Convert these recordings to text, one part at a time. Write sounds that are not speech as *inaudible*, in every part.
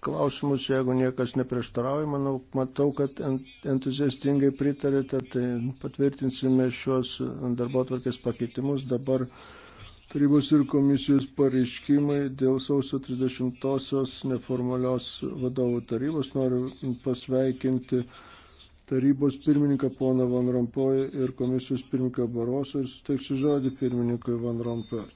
klausimus, jeigu niekas neprieštarauja, manau, matau, kad entuziastingai pritarėte, tai patvirtinsime šios darbo atvarkės pakeitimus. Dabar tarybos ir komisijos pareiškimai dėl sausio 30-osios neformalios vadovų tarybos. Noriu pasveikinti tarybos pirmininką poną Van Rompoj ir komisijos pirmininką Baroso ir suteiksiu žodį pirmininkui Van Rompoj.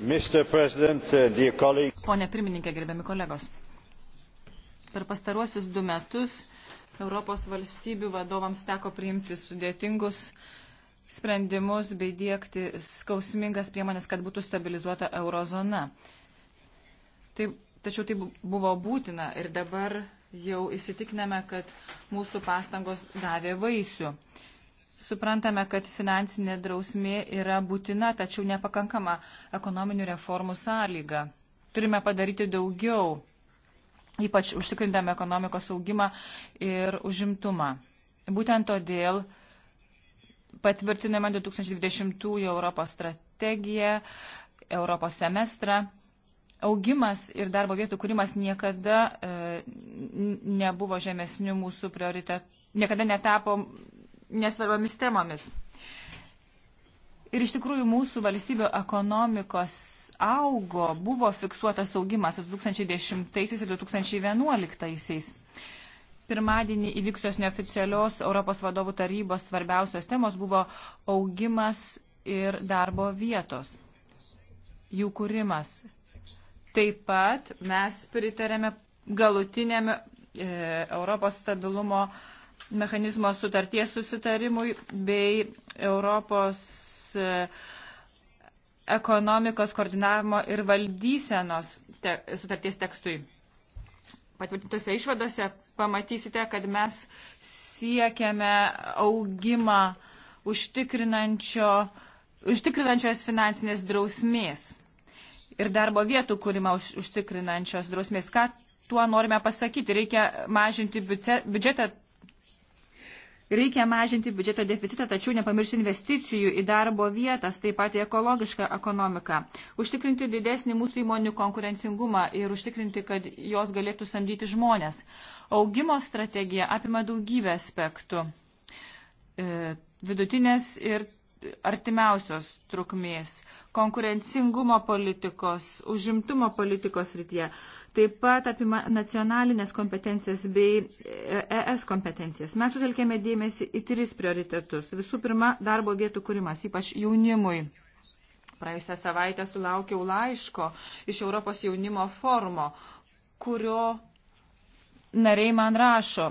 Uh, Pone pirmininkė, gerbiami kolegos. Per pastaruosius du metus Europos valstybių vadovams teko priimti sudėtingus sprendimus bei dėkti skausmingas priemonės, kad būtų stabilizuota eurozona. Tai, tačiau tai buvo būtina ir dabar jau įsitikiname, kad mūsų pastangos davė vaisių. Suprantame, kad finansinė drausmė yra būtina, tačiau nepakankama ekonominių reformų sąlyga. Turime padaryti daugiau, ypač užtikrindami ekonomikos augimą ir užimtumą. Būtent todėl patvirtiname 2020 Europos strategiją, Europos semestrą. Augimas ir darbo vietų kūrimas niekada e, nebuvo žemesnių mūsų prioritetų, niekada netapo nesvarbomis temomis. Ir iš tikrųjų mūsų valstybių ekonomikos augo, buvo fiksuotas augimas 2010 ir 2011. Pirmadienį įvykusios neoficialios Europos vadovų tarybos svarbiausios temos buvo augimas ir darbo vietos, jų kūrimas. Taip pat mes pritarėme galutinėme e, Europos stabilumo e, mechanizmo sutarties susitarimui bei Europos e, ekonomikos koordinavimo ir valdysenos te, sutarties tekstui. Patvirtintose išvadose pamatysite, kad mes siekiame augimą užtikrinančios finansinės drausmės ir darbo vietų kūrimą už, užtikrinančios drausmės. Ką tuo norime pasakyti? Reikia mažinti biudžetą Reikia mažinti biudžeto deficitą, tačiau nepamiršti investicijų į darbo vietas, taip pat į ekologišką ekonomiką. Užtikrinti didesnį mūsų įmonių konkurencingumą ir užtikrinti, kad jos galėtų samdyti žmonės. Augimo strategija apima daugybę aspektų. E, vidutinės ir artimiausios trukmės, konkurencingumo politikos, užimtumo politikos rytyje taip pat apima nacionalinės kompetencijas bei ES e kompetencijas. Mes sutelkėme dėmesį į tris prioritetus. Visų pirma, darbo vietų kūrimas, ypač jaunimui. Praėjusią savaitę sulaukiau laiško iš Europos jaunimo forumo, kurio nariai man rašo,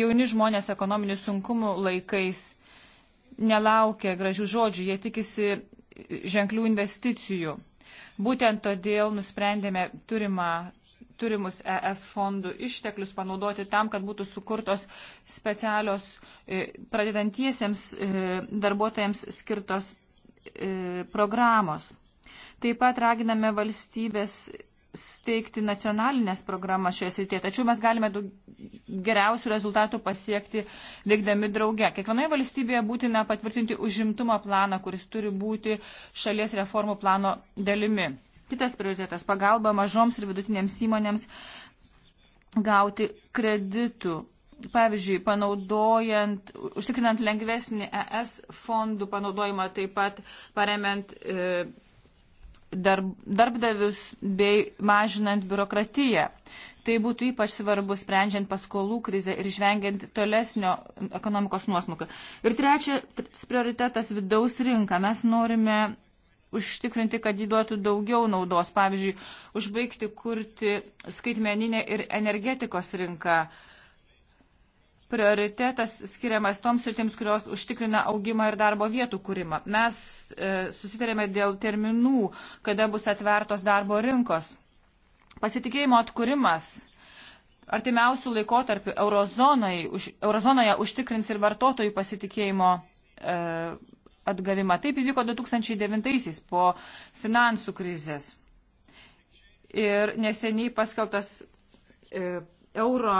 jauni žmonės ekonominių sunkumų laikais nelaukia gražių žodžių, jie tikisi ženklių investicijų. Būtent todėl nusprendėme turimą turimus ES fondų išteklius panaudoti tam, kad būtų sukurtos specialios e, pradedantiesiems e, darbuotojams skirtos e, programos. Taip pat raginame valstybės steigti nacionalinės programas šioje srityje, tačiau mes galime daug geriausių rezultatų pasiekti veikdami drauge. Kiekvienoje valstybėje būtina patvirtinti užimtumo planą, kuris turi būti šalies reformų plano dalimi. Kitas prioritetas - pagalba mažoms ir vidutinėms įmonėms gauti kreditų. Pavyzdžiui, panaudojant, užtikrinant lengvesnį ES fondų panaudojimą, taip pat paremiant e, darb, darbdavius bei mažinant biurokratiją. Tai būtų ypač svarbu sprendžiant paskolų krizę ir išvengiant tolesnio ekonomikos nuosmukio. Ir trečias prioritetas - vidaus rinka. Mes norime užtikrinti, kad jį duotų daugiau naudos. Pavyzdžiui, užbaigti kurti skaitmeninę ir energetikos rinką. Prioritetas skiriamas toms sritims, kurios užtikrina augimą ir darbo vietų kūrimą. Mes e, susitarėme dėl terminų, kada bus atvertos darbo rinkos. Pasitikėjimo atkūrimas artimiausių laikotarpių eurozonoje, už, eurozonoje užtikrins ir vartotojų pasitikėjimo e, atgavimą. Taip įvyko 2009-aisiais po finansų krizės. Ir neseniai paskeltas e, euro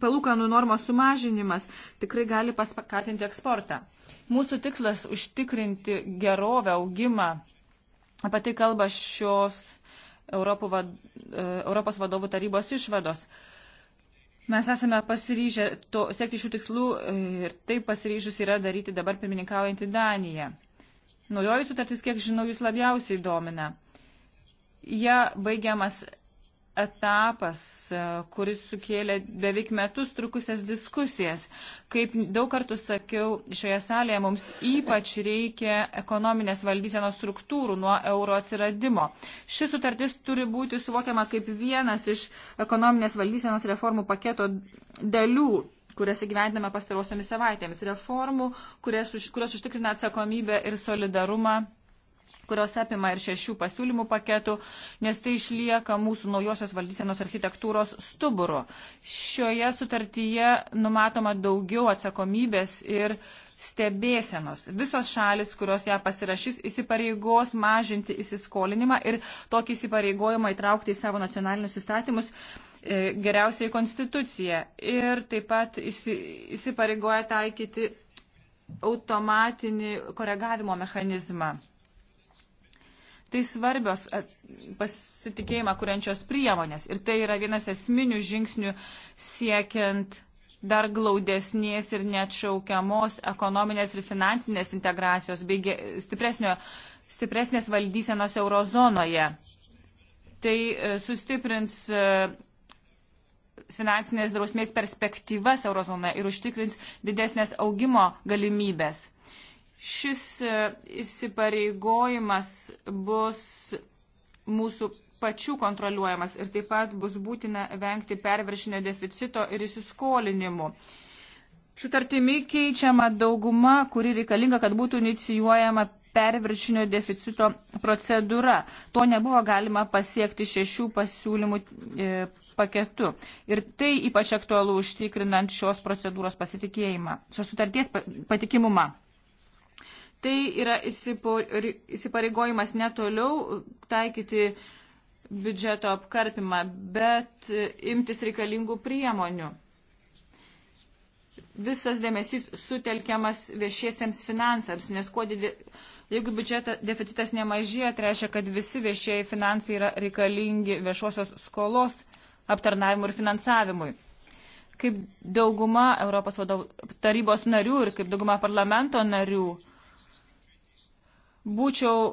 palūkanų normos sumažinimas tikrai gali paskatinti eksportą. Mūsų tikslas užtikrinti gerovę, augimą. Apie tai kalba šios e, Europos vadovų tarybos išvados. E, Mes esame pasiryžę to, siekti šių tikslų e, ir taip pasiryžus yra daryti dabar pirmininkaujantį Daniją. Naujoji sutartis, kiek žinau, jūs labiausiai domina. Ja baigiamas etapas, e, kuris sukėlė beveik metus trukusias diskusijas. Kaip daug kartų sakiau, šioje salėje mums ypač reikia ekonominės valdysenos struktūrų nuo euro atsiradimo. Ši sutartis turi būti suvokiama kaip vienas iš ekonominės valdysenos reformų paketo dalių kurias įgyvendiname pastarosiomis savaitėmis. Reformų, kurias, už, kurios užtikrina atsakomybę ir solidarumą kurios apima ir šešių pasiūlymų paketų, nes tai išlieka mūsų naujosios valdysenos architektūros stuburu. Šioje sutartyje numatoma daugiau atsakomybės ir stebėsenos. Visos šalis, kurios ją pasirašys, įsipareigos mažinti įsiskolinimą ir tokį įsipareigojimą įtraukti į savo nacionalinius įstatymus e, geriausiai konstituciją. Ir taip pat įsipareigoja taikyti automatinį koregavimo mechanizmą. Tai svarbios e, pasitikėjimą kuriančios priemonės ir tai yra vienas esminių žingsnių siekiant dar glaudesnės ir neatšaukiamos ekonominės ir finansinės integracijos bei stipresnės valdysenos eurozonoje. Tai e, sustiprins e, finansinės drausmės perspektyvas eurozonoje ir užtikrins didesnės augimo galimybės. Šis e, įsipareigojimas bus mūsų pačių kontroliuojamas ir taip pat bus būtina vengti perviršinio deficito ir įsiskolinimų. Sutartimi keičiama dauguma, kuri reikalinga, kad būtų inicijuojama perviršinio deficito procedūra. To nebuvo galima pasiekti šešių pasiūlymų e, paketu. Ir tai ypač aktualu užtikrinant šios procedūros pasitikėjimą, šios sutarties patikimumą. Tai yra įsipareigojimas netoliau taikyti biudžeto apkarpimą, bet imtis reikalingų priemonių. Visas dėmesys sutelkiamas viešiesiems finansams, nes kuo didė, jeigu biudžeto deficitas nemažėja, tai reiškia, kad visi viešieji finansai yra reikalingi viešosios skolos aptarnavimui ir finansavimui. Kaip dauguma Europos vadovų tarybos narių ir kaip dauguma parlamento narių, būčiau e,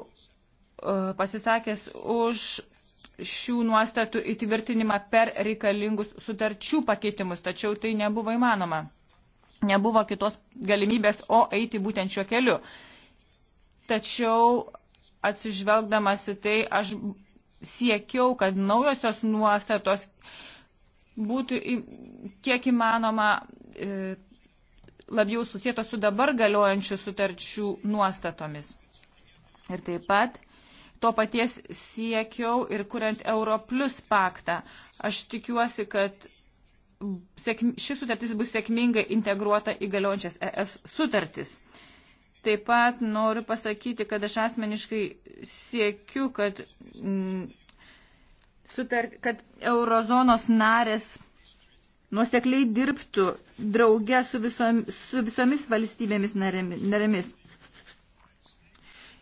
pasisakęs už šių nuostatų įtvirtinimą per reikalingus sutarčių pakeitimus, tačiau tai nebuvo įmanoma. Nebuvo kitos galimybės, o eiti būtent šiuo keliu. Tačiau atsižvelgdamas į tai, aš siekiau, kad naujosios nuostatos būtų kiek įmanoma e, labiau susijęto su dabar galiojančių sutarčių nuostatomis. Ir taip pat to paties siekiau ir kuriant Europlus paktą. Aš tikiuosi, kad ši sutartis bus sėkmingai integruota į galiojančias ES sutartis. Taip pat noriu pasakyti, kad aš asmeniškai siekiu, kad, m, mm, sutart, kad eurozonos narės nuosekliai dirbtų drauge su, visom, su visomis valstybėmis narėmis.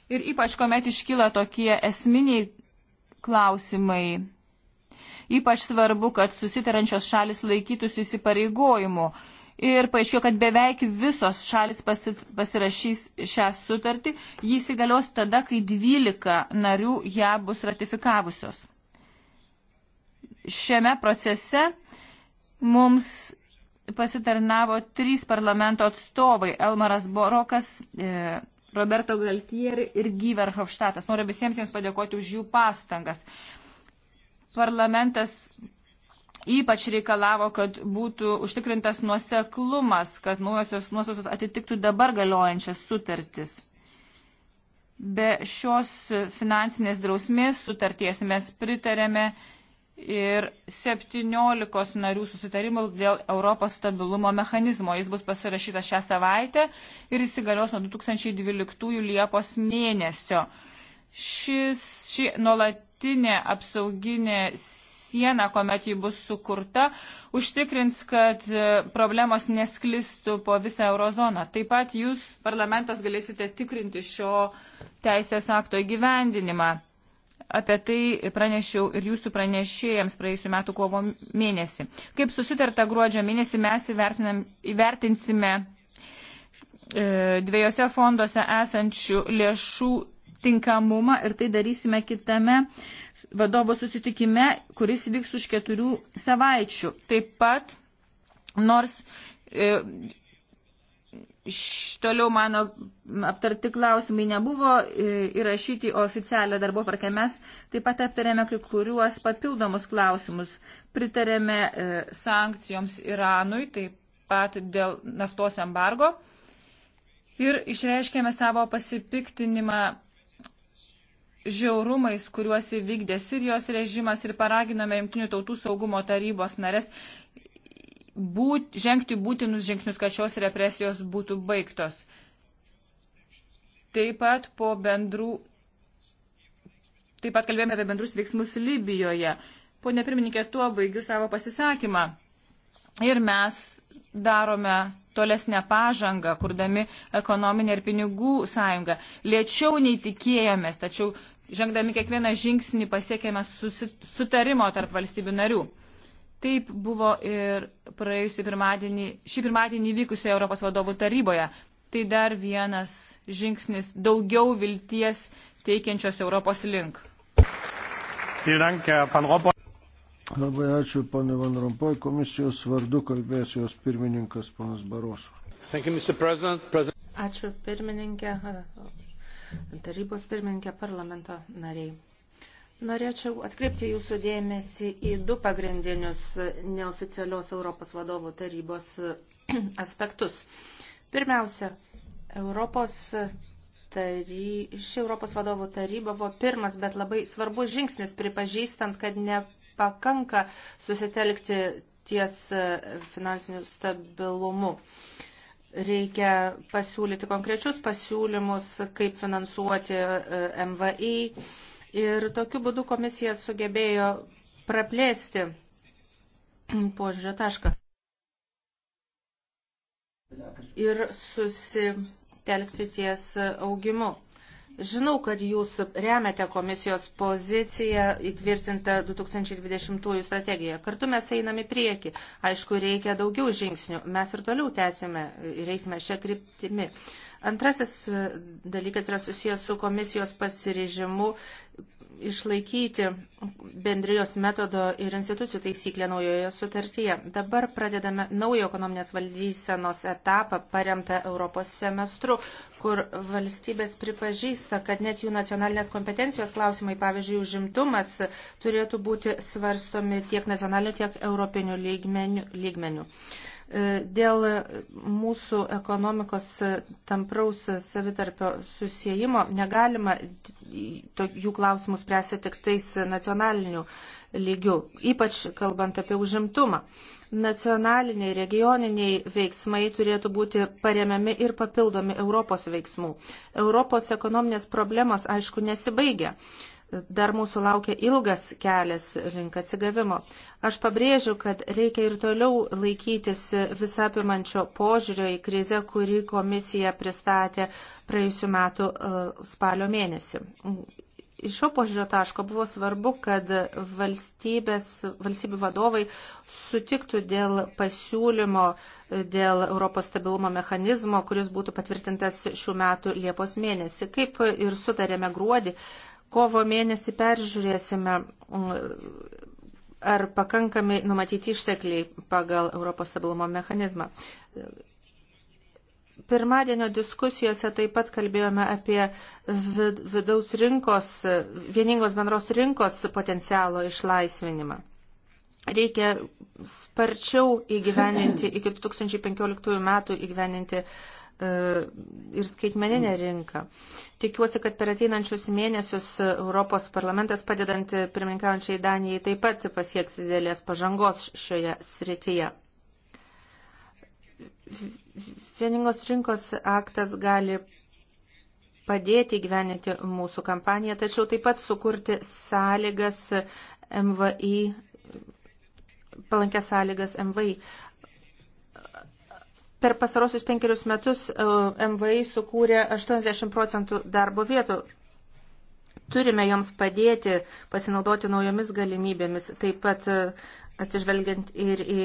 Ir ypač, kuomet iškyla tokie esminiai klausimai, ypač svarbu, kad susitarančios šalis laikytųsi įsipareigojimų. Ir paaiškėjo, kad beveik visos šalis pasirašys šią sutartį, jis įgalios tada, kai 12 narių ją bus ratifikavusios. Šiame procese mums pasitarnavo trys parlamento atstovai - Elmaras Borokas, e, Roberto Galtieri ir Gyver Hofštatas. Noriu visiems jiems padėkoti už jų pastangas. Parlamentas ypač reikalavo, kad būtų užtikrintas nuoseklumas, kad naujosios nuostatos atitiktų dabar galiojančias sutartis. Be šios finansinės drausmės sutarties mes pritarėme ir 17 narių susitarimų dėl Europos stabilumo mechanizmo. Jis bus pasirašytas šią savaitę ir įsigalios nuo 2012 Liepos mėnesio. Šis, ši nuolatinė apsauginė siena, kuomet ji bus sukurta, užtikrins, kad e, problemos nesklistų po visą eurozoną. Taip pat jūs, parlamentas, galėsite tikrinti šio teisės akto įgyvendinimą. Apie tai pranešiau ir jūsų pranešėjams praėjusiu metu kovo mėnesį. Kaip susitarta gruodžio mėnesį, mes įvertinsime e, dviejose fonduose esančių lėšų tinkamumą ir tai darysime kitame vadovo susitikime, kuris vyks už keturių savaičių. Taip pat, nors e, toliau mano aptarti klausimai nebuvo e, įrašyti oficialią darbo tvarkę. Mes taip pat aptarėme kai kuriuos papildomus klausimus. Pritarėme e, sankcijoms Iranui, taip pat dėl naftos embargo. Ir išreiškėme savo pasipiktinimą žiaurumais, kuriuos įvykdė Sirijos režimas ir paraginome Junktinių tautų saugumo tarybos narės būt, žengti būtinus žingsnius, kad šios represijos būtų baigtos. Taip pat po bendrų. Taip pat kalbėjome apie bendrus veiksmus Libijoje. Pone pirmininkė, tuo baigiu savo pasisakymą. Ir mes darome tolesnę pažangą, kurdami ekonominę ir pinigų sąjungą. Lėčiau nei tikėjomės, tačiau žengdami kiekvieną žingsnį pasiekėme susitarimo tarp valstybių narių. Taip buvo ir praėjusį pirmadienį, šį pirmadienį vykusioje Europos vadovų taryboje. Tai dar vienas žingsnis daugiau vilties teikiančios Europos link. Labai ačiū, pane Van Rompoj. Komisijos vardu kalbės jos pirmininkas, panas Barosu. Ačiū, pirmininkė, tarybos pirmininkė, parlamento nariai. Norėčiau atkreipti jūsų dėmesį į du pagrindinius neoficialios Europos vadovų tarybos *clears throat* aspektus. Pirmiausia, Europos tary... ši Europos vadovų taryba buvo pirmas, bet labai svarbus žingsnis pripažįstant, kad nepakanka susitelkti ties e, finansiniu stabilumu. Reikia pasiūlyti konkrečius pasiūlymus, kaip finansuoti e, MVI Ir tokiu būdu komisija sugebėjo praplėsti požiūrę tašką ir susitelkti ties augimu. Žinau, kad jūs remiate komisijos poziciją įtvirtintą 2020 strategiją. Kartu mes einame į priekį. Aišku, reikia daugiau žingsnių. Mes ir toliau tęsime ir eisime šią kryptimį. Antrasis e, dalykas yra susijęs su komisijos pasirežimu išlaikyti bendrijos metodo ir institucijų taisyklę naujoje sutartyje. Dabar pradedame naują ekonominės valdysenos etapą paremtą Europos semestru, kur valstybės pripažįsta, kad net jų nacionalinės kompetencijos klausimai, pavyzdžiui, užimtumas, turėtų būti svarstomi tiek nacionaliniu, tiek europiniu lygmeniu. lygmeniu. E, dėl mūsų ekonomikos tampraus savitarpio susijimo negalima jų klausimus spręsti tik tais nacionaliniu lygiu, ypač kalbant apie užimtumą. Nacionaliniai, regioniniai veiksmai turėtų būti paremiami ir papildomi Europos veiksmų. Europos ekonominės problemos, aišku, nesibaigia dar mūsų laukia ilgas kelias link atsigavimo. Aš pabrėžiu, kad reikia ir toliau laikytis visapimančio požiūrio į krizę, kurį komisija pristatė praėjusiu metu e, spalio mėnesį. Iš šio požiūrio taško buvo svarbu, kad valstybių vadovai sutiktų dėl pasiūlymo, e, dėl Europos stabilumo mechanizmo, kuris būtų patvirtintas šių metų Liepos mėnesį. Kaip ir sutarėme gruodį, Kovo mėnesį peržiūrėsime, mm, ar pakankami numatyti ištekliai pagal Europos stabilumo mechanizmą. Pirmadienio diskusijose taip pat kalbėjome apie vidaus rinkos, vieningos bendros rinkos potencialo išlaisvinimą reikia sparčiau įgyveninti, iki 2015 metų įgyveninti E, ir skaitmeninę rinką. Tikiuosi, kad per ateinančius mėnesius Europos parlamentas padedant pirmininkaujančiai Danijai taip pat pasieks didelės pažangos šioje srityje. Vieningos rinkos aktas gali padėti gyveninti mūsų kampaniją, tačiau taip pat sukurti sąlygas MVI palankę sąlygas MVI. Per pasarosius penkerius metus e, MVI sukūrė 80 procentų darbo vietų. Turime joms padėti pasinaudoti naujomis galimybėmis, taip pat e, atsižvelgiant ir į,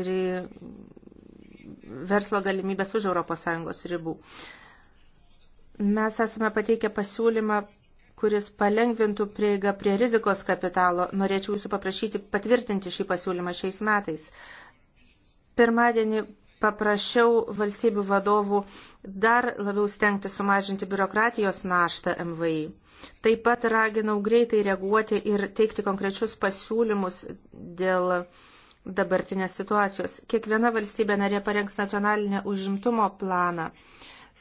ir į verslo galimybės už ES ribų. Mes esame pateikę pasiūlymą, kuris palengvintų prieigą prie rizikos kapitalo. Norėčiau jūsų paprašyti patvirtinti šį pasiūlymą šiais metais. Pirmadienį paprašiau valstybių vadovų dar labiau stengti sumažinti biurokratijos naštą MVI. Taip pat raginau greitai reaguoti ir teikti konkrečius pasiūlymus dėl dabartinės situacijos. Kiekviena valstybė narė parengs nacionalinę užimtumo planą,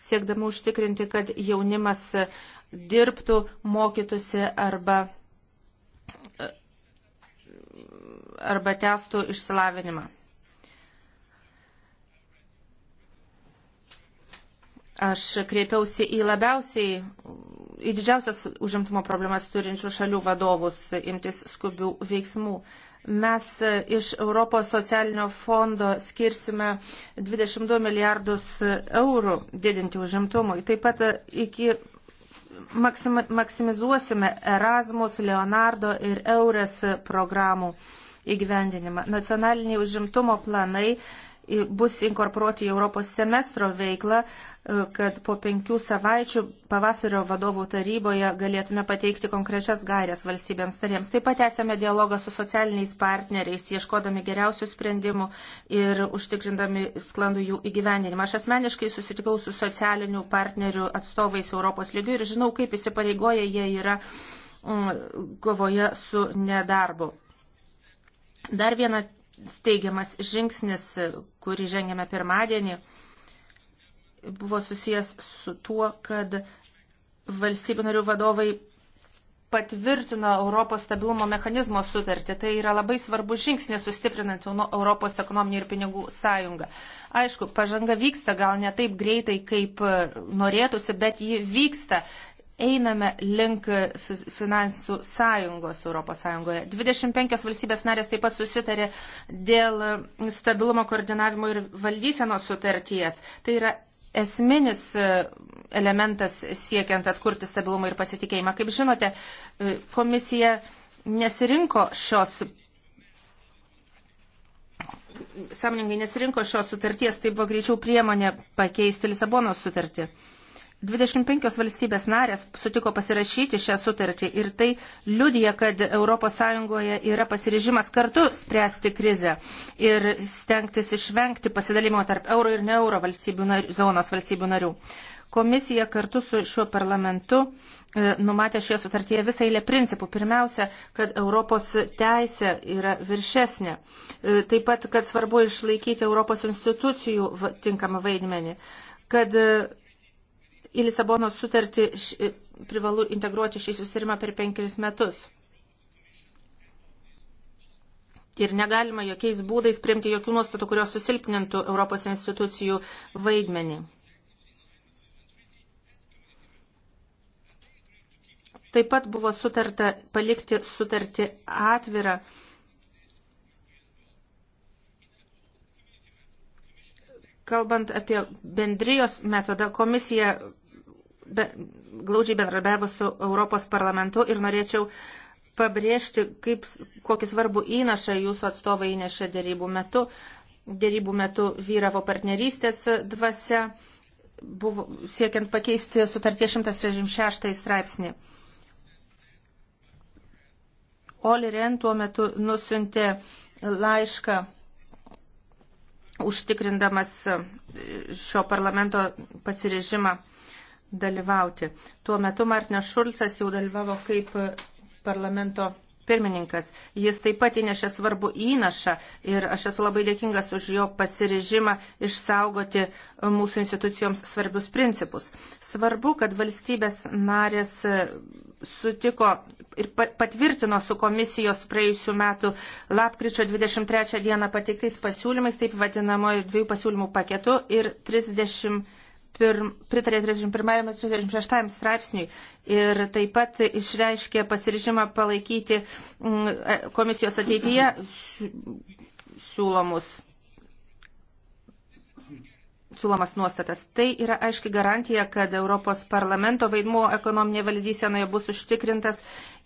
siekdama užtikrinti, kad jaunimas dirbtų, mokytųsi arba, arba testų išsilavinimą. Aš kreipiausi į labiausiai, į didžiausias užimtumo problemas turinčių šalių vadovus imtis skubių veiksmų mes iš Europos socialinio fondo skirsime 22 milijardus eurų didinti užimtumui. Taip pat iki maksimizuosime Erasmus, Leonardo ir Eures programų įgyvendinimą. Nacionaliniai užimtumo planai bus inkorporuoti į Europos semestro veiklą, e, kad po penkių savaičių pavasario vadovų taryboje galėtume pateikti konkrečias gairias valstybėms tarėms. Taip pat esame dialogą su socialiniais partneriais, ieškodami geriausių sprendimų ir užtikrindami sklandų jų įgyvendinimą. Aš asmeniškai susitikau su socialinių partnerių atstovais Europos lygių ir žinau, kaip įsipareigoję jie yra mm, kovoje su nedarbu. Dar viena steigiamas žingsnis, kurį žengėme pirmadienį, buvo susijęs su tuo, kad valstybių narių vadovai patvirtino Europos stabilumo mechanizmo sutartį. Tai yra labai svarbus žingsnis sustiprinant Europos ekonominį ir pinigų sąjungą. Aišku, pažanga vyksta gal ne taip greitai, kaip norėtųsi, bet ji vyksta einame link finansų sąjungos ES. 25 valstybės narės taip pat susitarė dėl stabilumo koordinavimo ir valdysenos sutarties. Tai yra esminis e, elementas siekiant atkurti stabilumą ir pasitikėjimą. Kaip žinote, e, komisija nesirinko šios sąmoningai nesirinko šios sutarties, tai buvo greičiau priemonė pakeisti Lisabonos sutartį. 25 valstybės narės sutiko pasirašyti šią sutartį ir tai liudija, kad ES yra pasiryžimas kartu spręsti krizę ir stengtis išvengti pasidalimo tarp euro ir ne euro valstybių narių, zonos valstybių narių. Komisija kartu su šiuo parlamentu e, numatė šioje sutartyje visą eilę principų. Pirmiausia, kad Europos teisė yra viršesnė. E, taip pat, kad svarbu išlaikyti Europos institucijų tinkamą vaidmenį. Kad e, į Lisabono sutartį š, e, privalu integruoti šį susitarimą per penkeris metus. Ir negalima jokiais būdais priimti jokių nuostatų, kurios susilpnintų Europos institucijų vaidmenį. Taip pat buvo sutarta palikti sutartį atvirą. Kalbant apie bendrijos metodą, komisija be, glaudžiai bendradarbiavo su Europos parlamentu ir norėčiau pabrėžti, kaip, kokį svarbų įnašą jūsų atstovai įnešė dėrybų metu. Dėrybų metu vyravo partnerystės dvasia, buvo siekiant pakeisti sutarties 136 straipsnį. Oli Ren tuo metu nusintė laišką užtikrindamas šio parlamento pasirežimą dalyvauti. Tuo metu Martinas Šulcas jau dalyvavo kaip parlamento pirmininkas. Jis taip pat įnešė svarbu įnašą ir aš esu labai dėkingas už jo pasirižimą išsaugoti mūsų institucijoms svarbius principus. Svarbu, kad valstybės narės sutiko ir patvirtino su komisijos praėjusiu metu lapkričio 23 dieną pateiktais pasiūlymais, taip vadinamojo dviejų pasiūlymų paketu ir 30 pir, pritarė 31-36 straipsniui ir taip pat išreiškė pasiryžimą palaikyti mm, e, komisijos ateityje siūlomus siūlomas nuostatas. Tai yra aiški garantija, kad Europos parlamento vaidmuo ekonominėje valdysenoje bus užtikrintas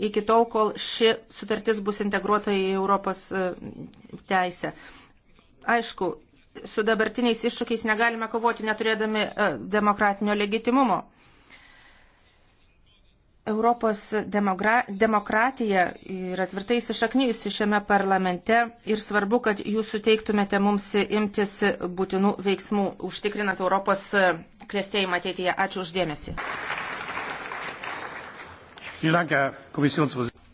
iki tol, kol ši sutartis bus integruota į Europos e, teisę. Aišku, su dabartiniais iššūkiais negalime kovoti neturėdami e, demokratinio legitimumo. Europos demokratija yra tvirtai įsišaknyjusi šiame parlamente ir svarbu, kad jūs suteiktumėte mums imtis būtinų veiksmų, užtikrinant Europos klėstėjimą ateityje. Ačiū uždėmesi.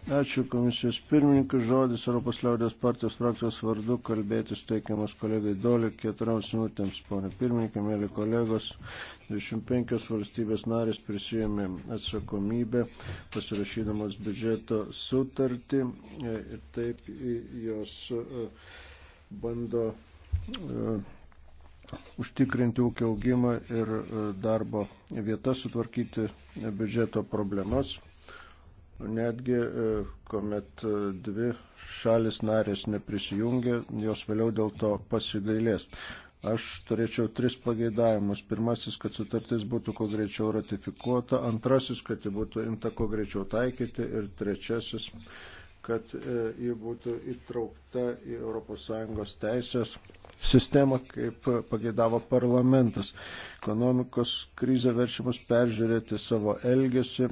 Ačiū komisijos pirmininkui. Žodis Europos liaudės partijos frakcijos vardu kalbėtis teikiamas kolegai Dolį keturioms minutėms. Pone pirmininkai, mėly kolegos, 25 valstybės narės prisijėmė atsakomybę pasirašydamas biudžeto sutartį e, ir taip jos e, bando e, užtikrinti ūkio augimą ir darbo vietas, sutvarkyti biudžeto problemas Netgi, e, kuomet e, dvi šalis narės neprisijungia, jos vėliau dėl to pasigailės. Aš turėčiau tris pageidavimus. Pirmasis, kad sutartis būtų kuo greičiau ratifikuota. Antrasis, kad ji būtų imta kuo greičiau taikyti. Ir trečiasis, kad e, ji būtų įtraukta į ES teisės sistemą, kaip pagėdavo parlamentas. Ekonomikos krizė verčia mus peržiūrėti savo elgesį,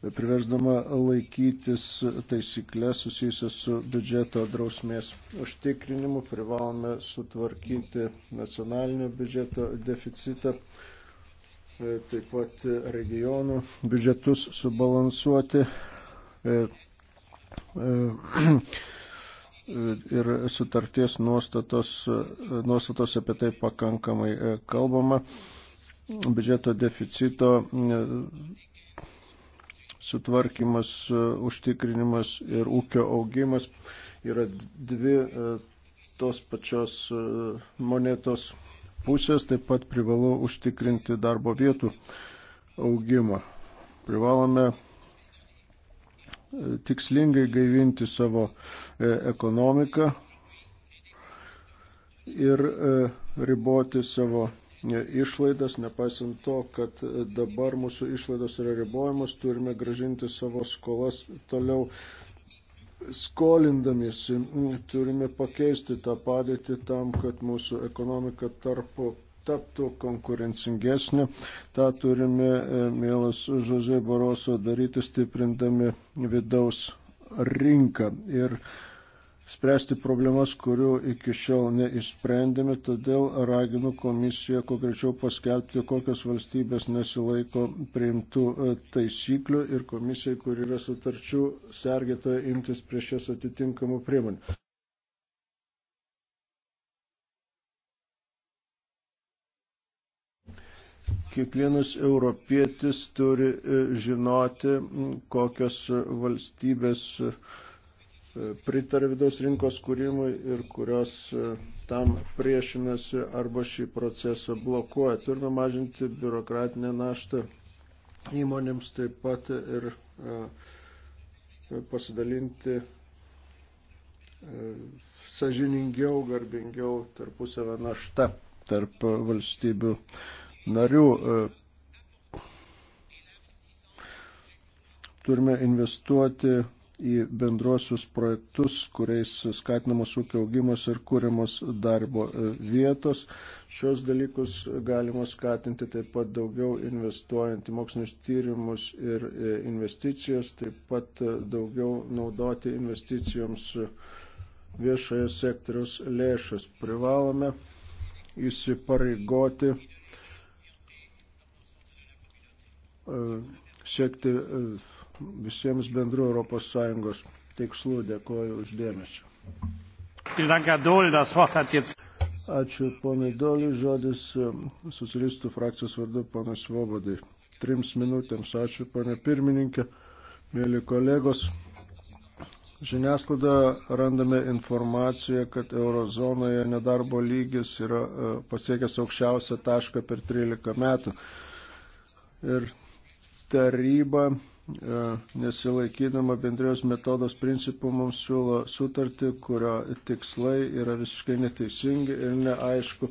priversdama laikytis taisyklės susijusias su biudžeto drausmės užtikrinimu. Privalome sutvarkyti nacionalinio biudžeto deficitą, e, taip pat regionų biudžetus subalansuoti e, e, ir sutarties nuostatos, nuostatos apie tai pakankamai kalbama. Biudžeto deficito sutvarkymas, e, užtikrinimas ir ūkio augimas yra dvi e, tos pačios e, monetos pusės, taip pat privalu užtikrinti darbo vietų augimą. Privalome tikslingai gaivinti savo ekonomiką ir riboti savo išlaidas, nepaisant to, kad dabar mūsų išlaidos yra ribojamos, turime gražinti savo skolas toliau skolindamiesi. Turime pakeisti tą padėtį tam, kad mūsų ekonomika tarpu taptų konkurencingesnė. Ta turime, e, mielas Žozė Baroso, daryti stiprindami vidaus rinką. Ir spręsti problemas, kurių iki šiol neįsprendėme, todėl raginu komisiją kuo greičiau paskelbti, kokios valstybės nesilaiko priimtų e, taisyklių ir komisijai, kur yra sutarčių sergėtoje, imtis prieš jas atitinkamų priemonių. Kiekvienas europietis turi e, žinoti, kokios valstybės uh, E, pritarė vidaus rinkos kūrimui ir kurios e, tam priešinasi arba šį procesą blokuoja. Turime mažinti biurokratinę naštą įmonėms taip pat ir e, pasidalinti sažiningiau, garbingiau tarpusavę naštą tarp valstybių narių. Turime investuoti į bendruosius projektus, kuriais skatinamos ūkio augimas ir kūriamos darbo e, vietos. Šios dalykus galima skatinti taip pat daugiau investuojant į mokslinius tyrimus ir e, investicijas, taip pat e, daugiau naudoti investicijoms viešojo sektoriaus lėšas. Privalome įsipareigoti siekti visiems bendru ES tikslų. Dėkoju uždėmesiu. Ačiū ponai Doliui, žodis e, socialistų frakcijos vardu panas Vobodai. Trims minutėms ačiū ponė pirmininkė, mėly kolegos. Žiniasklaidoje randame informaciją, kad eurozonoje nedarbo lygis yra e, pasiekęs aukščiausią tašką per 13 metų. Ir taryba E, nesilaikydama bendrijos metodos principų mums siūlo sutartį, kurio tikslai yra visiškai neteisingi ir neaišku,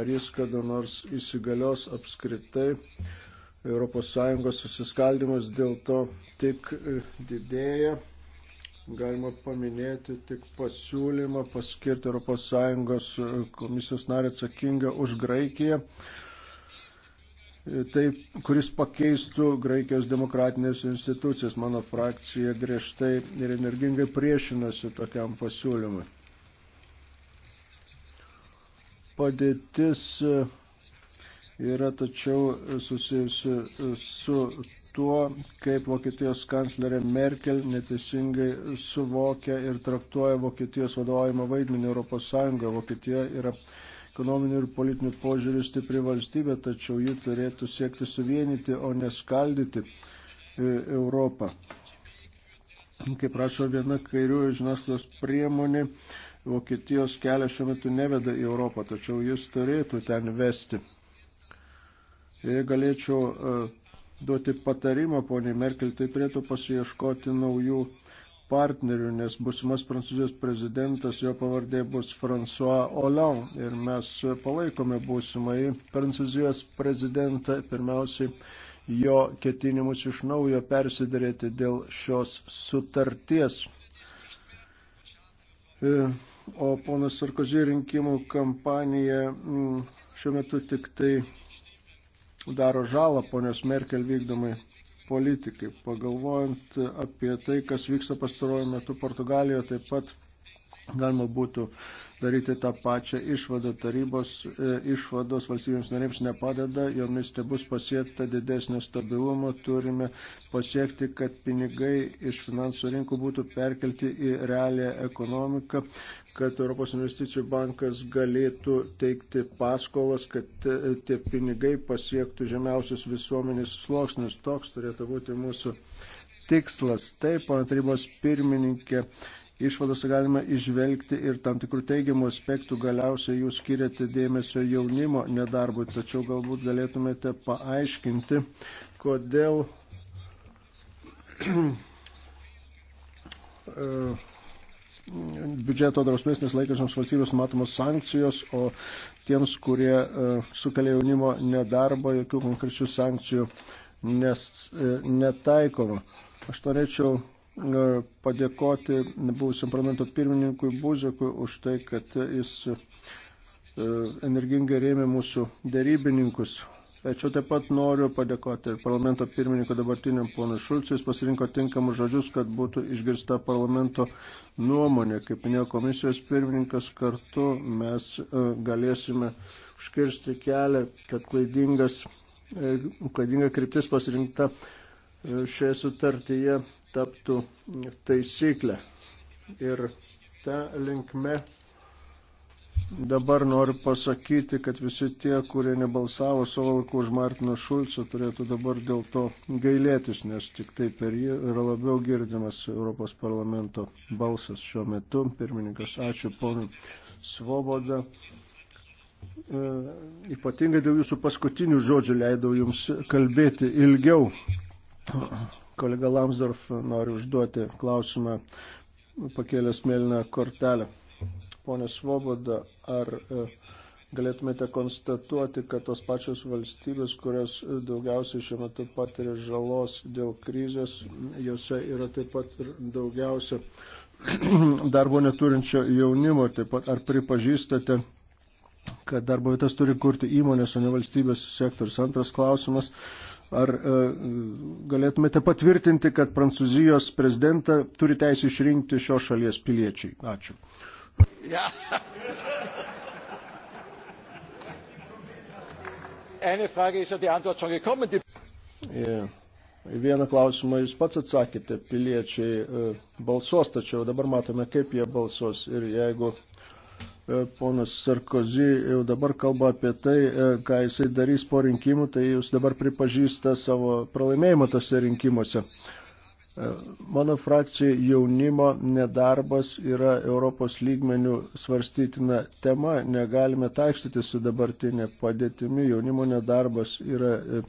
ar jis kada nors įsigalios apskritai. ES susiskaldimas dėl to tik e, didėja. Galima paminėti tik pasiūlymą paskirti ES e, komisijos narį atsakingą už Graikiją taip, kuris pakeistų Graikijos demokratinės institucijas. Mano frakcija griežtai ir energingai priešinasi tokiam pasiūlymui. Padėtis e, yra tačiau susijusi su tuo, kaip Vokietijos kanclerė Merkel neteisingai suvokia ir traktuoja Vokietijos vadovavimo vaidmenį Europos Sąjungoje. Vokietija yra ekonominių ir politinių požiūrių stipri valstybė, tačiau ji turėtų siekti suvienyti, o neskaldyti e, Europą. Kaip rašo viena kairiųjų žiniasklaidos priemonė, Vokietijos kelias šiuo metu neveda į Europą, tačiau jis turėtų ten vesti. Jei galėčiau e, duoti patarimą poniai Merkel, tai turėtų pasieškoti naujų partnerių, nes busimas prancūzijos prezidentas, jo pavardė bus François Hollande ir mes palaikome busimai prancūzijos prezidentą, pirmiausiai jo ketinimus iš naujo persidarėti dėl šios sutarties. E, o ponas Sarkozy rinkimų kampanija mm, šiuo metu tik tai daro žalą ponios Merkel vykdomai politikai. Pagalvojant apie tai, kas vyksta pastaruoju metu Portugalijoje, taip pat galima būtų daryti tą pačią išvadą. Tarybos e, išvados valstybėms narėms nepadeda, jomis te bus pasiekta didesnio stabilumo. Turime pasiekti, kad pinigai iš finansų rinkų būtų perkelti į realią ekonomiką, kad Europos investicijų bankas galėtų teikti paskolas, kad tie pinigai pasiektų žemiausius visuomenės sluoksnius. Toks turėtų būti mūsų tikslas. Taip, pana tarybos pirmininkė, išvadose galima išvelgti ir tam tikrų teigiamų aspektų. Galiausiai jūs skiriate dėmesio jaunimo nedarbui, tačiau galbūt galėtumėte paaiškinti, kodėl *clears throat* uh, biudžeto drausmės nesilaikančioms valstybės matomos sankcijos, o tiems, kurie e, sukelia jaunimo nedarbą, jokių konkrečių sankcijų nes, e, netaikoma. Aš norėčiau e, padėkoti buvusiam parlamento pirmininkui Buzekui už tai, kad jis energingai rėmė mūsų dėrybininkus Tačiau taip pat noriu padėkoti ir parlamento pirmininko dabartiniam ponui Šulcijui. Jis pasirinko tinkamus žodžius, kad būtų išgirsta parlamento nuomonė. Kaip minėjo komisijos pirmininkas, kartu mes e, galėsime užkirsti kelią, kad klaidingas, e, klaidinga kryptis pasirinkta e, šioje sutartyje taptų taisyklę. Ir ta linkme Dabar noriu pasakyti, kad visi tie, kurie nebalsavo suvalku už Martino Šulco, turėtų dabar dėl to gailėtis, nes tik tai per jį yra labiau girdimas Europos parlamento balsas šiuo metu. Pirmininkas, ačiū ponui Svoboda. E, ypatingai dėl jūsų paskutinių žodžių leidau jums kalbėti ilgiau. Kolega Lamsdorf nori užduoti klausimą, pakėlęs mėlyną kortelę ponė Svoboda, ar e, galėtumėte konstatuoti, kad tos pačios valstybės, kurios daugiausiai šiuo metu patiria žalos dėl krizės, jose yra taip pat ir daugiausia *clears throat* darbo neturinčio jaunimo, taip pat ar pripažįstate, kad darbo vietas turi kurti įmonės, o ne valstybės sektorius. Antras klausimas. Ar e, galėtumėte patvirtinti, kad Prancūzijos prezidentą turi teisę išrinkti šios šalies piliečiai? Ačiū. Ja. Eine Frage ist ja die Antwort schon gekommen. Die... Yeah. Vieną klausimą jūs pats atsakėte, piliečiai e, balsuos, tačiau dabar matome, kaip jie balsuos. Ir jeigu e, ponas Sarkozy jau dabar kalba apie tai, e, ką jisai darys po rinkimų, tai jūs dabar pripažįsta savo pralaimėjimą tose rinkimuose. Mano frakcija jaunimo nedarbas yra Europos lygmenių svarstytina tema, negalime taikstyti su dabartinė padėtimi. Jaunimo nedarbas yra e,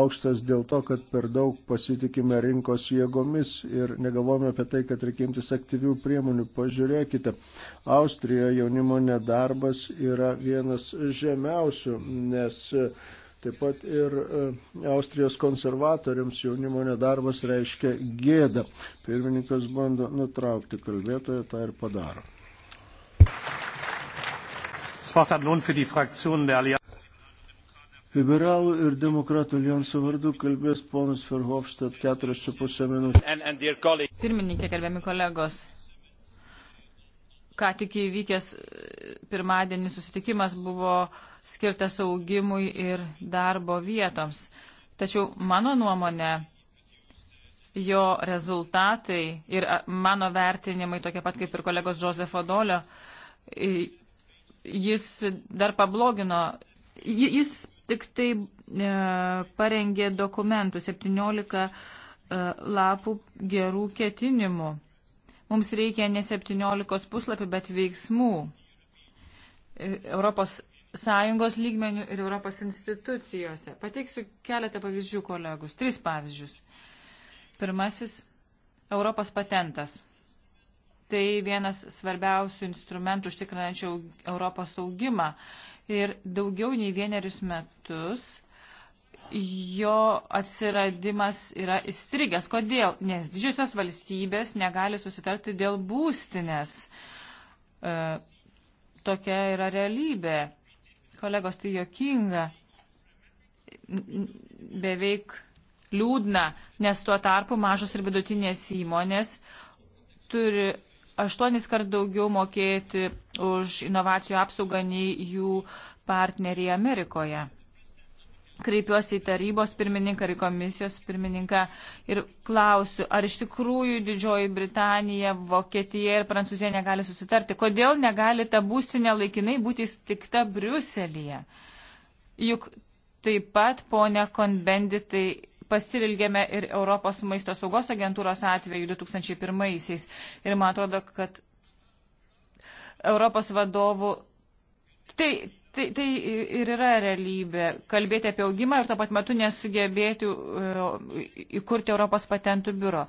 aukštas dėl to, kad per daug pasitikime rinkos jėgomis ir negalvojame apie tai, kad reikia imtis aktyvių priemonių. Pažiūrėkite, Austrijoje jaunimo nedarbas yra vienas žemiausių, nes Taip pat ir e, Austrijos konservatoriams jaunimo nedarbas reiškia gėdą. Pirmininkas bando nutraukti kalbėtoją, tą ir padaro. Liberalų ir demokratų alijanso vardu kalbės ponas Ferhofstadt 4,5 minutės. Pirmininkė, gerbiami kolegos, ką tik įvykęs e, pirmadienį susitikimas buvo skirtas augimui ir darbo vietoms. Tačiau mano nuomonė, jo rezultatai ir mano vertinimai, tokie pat kaip ir kolegos Josefo Dolio, jis dar pablogino, jis tik tai e, parengė dokumentų 17 e, lapų gerų ketinimų. Mums reikia ne 17 puslapių, bet veiksmų. E, Europos Sąjungos lygmenių ir Europos institucijose. Pateiksiu keletą pavyzdžių kolegus. Tris pavyzdžius. Pirmasis - Europos patentas. Tai vienas svarbiausių instrumentų užtikrinančių Europos augimą. Ir daugiau nei vienerius metus jo atsiradimas yra įstrigęs. Kodėl? Nes didžiosios valstybės negali susitarti dėl būstinės. E, tokia yra realybė. Kolegos, tai jokinga. Beveik liūdna, nes tuo tarpu mažos ir vidutinės įmonės turi aštuonis kart daugiau mokėti už inovacijų apsaugą nei jų partneriai Amerikoje kreipiuosi į tarybos pirmininką ir komisijos pirmininką ir klausiu, ar iš tikrųjų Didžioji Britanija, Vokietija ir Prancūzija negali susitarti. Kodėl negali ta būstinė laikinai būti stikta Briuselėje? Juk taip pat, ponia Konbenditai, pasirilgėme ir Europos maisto saugos agentūros atveju 2001-aisiais. Ir man atrodo, kad Europos vadovų. Tai tai, tai ir yra realybė. Kalbėti apie augimą ir tuo pat metu nesugebėti e, įkurti Europos patentų biuro.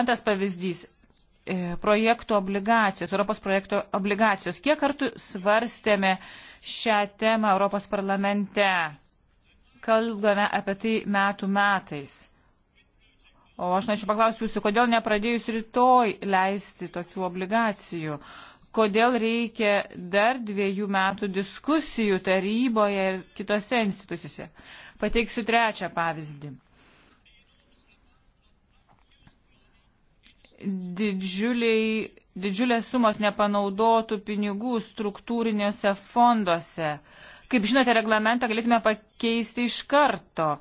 Antras pavyzdys e, projektų obligacijos, Europos projektų obligacijos. Kiek kartų svarstėme šią temą Europos parlamente? Kalbame apie tai metų metais. O aš norėčiau paklausti jūsų, kodėl nepradėjus rytoj leisti tokių obligacijų? Uh, kodėl reikia dar dviejų metų diskusijų taryboje ir kitose institucijose. Pateiksiu trečią pavyzdį. Didžiuliai, didžiulės sumos nepanaudotų pinigų struktūrinėse fonduose. Kaip žinote, reglamentą galėtume pakeisti iš karto.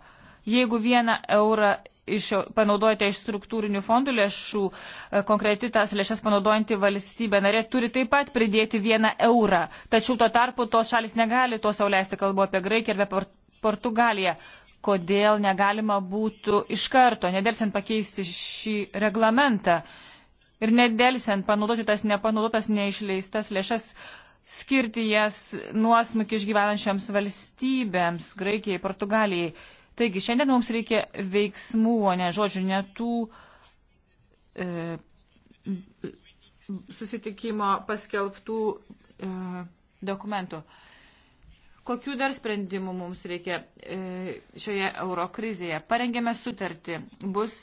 Jeigu vieną eurą iš, panaudojate iš struktūrinių fondų lėšų, e, konkreti tas lėšas panaudojanti valstybė narė turi taip pat pridėti vieną eurą. Tačiau tuo tarpu tos šalis negali to sauliaisti, kalbu apie Graikiją ir apie Portugaliją. Kodėl negalima būtų iš karto, nedelsiant pakeisti šį reglamentą ir nedelsiant panaudoti tas nepanaudotas, neišleistas lėšas skirti jas nuosmukį išgyvenančioms valstybėms, Graikijai, Portugalijai. Taigi šiandien mums reikia veiksmų, o ne žodžių, ne tų e, susitikimo paskelbtų e, dokumentų. Kokių dar sprendimų mums reikia e, šioje eurokrizėje? Parengėme sutartį, bus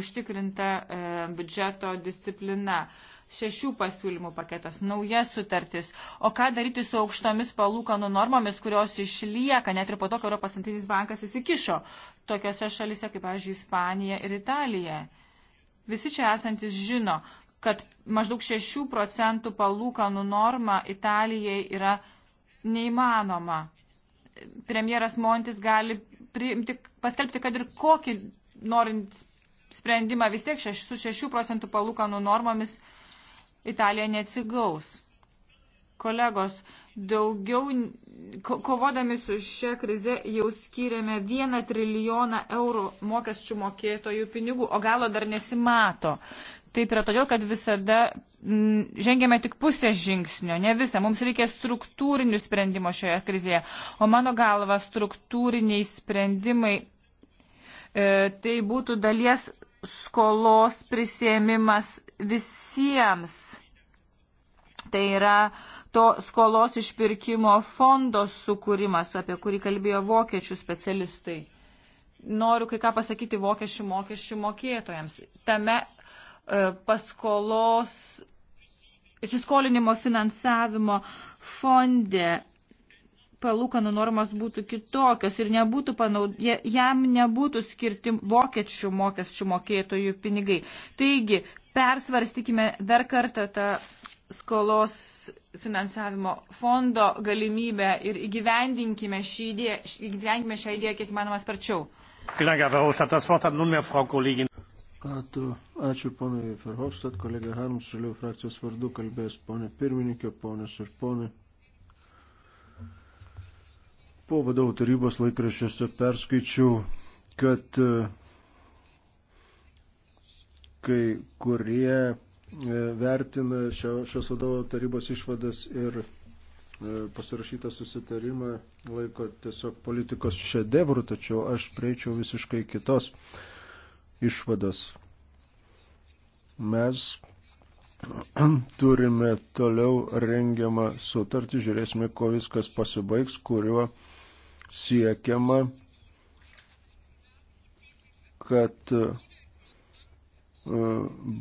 užtikrinta e, biudžeto disciplina. E, šešių pasiūlymų paketas, nauja sutartis. O ką daryti su aukštomis palūkanų normomis, kurios išlieka net ir po to, kai Europos centrinis bankas įsikišo tokiose šalise kaip, pavyzdžiui, Ispanija ir Italija. Visi čia esantis žino, kad maždaug 6 procentų palūkanų norma Italijai yra neįmanoma. Premjeras Montis gali priimti, paskelbti, kad ir kokį norint sprendimą vis tiek šeš, su 6 procentų palūkanų normomis Italija neatsigaus. Kolegos, daugiau ko, kovodami su šia krize jau skiriame vieną trilijoną eurų mokesčių mokėtojų pinigų, o galo dar nesimato. Taip yra todėl, kad visada m, mm, žengėme tik pusę žingsnio, ne visą. Mums reikia struktūrinių sprendimų šioje krizėje. O mano galva, struktūriniai sprendimai e, tai būtų dalies skolos prisėmimas visiems. Tai yra to skolos išpirkimo fondo sukūrimas, apie kurį kalbėjo vokiečių specialistai. Noriu kai ką pasakyti vokiečių mokesčių mokėtojams. Tame e, paskolos įsiskolinimo finansavimo fonde palūkanų normas būtų kitokios ir nebūtų panaud... jam nebūtų skirti vokiečių mokesčių mokėtojų pinigai. Taigi, persvarstykime dar kartą tą skolos finansavimo fondo galimybę ir įgyvendinkime šį idėją, įgyvendinkime šią idėją kiek manoma sparčiau. Ačiū, ačiū ponai Ferhofstadt, kolegė Harms, šalių frakcijos vardu kalbės ponė pirmininkė, ponės ir ponai. Po vadovų tarybos laikraščiuose perskaičiau, kad e, kai kurie e, vertina šio, šios vadovo tarybos išvadas ir e, pasirašytą susitarimą laiko tiesiog politikos šedevrų, tačiau aš prieičiau visiškai kitos išvados. Mes *clears throat* turime toliau rengiamą sutartį, žiūrėsime, kuo viskas pasibaigs, kuriuo siekiama, kad E,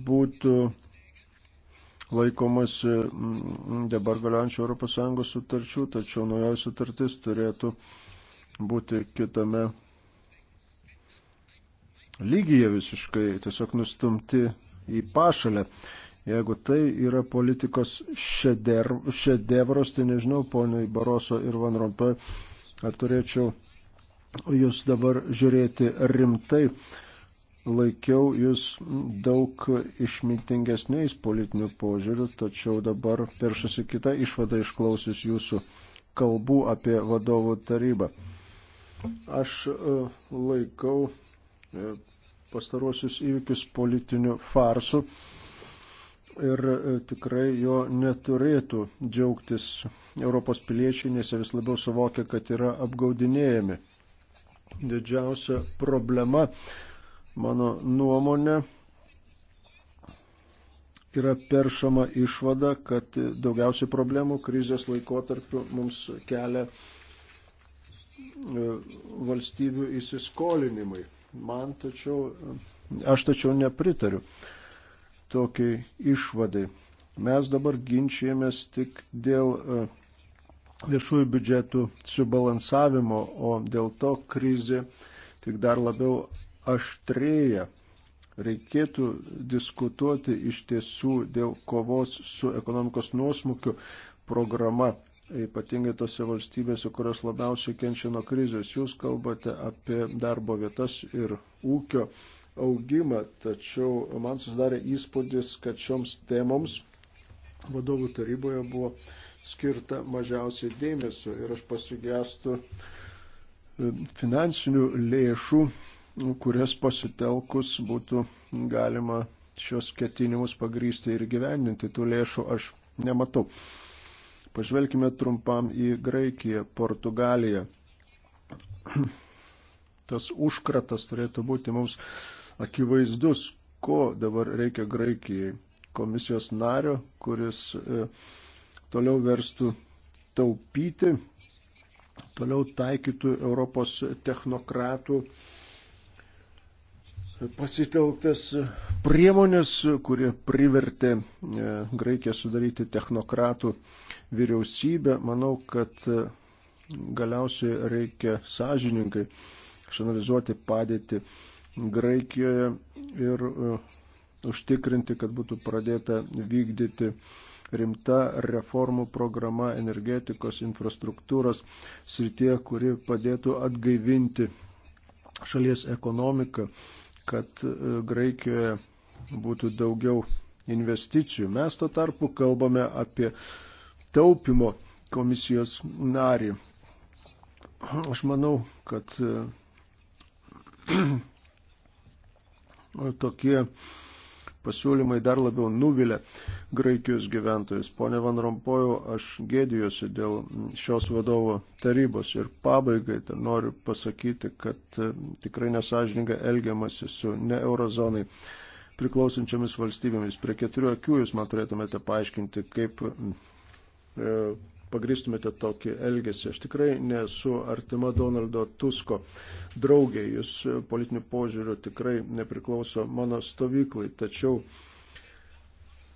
būtų laikomasi dabar galiojančių ES sutarčių, tačiau naujoji sutartis turėtų būti kitame lygyje visiškai, tiesiog nustumti į pašalę. Jeigu tai yra politikos šedevros, tai nežinau, poniai Baroso ir Van Rompuy, ar turėčiau jūs dabar žiūrėti rimtai laikiau jūs daug išmintingesniais politiniu požiūriu, tačiau dabar peršasi kita išvada išklausius jūsų kalbų apie vadovų tarybą. Aš e, laikau e, pastaruosius įvykius politiniu farsu ir e, tikrai jo neturėtų džiaugtis Europos piliečiai, nes jie vis labiau suvokia, kad yra apgaudinėjami. Didžiausia problema Mano nuomonė yra peršama išvada, kad daugiausiai problemų krizės laikotarpiu mums kelia e, valstybių įsiskolinimai. Man tačiau, aš tačiau nepritariu tokiai išvadai. Mes dabar ginčijamės tik dėl e, viešųjų biudžetų subalansavimo, o dėl to krizė tik dar labiau aštrėja. Reikėtų diskutuoti iš tiesų dėl kovos su ekonomikos nuosmukiu programa, ypatingai tose valstybėse, kurios labiausiai kenčia nuo krizės. Jūs kalbate apie darbo vietas ir ūkio augimą, tačiau man susidarė įspūdis, kad šioms temoms vadovų taryboje buvo skirta mažiausiai dėmesio ir aš pasigestu finansinių lėšų kurias pasitelkus būtų galima šios ketinimus pagrysti ir gyvendinti. Tų lėšų aš nematau. Pažvelkime trumpam į Graikiją, Portugaliją. *clears throat* Tas užkratas turėtų būti mums akivaizdus, ko dabar reikia Graikijai. Komisijos nario, kuris e, toliau verstų taupyti, toliau taikytų Europos technokratų e, pasitelktas priemonės, kurie privertė e, Graikiją sudaryti technokratų vyriausybę. Manau, kad e, galiausiai reikia sąžininkai išanalizuoti padėtį Graikijoje ir e, užtikrinti, kad būtų pradėta vykdyti rimta reformų programa energetikos infrastruktūros srityje, kuri padėtų atgaivinti šalies ekonomiką kad e, Graikijoje būtų daugiau investicijų. Mes to tarpu kalbame apie taupimo komisijos narį. Aš manau, kad e, *clears throat* tokie pasiūlymai dar labiau nuvilia Graikijos gyventojus. Pone Van Rompojau, aš gėdijuosi dėl šios vadovo tarybos ir pabaigai dar noriu pasakyti, kad e, tikrai nesažininga elgiamasi su ne eurozonai priklausančiamis valstybėmis. Prie keturių akių jūs man turėtumėte paaiškinti, kaip e, pagristumėte tokį elgesį. Aš tikrai nesu artima Donaldo Tusko draugė, jis politinių požiūrių tikrai nepriklauso mano stovyklai, tačiau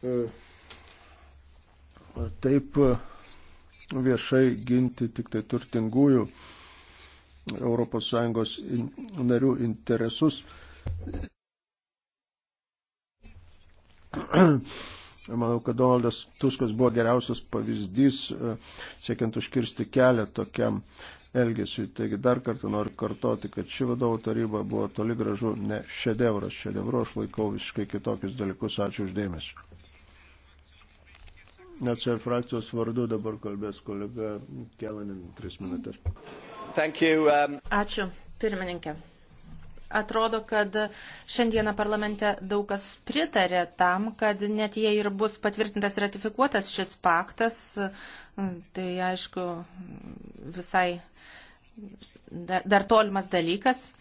e, taip viešai ginti tik tai turtingųjų ES narių interesus *clears throat* *coughs* Manau, kad Donaldas Tuskas buvo geriausias pavyzdys, e, siekiant užkirsti kelią tokiam elgesiui. Taigi dar kartą noriu kartoti, kad ši vadovų taryba buvo toli gražu ne šedevras. Šedevru aš laikau visiškai kitokius dalykus. Ačiū uždėmesi. Nacional frakcijos vardu dabar kalbės kolega Kelanin, tris minutės. Thank you, um... Ačiū, pirmininkė atrodo, kad šiandieną parlamente daug kas pritarė tam, kad net jei ir bus patvirtintas ratifikuotas šis paktas, tai aišku visai dar tolimas dalykas.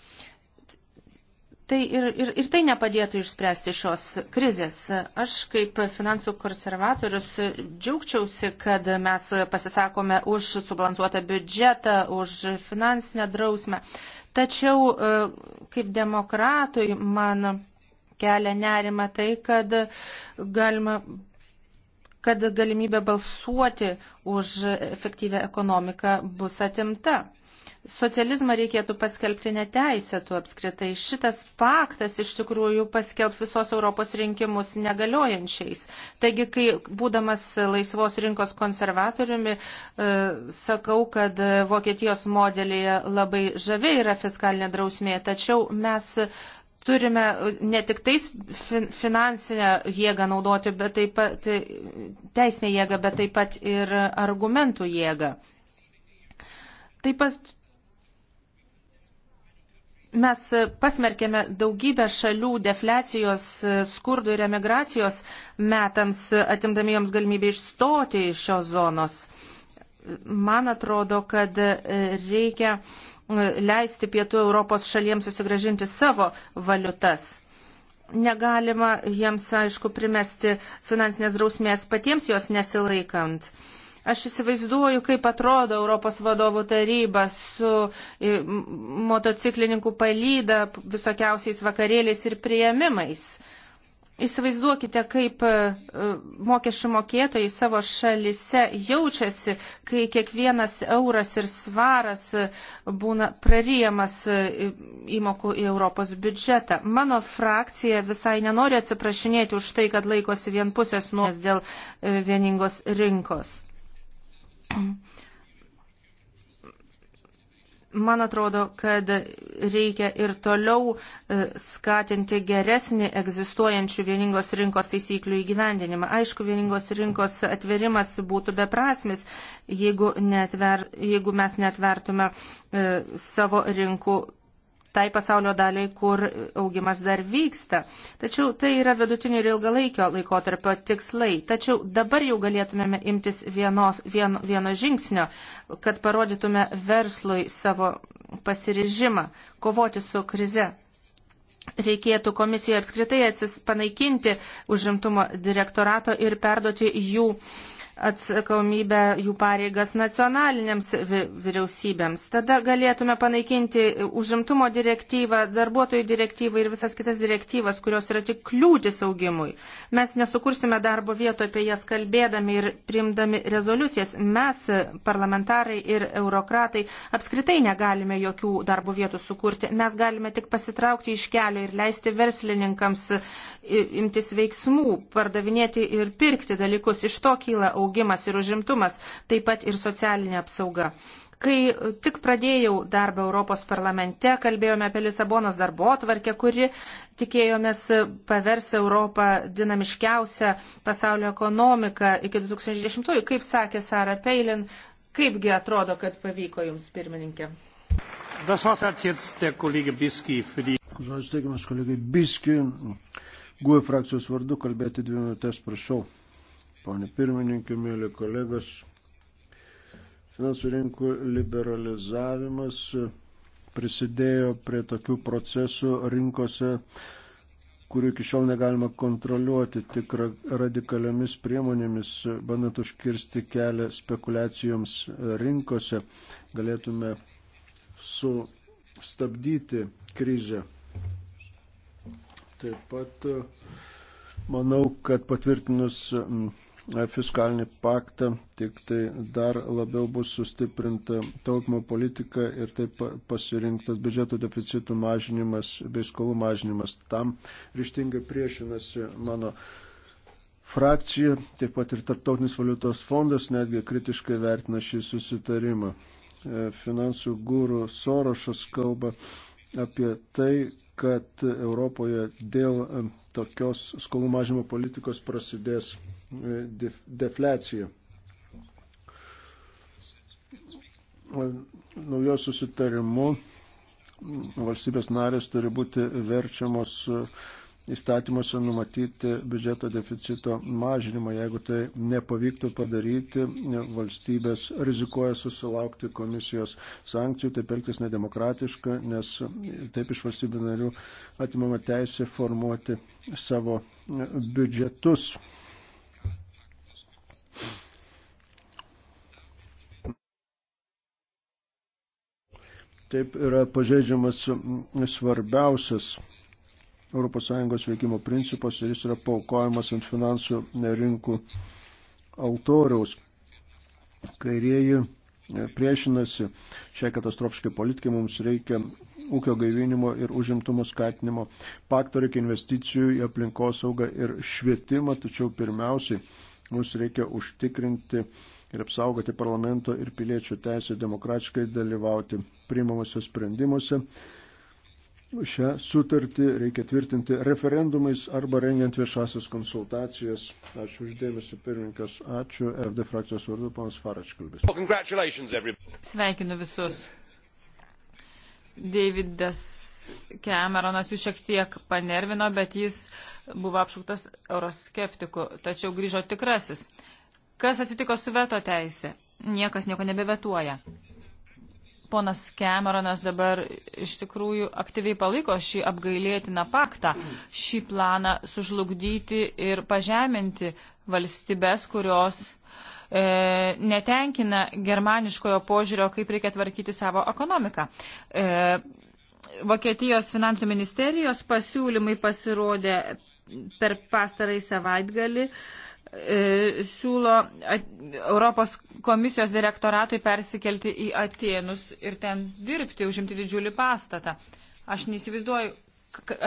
Tai ir, ir, ir tai nepadėtų išspręsti šios krizės. Aš kaip finansų konservatorius džiaugčiausi, kad mes pasisakome už subalansuotą biudžetą, už finansinę drausmę. Tačiau e, kaip demokratui man kelia nerima tai, kad galima kad galimybė balsuoti už efektyvę ekonomiką bus atimta socializmą reikėtų paskelbti neteisėtų apskritai. Šitas paktas iš tikrųjų paskelb visos Europos rinkimus negaliojančiais. Taigi, kai būdamas laisvos rinkos konservatoriumi, e, sakau, kad Vokietijos modelėje labai žavi yra fiskalinė drausmė, tačiau mes turime ne tik tais finansinę jėgą naudoti, bet taip pat teisinę jėgą, bet taip pat ir argumentų jėgą. Taip pat Mes pasmerkėme daugybę šalių deflecijos, e, skurdo ir emigracijos metams, atimdami joms galimybę išstoti iš šios zonos. Man atrodo, kad e, reikia e, leisti pietų Europos šaliems susigražinti savo valiutas. Negalima jiems, aišku, primesti finansinės drausmės patiems jos nesilaikant. Aš įsivaizduoju, kaip atrodo Europos vadovų taryba su motociklininkų palyda, visokiausiais vakarėliais ir prieimimais. Įsivaizduokite, kaip e, mokesčių mokėtojai savo šalise jaučiasi, kai kiekvienas euras ir svaras e, būna praryjamas e, įmokų į Europos biudžetą. Mano frakcija visai nenori atsiprašinėti už tai, kad laikosi vienpusės nuos dėl vieningos rinkos man atrodo, kad reikia ir toliau e, skatinti geresnį egzistuojančių vieningos rinkos taisyklių įgyvendinimą. Aišku, vieningos rinkos atverimas būtų beprasmis, jeigu, netver, jeigu mes netvertume e, savo rinkų tai pasaulio daliai, kur augimas dar vyksta. Tačiau tai yra vidutinio ir ilgalaikio laikotarpio tikslai. Tačiau dabar jau galėtumėme imtis vienos, vien, vieno žingsnio, kad parodytume verslui savo pasirižimą kovoti su krize reikėtų komisijoje apskritai atsis panaikinti užimtumo direktorato ir perduoti jų uh, atsakomybę jų pareigas nacionalinėms vyriausybėms. Tada galėtume panaikinti užimtumo direktyvą, darbuotojų direktyvą ir visas kitas direktyvas, kurios yra tik kliūtis augimui. Mes nesukursime darbo vietų apie jas kalbėdami ir primdami rezoliucijas. Mes, parlamentarai ir eurokratai, apskritai negalime jokių darbo vietų sukurti. Mes galime tik pasitraukti iš kelio ir leisti verslininkams imtis veiksmų, pardavinėti ir pirkti dalykus. Iš to kyla augimas augimas ir užimtumas, taip pat ir socialinė apsauga. Kai tik pradėjau darbą Europos parlamente, kalbėjome apie Lisabonos darbo atvarkę, kuri tikėjomės pavers Europą dinamiškiausią pasaulio ekonomiką iki 2010-ųjų. Kaip sakė Sara Peilin, kaipgi atrodo, kad pavyko jums, pirmininkė? Žodžiu, teigiamas kolegai Biski, GUE frakcijos vardu kalbėti dvi minutės, prašau. Pone pirmininkė, mėly kolegos, finansų rinkų liberalizavimas prisidėjo prie tokių procesų rinkose, kurių iki šiol negalima kontroliuoti tik radikaliomis priemonėmis, bandant užkirsti kelią spekulacijoms rinkose, galėtume sustabdyti krizę. Taip pat manau, kad patvirtinus fiskalinį paktą, tik tai dar labiau bus sustiprinta taupimo politika ir taip pasirinktas biudžeto deficitų mažinimas bei skolų mažinimas. Tam ryštingai priešinasi mano frakcija, taip pat ir Tarptautinis valiutos fondas netgi kritiškai vertina šį susitarimą. E, finansų gūrų Sorošas kalba apie tai, kad Europoje dėl tokios skolų mažimo politikos prasidės defliacija. Naujo susitarimu valstybės narės turi būti verčiamos įstatymuose numatyti biudžeto deficito mažinimą. Jeigu tai nepavyktų padaryti, valstybės rizikuoja susilaukti komisijos sankcijų, taip elgtis nedemokratiška, nes taip iš valstybių narių atimama teisė formuoti savo biudžetus. Taip yra pažeidžiamas svarbiausias ES veikimo principas ir jis yra paukojamas ant finansų rinkų altoriaus. Kairieji e, priešinasi šiai katastrofiškai politikai, mums reikia ūkio gaivinimo ir užimtumo skatinimo pakto, reikia investicijų į aplinkosaugą ir švietimą, tačiau pirmiausiai mums reikia užtikrinti ir apsaugoti parlamento ir piliečių teisę demokratiškai dalyvauti priimamuose sprendimuose. Šią sutartį reikia tvirtinti referendumais arba rengiant viešasias konsultacijas. Ačiū uždėmesi, pirmininkas. Ačiū. FD frakcijos vardu, panas Faračkalbis. Sveikinu visus. Davidas Cameronas jų šiek tiek panervino, bet jis buvo apšauktas euroskeptiku, tačiau grįžo tikrasis. Kas atsitiko su veto teisė? Niekas nieko nebevetuoja. Ponas Cameronas dabar iš tikrųjų aktyviai palaiko šį apgailėtiną faktą, šį planą sužlugdyti ir pažeminti valstybės, kurios e, netenkina germaniškojo požiūrio, kaip reikia tvarkyti savo ekonomiką. E, Vokietijos finansų ministerijos pasiūlymai pasirodė per pastarąjį savaitgalį. E, e, siūlo at, Europos komisijos direktoratui persikelti į Atenus ir ten dirbti, užimti didžiulį pastatą. Aš neįsivaizduoju,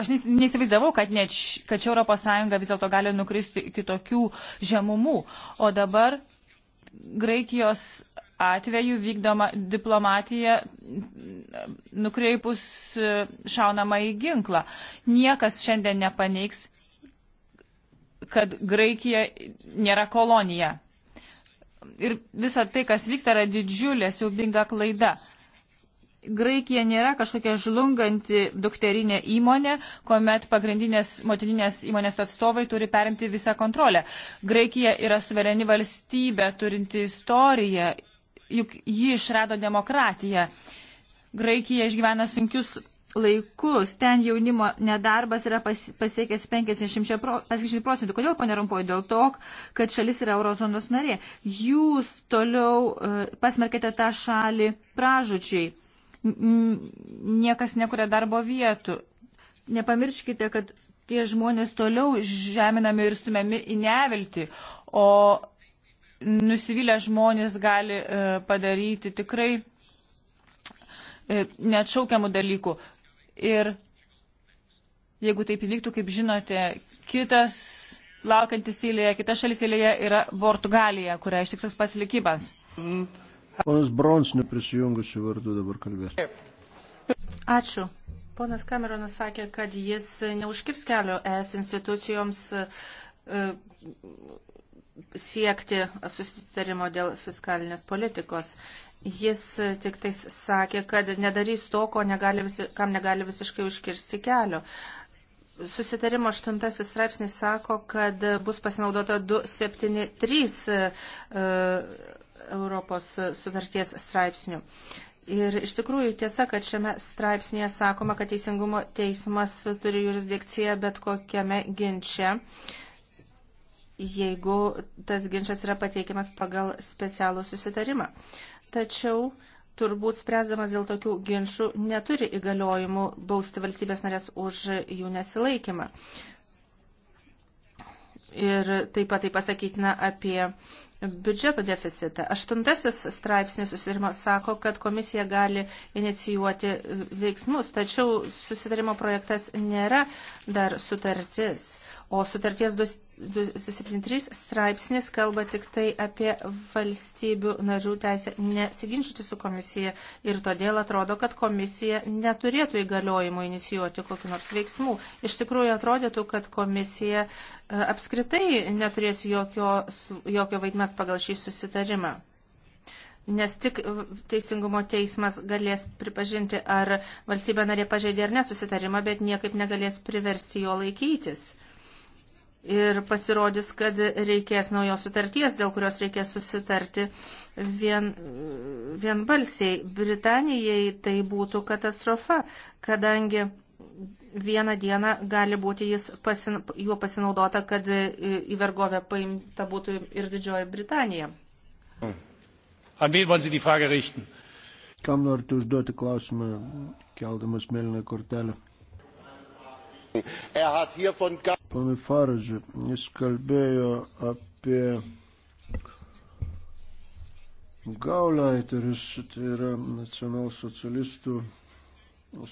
aš neįsivaizdavau, kad, net, kad čia Europos Sąjunga vis dėlto gali nukristi iki tokių žemumų. O dabar Graikijos atveju vykdoma diplomatija nukreipus e, šaunamą į ginklą. Niekas šiandien nepaneiks, kad Graikija nėra kolonija. Ir visa tai, kas vyksta, yra didžiulė siaubinga klaida. Graikija nėra kažkokia žlunganti dukterinė įmonė, kuomet pagrindinės motininės įmonės atstovai turi perimti visą kontrolę. Graikija yra suvereni valstybė, turinti istoriją, juk ji išrado demokratiją. Graikija išgyvena sunkius laikus. Ten jaunimo nedarbas yra pas, pasiekęs 50 procentų. Kodėl, ponė Rampoji? Dėl to, kad šalis yra eurozonos narė. Jūs toliau uh, e, pasmerkite tą šalį pražučiai. Niekas nekuria darbo vietų. Nepamirškite, kad tie žmonės toliau žeminami ir stumiami į nevilti, o nusivylę žmonės gali e, padaryti tikrai e, neatšaukiamų dalykų. Ir jeigu taip įvyktų, kaip žinote, kitas laukiantis eilėje, kita šalis eilėje yra Portugalija, kuria ištiktas pats likimas. Ponas Bronsnių prisijungusių vardu dabar kalbės. Ačiū. Ponas Kameronas sakė, kad jis neužkirs kelio ES institucijoms e, siekti susitarimo dėl fiskalinės politikos. Jis tik tais sakė, kad nedarys to, negali visi, kam negali visiškai užkirsti kelio. Susitarimo aštuntasis straipsnis sako, kad bus pasinaudota 273 uh, e, Europos sutarties straipsnių. Ir iš tikrųjų tiesa, kad šiame straipsnėje sakoma, kad Teisingumo teismas turi jurisdikciją bet kokiame ginče, jeigu tas ginčas yra pateikiamas pagal specialų susitarimą. Uh, tačiau turbūt spręsdamas dėl tokių ginčių neturi įgaliojimų bausti valstybės narės už jų nesilaikymą. Ir taip pat tai pasakytina apie biudžeto deficitą. Aštuntasis straipsnis susitarimo sako, kad komisija gali inicijuoti veiksmus, tačiau susitarimo projektas nėra dar sutartis. O sutarties 273 straipsnis kalba tik tai apie valstybių narių teisę nesiginčyti su komisija ir todėl atrodo, kad komisija neturėtų įgaliojimo inicijuoti kokiu nors veiksmu. Iš tikrųjų atrodytų, kad komisija e, apskritai neturės jokio, jokio vaidmens pagal šį susitarimą nes tik Teisingumo teismas galės pripažinti, ar valstybė narė pažeidė ar nesusitarimą, bet niekaip negalės priversti jo laikytis ir pasirodys, kad reikės naujos sutarties, dėl kurios reikės susitarti vien, vienbalsiai. Britanijai tai būtų katastrofa, kadangi vieną dieną gali būti jis pasin, juo pasinaudota, kad į vergovę paimta būtų ir Didžioji Britanija. Kam norite užduoti klausimą, keldamas mėlyną kortelę? Er hat hier von panui Faradžiui. Jis kalbėjo apie Gauleiterius, tai yra nacionalsocialistų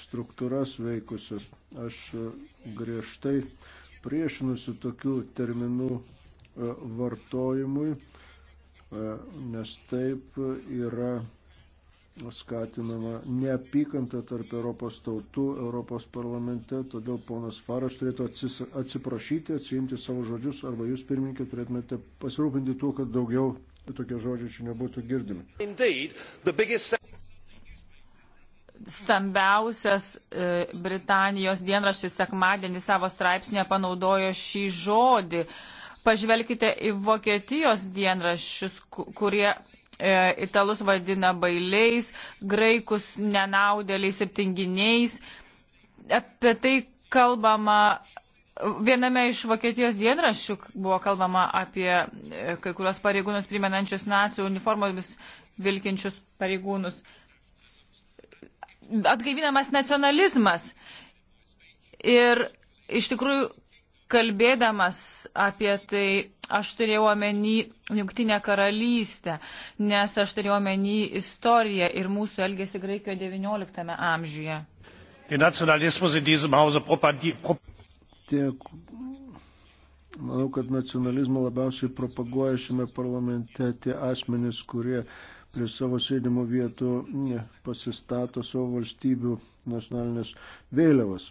struktūras veikusias. Aš griežtai priešinusi tokių terminų e, vartojimui, e, nes taip yra skatinama neapykanta tarp Europos tautų, Europos parlamente, todėl ponas Faras turėtų atsiprašyti, atsiimti savo žodžius, arba jūs, pirmininkė, turėtumėte pasirūpinti tuo, kad daugiau tokie žodžiai čia nebūtų girdimi. Indeed, biggest... Stambiausias e, Britanijos dienraštis sekmadienį savo straipsnėje panaudojo šį žodį. Pažvelkite į Vokietijos dienraščius, kurie E, italus vadina bailiais, graikus nenaudėliais ir tinginiais. Apie tai kalbama. Viename iš Vokietijos dienraščių buvo kalbama apie e, kai kurios pareigūnus primenančius nacijų uniformomis vilkinčius pareigūnus. Atgaivinamas nacionalizmas. Ir iš tikrųjų, kalbėdamas apie tai, aš turėjau omeny Junktinę karalystę, nes aš turėjau omeny istoriją ir mūsų elgesį Graikijoje XIX amžiuje. Tiek, manau, kad nacionalizmą labiausiai propaguoja šiame parlamente tie asmenys, kurie prie savo sėdimo vietų pasistato savo valstybių nacionalinės vėliavas.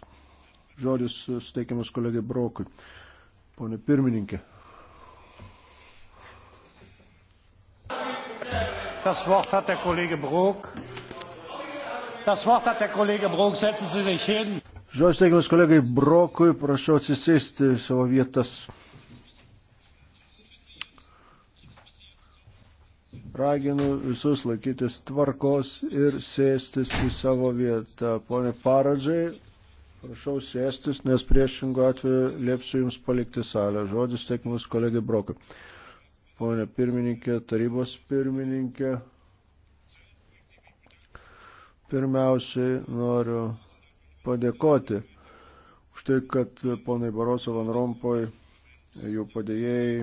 Žodis suteikiamas kolegai Brokui. Pone pirmininkė. Das Wort hat der Kollege Brok. Das Wort hat der Kollege Brok. Setzen Sie sich hin. Žodis teikiamas kolegai Brokui, prašau atsisėsti savo vietas. Raginu visus laikytis tvarkos ir sėstis į savo vietą. Pone Faradžai, prašau sėstis, nes priešingų atveju liepsiu Jums palikti salę. Žodis teikiamas kolegai Brokui ponė pirmininkė, tarybos pirmininkė. Pirmiausiai noriu padėkoti už tai, kad ponai Baroso Van Rompoj, jų padėjėjai,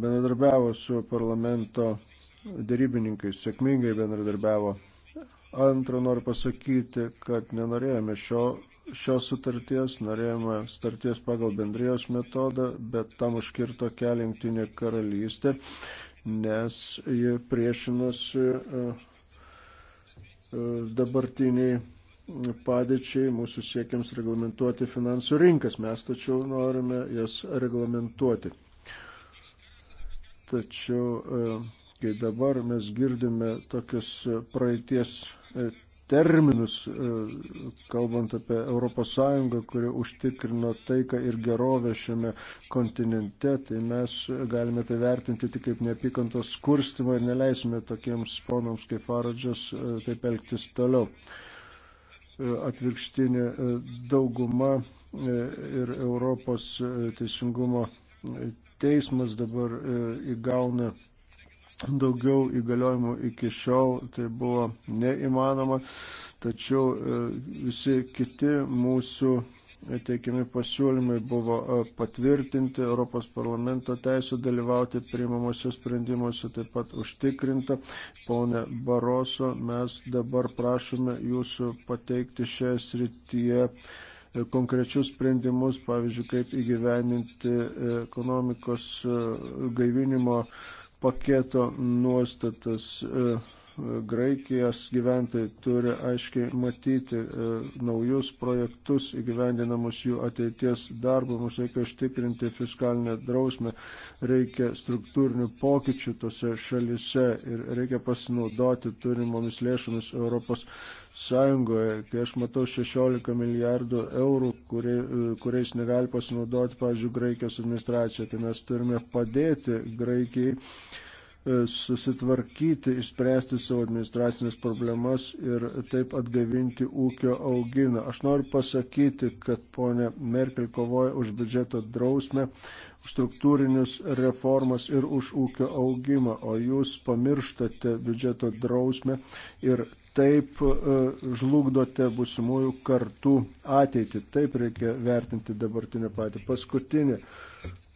bendradarbiavo su parlamento darybininkais, sėkmingai bendradarbiavo. Antra, noriu pasakyti, kad nenorėjome šio šios sutarties, norėjome sutarties pagal bendrijos metodą, bet tam užkirto kelią jungtinė karalystė, nes ji priešinosi e, e, dabartiniai padėčiai mūsų siekiams reglamentuoti finansų rinkas. Mes tačiau norime jas reglamentuoti. Tačiau, e, kai dabar mes girdime tokius praeities terminus, e, kalbant apie ES, kuri užtikrino taiką ir gerovę šiame kontinente, tai mes galime tai vertinti tik kaip neapykantos skurstimą ir neleisime tokiems ponams kaip Faradžas e, taip elgtis toliau. E, atvirkštinė dauguma ir Europos teisingumo teismas dabar įgauna daugiau įgaliojimų iki šiol tai buvo neįmanoma, tačiau e, visi kiti mūsų teikiami pasiūlymai buvo e, patvirtinti Europos parlamento teisų dalyvauti priimamuose sprendimuose, taip pat užtikrinta. Pone Baroso, mes dabar prašome jūsų pateikti šioje srityje e, konkrečius sprendimus, pavyzdžiui, kaip įgyveninti ekonomikos gaivinimo paketo nuostatas. E, Graikijos gyventojai turi aiškiai matyti e, naujus projektus įgyvendinamus jų ateities darbą. Mums reikia užtikrinti fiskalinę drausmę, reikia struktūrinių pokyčių tose šalise ir reikia pasinaudoti turimomis lėšomis Europos Sąjungoje. Kai aš matau 16 milijardų eurų, kurie, e, kuriais negali pasinaudoti, pavyzdžiui, Graikijos administracija, tai mes turime padėti Graikijai E, susitvarkyti, išspręsti savo administracinės problemas ir taip atgavinti ūkio auginą. Aš noriu pasakyti, kad ponė Merkel kovoja už biudžeto drausmę, už struktūrinius reformas ir už ūkio augimą, o jūs pamirštate biudžeto drausmę ir taip e, žlugdote busimųjų kartų ateitį. Taip reikia vertinti dabartinę patį. Paskutinį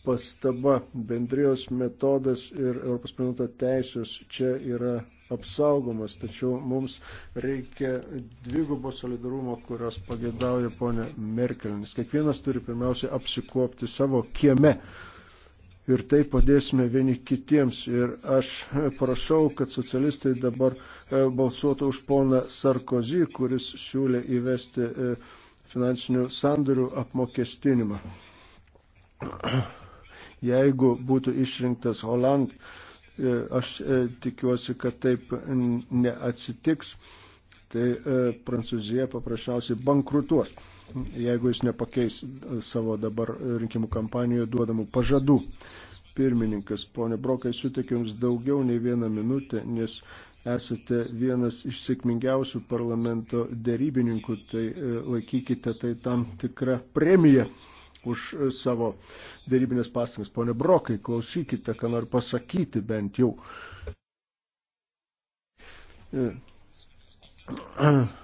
pastaba. Bendrijos metodas ir Europos parlamento teisės čia yra apsaugomas, tačiau mums reikia dvigubo solidarumo, kurios pagėdauja ponė Merkelinis. Kiekvienas turi pirmiausia apsikuopti savo kieme. Ir tai padėsime vieni kitiems. Ir aš prašau, kad socialistai dabar e, balsuotų už poną Sarkozy, kuris siūlė įvesti e, finansinių sandorių apmokestinimą jeigu būtų išrinktas Holand. E, aš e, tikiuosi, kad taip neatsitiks. Tai e, Prancūzija paprasčiausiai bankrutuos, jeigu jis nepakeis savo dabar rinkimų kampanijoje duodamų pažadų. Pirmininkas, ponė Brokai, sutikiu Jums daugiau nei vieną minutę, nes esate vienas iš sėkmingiausių parlamento dėrybininkų, tai laikykite tai tam tikrą premiją už savo dėrybinės pastangas. Pone Brokai, klausykite, ką noriu pasakyti bent jau. *clears throat*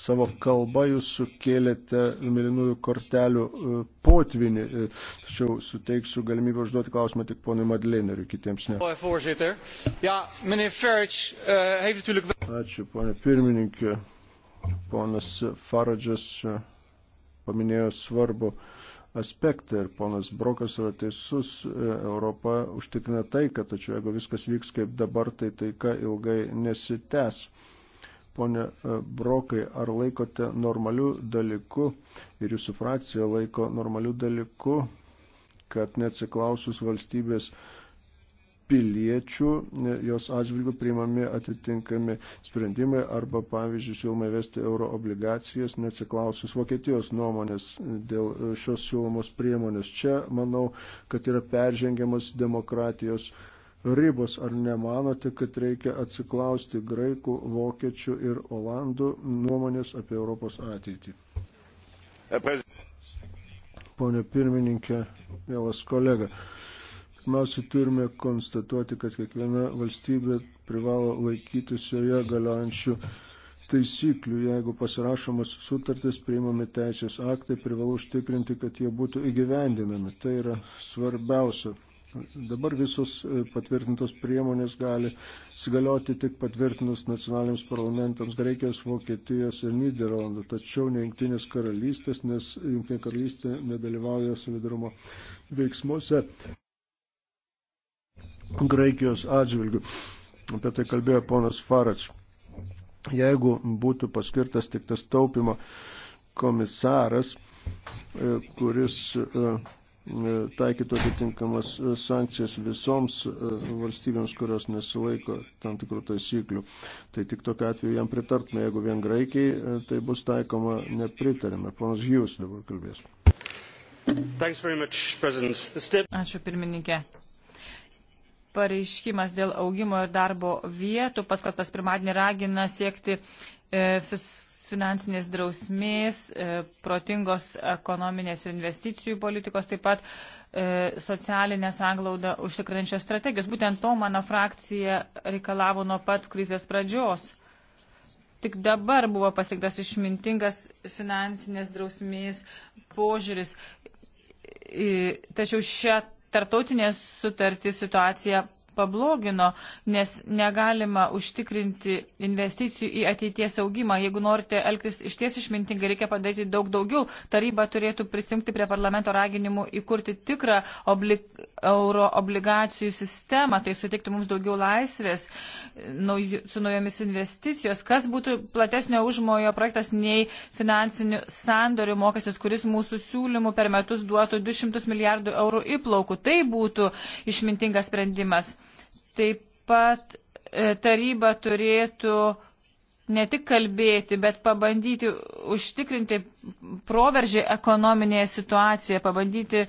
Savo kalbą jūs sukėlėte milinųjų kortelių e, potvinį, e, tačiau suteiksiu galimybę užduoti klausimą tik ponui Madleneriui, kitiems ne. E, Ačiū, ponė pirmininkė. Ponas Faradžas paminėjo svarbu aspektą ir ponas Brokas yra teisus, e, Europa užtikrina taiką, tačiau jeigu viskas vyks kaip dabar, tai taika ilgai nesitęs. Pone e, Brokai, ar laikote normalių dalykų ir jūsų frakcija laiko normalių dalykų, kad neatsiklausus valstybės piliečių, e, jos atžvilgių priimami atitinkami sprendimai arba, pavyzdžiui, siūloma įvesti euro obligacijas, neatsiklausus Vokietijos nuomonės dėl e, šios siūlomos priemonės. Čia manau, kad yra peržengiamas demokratijos ribos. Ar nemanote, kad reikia atsiklausti graikų, vokiečių ir olandų nuomonės apie Europos ateitį? Pone pirmininkė, mielas kolega. Pirmiausia, turime konstatuoti, kad kiekviena valstybė privalo laikytis joje galiojančių taisyklių. Jeigu pasirašomas sutartis, priimami teisės aktai, privalu užtikrinti, kad jie būtų įgyvendinami. Tai yra svarbiausia. Dabar visos e, patvirtintos priemonės gali sigalioti tik patvirtinus nacionaliniams parlamentams Graikijos, Vokietijos ir Niderlandų, tačiau ne Junktinės karalystės, nes Junktinė karalystė nedalyvauja solidarumo veiksmuose. Graikijos atžvilgių. Apie tai kalbėjo ponas Farač. Jeigu būtų paskirtas tik tas taupimo komisaras, e, kuris e, e, taikytų atitinkamas sankcijas visoms valstybėms, kurios nesilaiko tam tikrų taisyklių. Tai tik tokia atveju jam pritartume, jeigu vien Graikijai, tai bus taikoma nepritarime. Ponas Jūs dabar kalbės. Ačiū pirmininkė pareiškimas dėl augimo ir darbo vietų, paskaltas pirmadienį ragina siekti e, fis, finansinės drausmės, e, protingos ekonominės ir investicijų politikos, taip pat e, socialinę sanglaudą užtikrinančios strategijos. Būtent to mano frakcija reikalavo nuo pat krizės pradžios. Tik dabar buvo pasiektas išmintingas finansinės drausmės požiūris. Tačiau šią tarptautinės sutartys situacija pablogino, nes negalima užtikrinti investicijų į ateities augimą. Jeigu norite elgtis išties išmintingai, reikia padaryti daug daugiau. Taryba turėtų prisimti prie parlamento raginimų įkurti tikrą oblig... euro obligacijų sistemą, tai suteikti mums daugiau laisvės nauj... su naujomis investicijos. Kas būtų platesnio užmojo projektas nei finansinių sandorių mokestis, kuris mūsų siūlymų per metus duotų 200 milijardų eurų įplaukų. Tai būtų išmintingas sprendimas. Taip pat e, taryba turėtų ne tik kalbėti, bet pabandyti užtikrinti proveržį ekonominėje situacijoje, pabandyti e,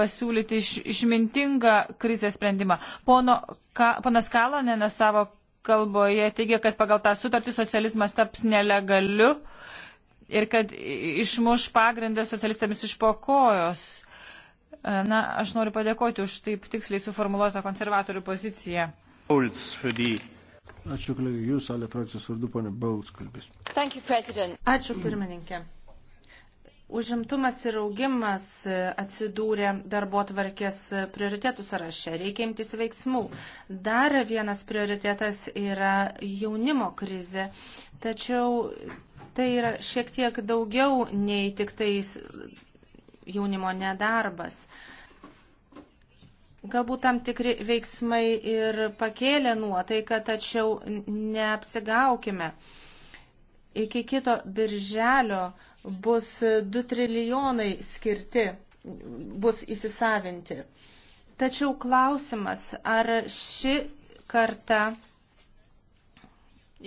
pasiūlyti iš, išmintingą krizės sprendimą. Pono, ka, ponas Kalonėnas savo kalboje teigia, kad pagal tą sutartį socializmas taps nelegaliu ir kad išmuš pagrindą socialistams iš pokojos. Na, aš noriu padėkoti už taip tiksliai suformuoluotą konservatorių poziciją. Ačiū, kolegai, jūs, Alė frakcijos vardu, ponė Bauls, kalbės. Ačiū, pirmininkė. Užimtumas ir augimas e, atsidūrė darbo tvarkės e, prioritėtų sąraše. Reikia imtis veiksmų. Dar vienas prioritetas yra jaunimo krizė. Tačiau tai yra šiek tiek daugiau nei tik tais jaunimo nedarbas. Galbūt tam tikri veiksmai ir pakėlė nuotaiką, tačiau neapsigaukime. Iki kito birželio bus 2 trilijonai skirti, bus įsisavinti. Tačiau klausimas, ar ši karta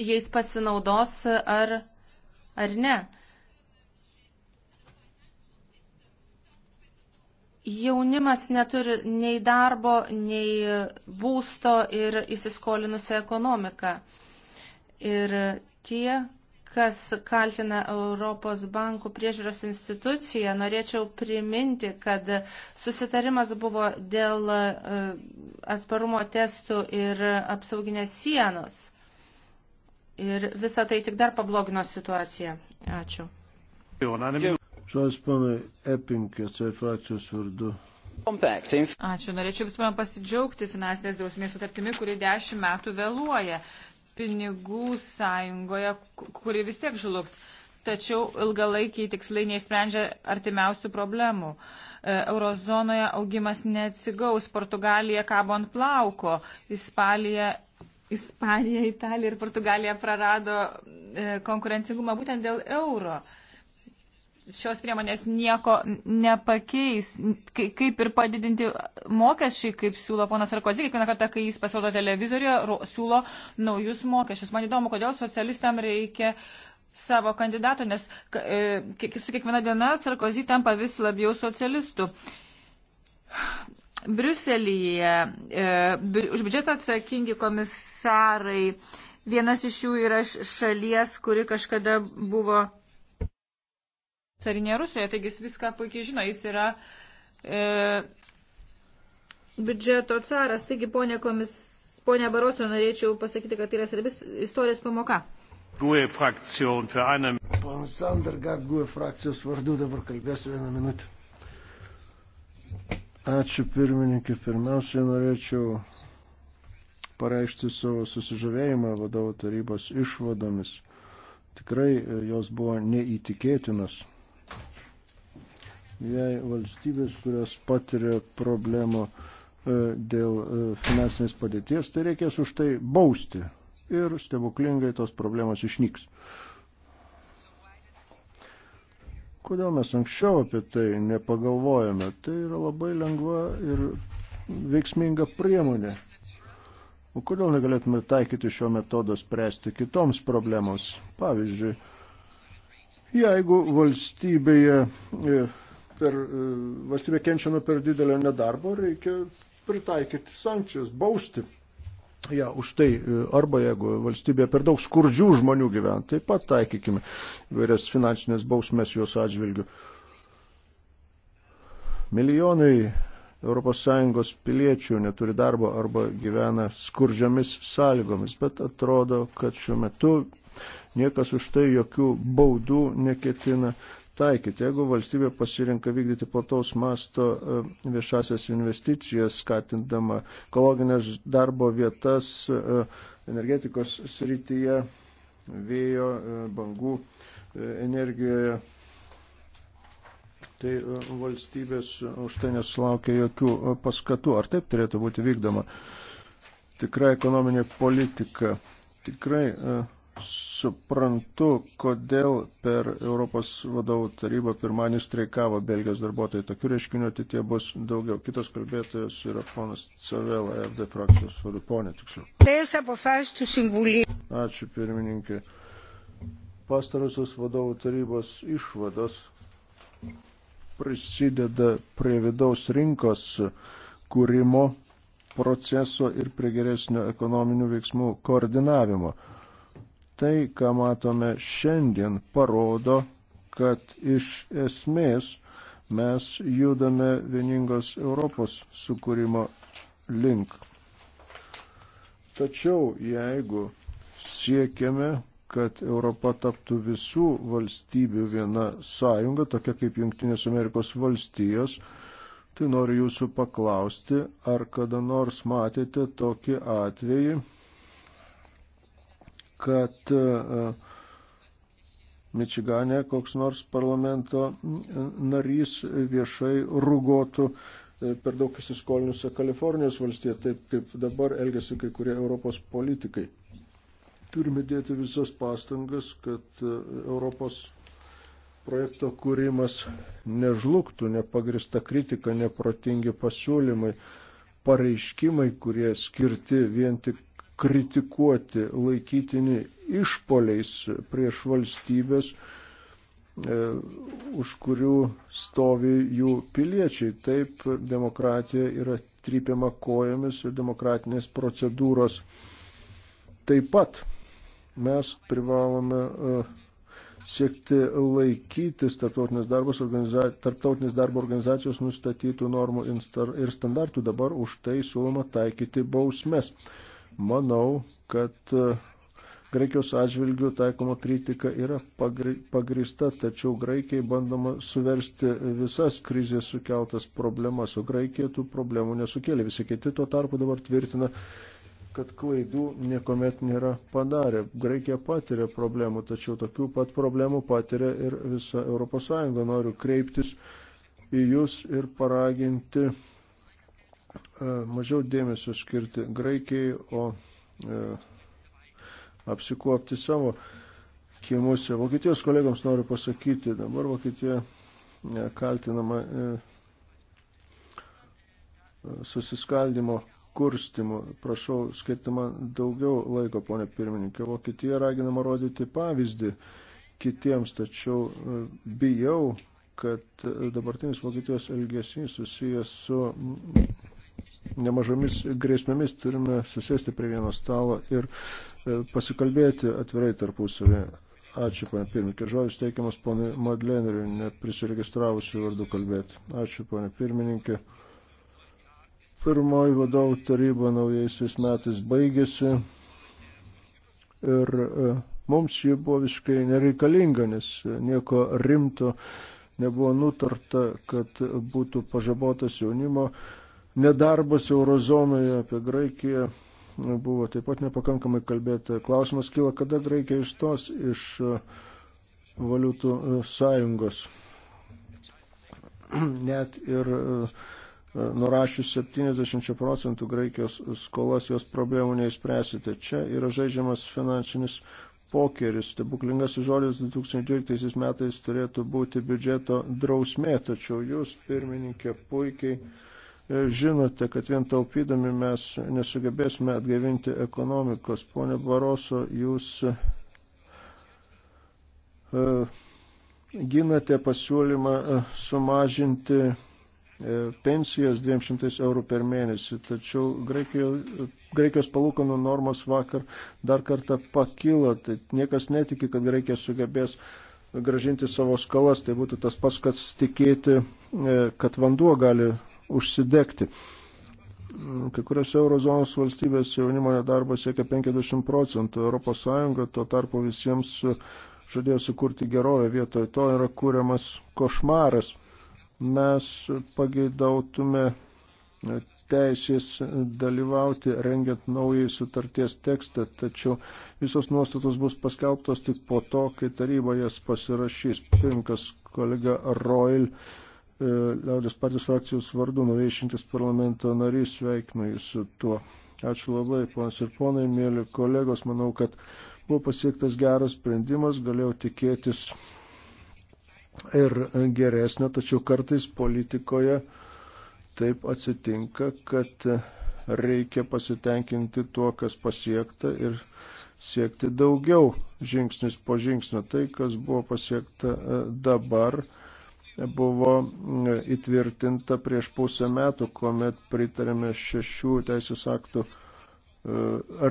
jais pasinaudos ar, ar ne. Jaunimas neturi nei darbo, nei būsto ir įsiskolinusią ekonomiką. Ir tie, kas kaltina Europos bankų priežiūros instituciją, norėčiau priminti, kad susitarimas buvo dėl e, atsparumo testų ir apsauginės sienos. Ir visa tai tik dar pablogino situaciją. Ačiū. Žodis panai Epinkės, frakcijos vardu. Ačiū. Norėčiau visų pirma pasidžiaugti finansinės drausmės sutartimi, kuri dešimt metų vėluoja. Pinigų sąjungoje, kuri vis tiek žlugs. Tačiau ilgalaikiai tikslai neįsprendžia artimiausių problemų. E, eurozonoje augimas neatsigaus, Portugalija kabo ant plauko, Ispalija Ispanija, Italija ir Portugalija prarado e, konkurencingumą būtent dėl euro šios priemonės nieko nepakeis. Kaip ir padidinti mokesčiai, kaip siūlo ponas Sarkozy, kiekvieną kartą, kai jis pasirodo televizoriuje, siūlo naujus mokesčius. Man įdomu, kodėl socialistam reikia savo kandidato, nes e, su kiekviena diena Sarkozy tampa vis labiau socialistų. Briuselyje e, už biudžetą atsakingi komisarai, vienas iš jų yra šalies, kuri kažkada buvo carinėje Rusijoje, taigi jis viską puikiai žino, jis yra e, biudžeto caras, taigi ponė, komis, ponė Baroso norėčiau pasakyti, kad tai yra svarbis istorijos pamoka. GUE frakcijų per vieną. Ponas Sandergaard, GUE frakcijos vardu dabar kalbėsiu vieną minutę. Ačiū pirmininkė. Pirmiausiai norėčiau pareikšti savo susižavėjimą vadovo tarybos išvadomis. Tikrai e, jos buvo neįtikėtinos jei valstybės, kurios patiria problemų e, dėl e, finansinės padėties, tai reikės už tai bausti ir stebuklingai tos problemos išnyks. Kodėl mes anksčiau apie tai nepagalvojame? Tai yra labai lengva ir veiksminga priemonė. O kodėl negalėtume taikyti šio metodo spręsti kitoms problemoms? Pavyzdžiui, jeigu valstybėje e, per e, valstybė kenčia nuo per didelio nedarbo, reikia pritaikyti sankcijas, bausti ją ja, už tai. E, arba jeigu valstybėje per daug skurdžių žmonių gyvena, taip pat taikykime vairias finansinės bausmės juos atžvilgių. Milijonai ES piliečių neturi darbo arba gyvena skurdžiomis sąlygomis, bet atrodo, kad šiuo metu niekas už tai jokių baudų neketina taikyti. Jeigu valstybė pasirinka vykdyti plataus masto e, viešasias investicijas, skatindama ekologinės darbo vietas e, energetikos srityje, vėjo, e, bangų energijoje, tai valstybės už tai nesulaukia jokių paskatų. Ar taip turėtų būti vykdoma tikra ekonominė politika? Tikrai suprantu, kodėl per Europos vadovų tarybą pirmanį streikavo Belgijos darbuotojai. Tokių reiškinių ateitie bus daugiau. Kitas kalbėtojas yra ponas Cavela, FD frakcijos vadovė, ponė tiksliau. Ačiū pirmininkė. Pastarusios vadovų tarybos išvados prisideda prie vidaus rinkos kūrimo proceso ir prie geresnio ekonominių veiksmų koordinavimo tai, ką matome šiandien, parodo, kad iš esmės mes judame vieningos Europos sukūrimo link. Tačiau jeigu siekiame, kad Europa taptų visų valstybių viena sąjunga, tokia kaip Junktinės Amerikos valstijos, tai noriu jūsų paklausti, ar kada nors matėte tokį atvejį, kad e, e, Mičigane koks nors parlamento narys viešai rugotų e, per daug įsiskolinusią Kalifornijos valstiją, taip kaip dabar elgesi kai kurie Europos politikai. Turime dėti visas pastangas, kad Europos projekto kūrimas nežlugtų, nepagrista kritika, neprotingi pasiūlymai, pareiškimai, kurie skirti vien tik kritikuoti, laikytini išpoliais prieš valstybės, e, už kurių stovi jų piliečiai. Taip demokratija yra trypiama kojomis ir demokratinės procedūros. Taip pat mes privalome e, siekti laikytis tarptautinės, darbos, organiza... tarptautinės darbo organizacijos nustatytų normų ir standartų. Dabar už tai siūloma taikyti bausmes manau, kad e, Graikijos atžvilgių taikoma kritika yra pagrista, tačiau Graikijai bandoma suversti visas krizės sukeltas problemas, o Graikija tų problemų nesukėlė. Visi kiti tuo tarpu dabar tvirtina, kad klaidų niekuomet nėra padarę. Graikija patiria problemų, tačiau tokių pat problemų patiria ir visa ES. Noriu kreiptis į Jūs ir paraginti E, mažiau dėmesio skirti Graikijai, o e, apsikuopti savo kiemuose. Vokietijos kolegams noriu pasakyti, dabar Vokietija e, kaltinama susiskaldimo kurstimu. Prašau skirti man daugiau laiko, ponė pirmininkė. Vokietija raginama rodyti pavyzdį kitiems, tačiau bijau, kad dabartinis Vokietijos elgesys susijęs su nemažomis grėsmėmis turime susėsti prie vieno stalo ir e, pasikalbėti atvirai tarpusavį. Ačiū, ponė pirmininkė. Žodis teikiamas ponui Madleneriui, neprisiregistravusiu vardu kalbėti. Ačiū, ponė pirmininkė. Pirmoji vadovų taryba naujaisiais metais baigėsi ir e, mums ji buvo visiškai nereikalinga, nes nieko rimto nebuvo nutarta, kad būtų pažabotas jaunimo nedarbas eurozonoje, apie Graikiją buvo taip pat nepakankamai kalbėti. Klausimas kyla, kada Graikija išstos iš e, valiutų e, sąjungos. *clears throat* Net ir e, nurašius 70 procentų Graikijos skolas jos problemų neįspręsite. Čia yra žaidžiamas finansinis pokeris. Stebuklingas žodis 2012 metais turėtų būti biudžeto drausmė, tačiau jūs, pirmininkė, puikiai uh, E, žinote, kad vien taupydami mes nesugebėsime atgaivinti ekonomikos. Pone Baroso, jūs e, ginate pasiūlymą e, sumažinti pensijas 200 eurų per mėnesį, tačiau Graikijos, Graikijos palūkanų normos vakar dar kartą pakilo, tai niekas netiki, kad Graikija sugebės gražinti savo skalas, tai būtų tas pats, kas tikėti, kad vanduo gali užsidegti. Kai kuriuose eurozonos valstybės jaunimo nedarbas siekia 50 procentų, ES tuo tarpu visiems žadėjo sukurti gerovę, vietoj to yra kūriamas košmaras. Mes pageidautume teisės dalyvauti rengiant naujai sutarties tekstą, tačiau visos nuostatos bus paskelbtos tik po to, kai taryba jas pasirašys. Pirmkas kolega Roil E, liaudės partijos frakcijos vardu nuveišintis parlamento narys, sveikinu jį su tuo. Ačiū labai, ponas ir ponai, mėly kolegos, manau, kad buvo pasiektas geras sprendimas, galėjau tikėtis ir geresnio, tačiau kartais politikoje taip atsitinka, kad reikia pasitenkinti tuo, kas pasiekta ir siekti daugiau žingsnis po žingsnio. Tai, kas buvo pasiekta e, dabar, buvo e, įtvirtinta prieš pusę metų, kuomet pritarėme šešių teisės aktų e,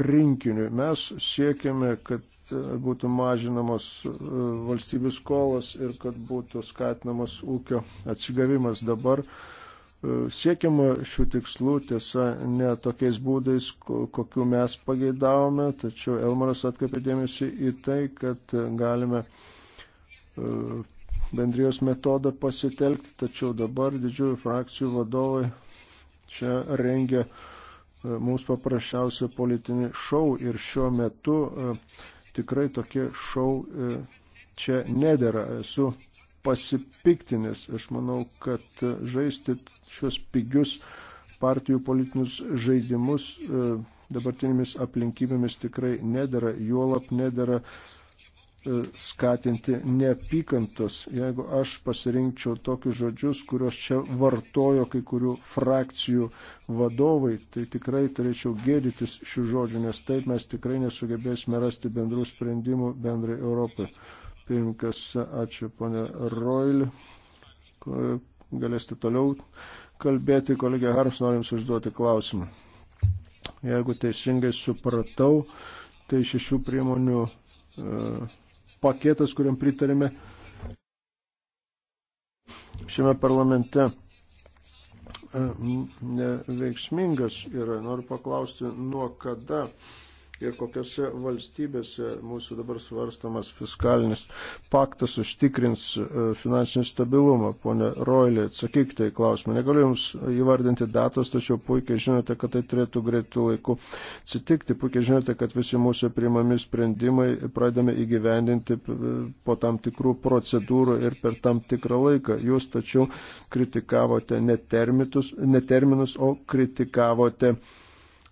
rinkiniu. Mes siekiame, kad e, būtų mažinamos valstybių skolos ir kad būtų skatinamas ūkio atsigavimas dabar. Siekiama šių tikslų, tiesa, ne tokiais būdais, kokiu mes pageidavome, tačiau Elmaras atkreipė dėmesį į tai, kad galime bendrijos metodą pasitelkti, tačiau dabar didžiųjų frakcijų vadovai čia rengia e, mums paprasčiausią politinį šau ir šiuo metu e, tikrai tokie šau e, čia nedėra. Esu pasipiktinęs. Aš manau, kad žaisti šios pigius partijų politinius žaidimus dabartinėmis aplinkybėmis tikrai nedėra, juolap nedėra E, skatinti neapykantos. Jeigu aš pasirinkčiau tokius žodžius, kuriuos čia vartojo kai kurių frakcijų vadovai, tai tikrai turėčiau gėdytis šių žodžių, nes taip mes tikrai nesugebėsime rasti bendrų sprendimų bendrai Europai. Pirmkas, ačiū ponė Roil, galėsite toliau kalbėti, kolegė Harms, norim užduoti klausimą. Jeigu teisingai supratau, tai šešių priemonių uh, paketas, kuriam pritarėme šiame parlamente e, neveiksmingas yra. Noriu paklausti, nuo kada ir kokiose valstybėse mūsų dabar svarstamas fiskalinis paktas užtikrins e, finansinį stabilumą. Pone Roilė, atsakykite į klausimą. Negaliu Jums įvardinti datos, tačiau puikiai žinote, kad tai turėtų greitų laikų atsitikti. Puikiai žinote, kad visi mūsų priimami sprendimai pradame įgyvendinti po tam tikrų procedūrų ir per tam tikrą laiką. Jūs tačiau kritikavote ne, termitus, ne terminus, o kritikavote.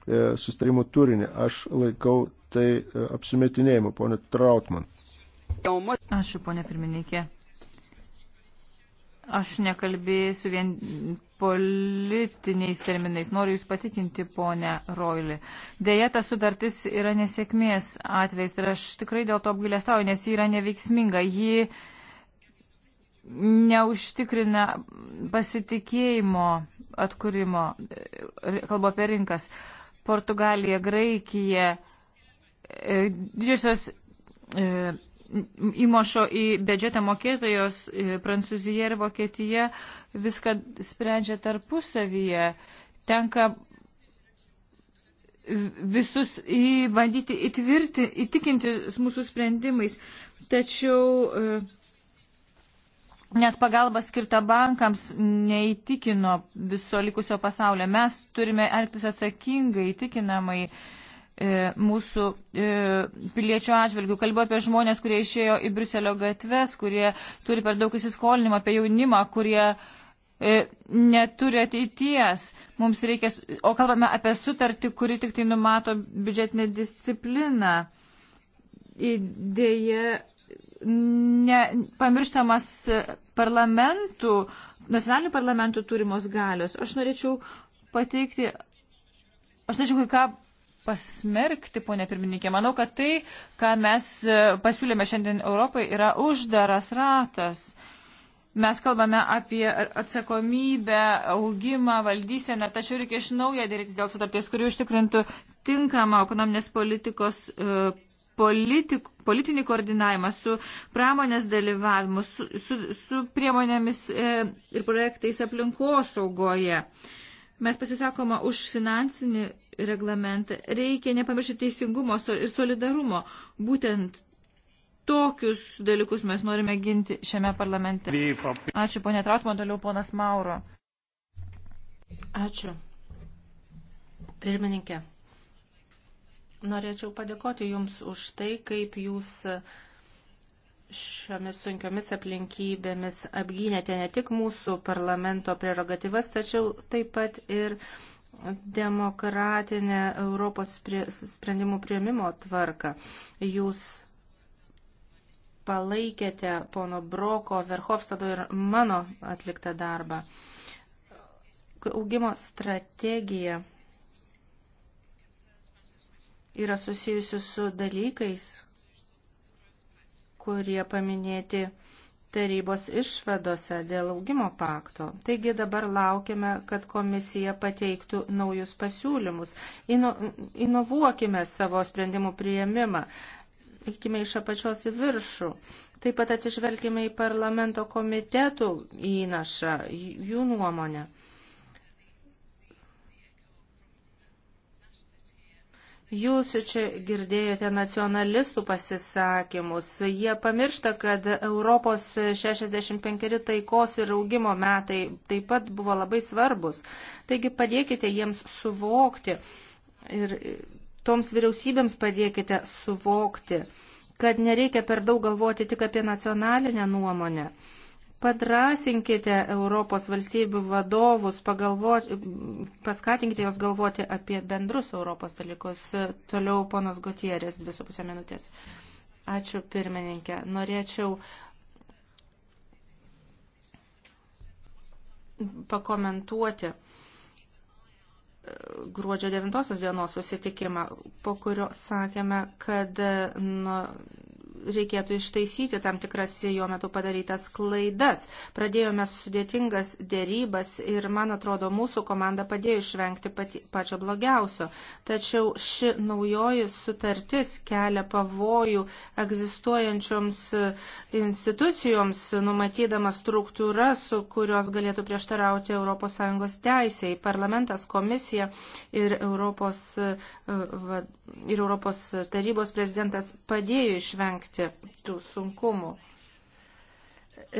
E, sustarimų turinį. Aš laikau tai e, apsimetinėjimu, ponė Trautman. Ačiū, ponė pirmininkė. Aš nekalbėsiu vien politiniais terminais. Noriu Jūs patikinti, ponė Roili. Deja, ta sudartis yra nesėkmės atvejs ir aš tikrai dėl to apgailestauju, nes ji yra neveiksminga. Ji neužtikrina pasitikėjimo atkūrimo, kalbu apie rinkas. Uh, Portugalija, Graikija, e, didžiosios e, įmošo į biudžetą mokėtojos e, Prancūzija ir Vokietija viską sprendžia tarpusavyje. Tenka visus bandyti įtvirti, įtikinti mūsų sprendimais. Tačiau net pagalba skirta bankams neįtikino viso likusio pasaulio. Mes turime elgtis atsakingai, įtikinamai e, mūsų e, piliečių atžvilgių. Kalbu apie žmonės, kurie išėjo į Briuselio gatves, kurie turi per daug įsiskolinimą, apie jaunimą, kurie e, neturi ateities. Mums reikia, o kalbame apie sutartį, kuri tik tai numato biudžetinę discipliną. Dėje ne, pamirštamas parlamentų, nacionalinių parlamentų turimos galios. Aš norėčiau pateikti, aš norėčiau kai ką pasmerkti, ponė pirmininkė. Manau, kad tai, ką mes e, pasiūlėme šiandien Europai, yra uždaras ratas. Mes kalbame apie atsakomybę, augimą, valdyseną, tačiau reikia iš naujo dėrėtis dėl sutarties, kuri užtikrintų tinkamą ekonominės politikos e, politik, politinį koordinavimą, su pramonės dalyvavimu, su, su, su priemonėmis e, ir projektais aplinkosaugoje. Mes pasisakoma už finansinį reglamentą. Reikia nepamiršti teisingumo ir solidarumo. Būtent tokius dalykus mes norime ginti šiame parlamente. Ačiū, ponė Trautman, toliau ponas Mauro. Ačiū. Pirmininkė. Norėčiau padėkoti Jums už tai, kaip Jūs šiomis sunkiomis aplinkybėmis apgynėte ne tik mūsų parlamento prerogatyvas, tačiau taip pat ir demokratinę Europos sprendimų prieimimo tvarką. Jūs palaikėte pono Broko, Verhofstado ir mano atliktą darbą. Augimo strategija yra susijusi su dalykais, kurie paminėti tarybos išvadose dėl augimo pakto. Taigi dabar laukiame, kad komisija pateiktų naujus pasiūlymus. Ino, inovuokime savo sprendimų prieimimą. Eikime iš apačios į viršų. Taip pat atsižvelgime į parlamento komitetų įnašą, jų nuomonę. Jūs čia girdėjote nacionalistų pasisakymus. Jie pamiršta, kad Europos 65 taikos ir augimo metai taip pat buvo labai svarbus. Taigi padėkite jiems suvokti ir toms vyriausybėms padėkite suvokti, kad nereikia per daug galvoti tik apie nacionalinę nuomonę padrasinkite Europos valstybių vadovus, pagalvoti, paskatinkite jos galvoti apie bendrus Europos dalykus. Toliau ponas Gutierės, dvi su pusė minutės. Ačiū pirmininkė. Norėčiau pakomentuoti e, gruodžio 9 dienos susitikimą, po kurio sakėme, kad nu, reikėtų ištaisyti tam tikras jo metu padarytas klaidas. Pradėjome sudėtingas dėrybas ir, man atrodo, mūsų komanda padėjo išvengti pati, pačio blogiausio. Tačiau ši naujoji sutartis kelia pavojų egzistuojančioms institucijoms, numatydama struktūras, kurios galėtų prieštarauti ES teisėjai. Parlamentas, komisija ir Europos e, ir Europos tarybos prezidentas padėjo išvengti tų sunkumų.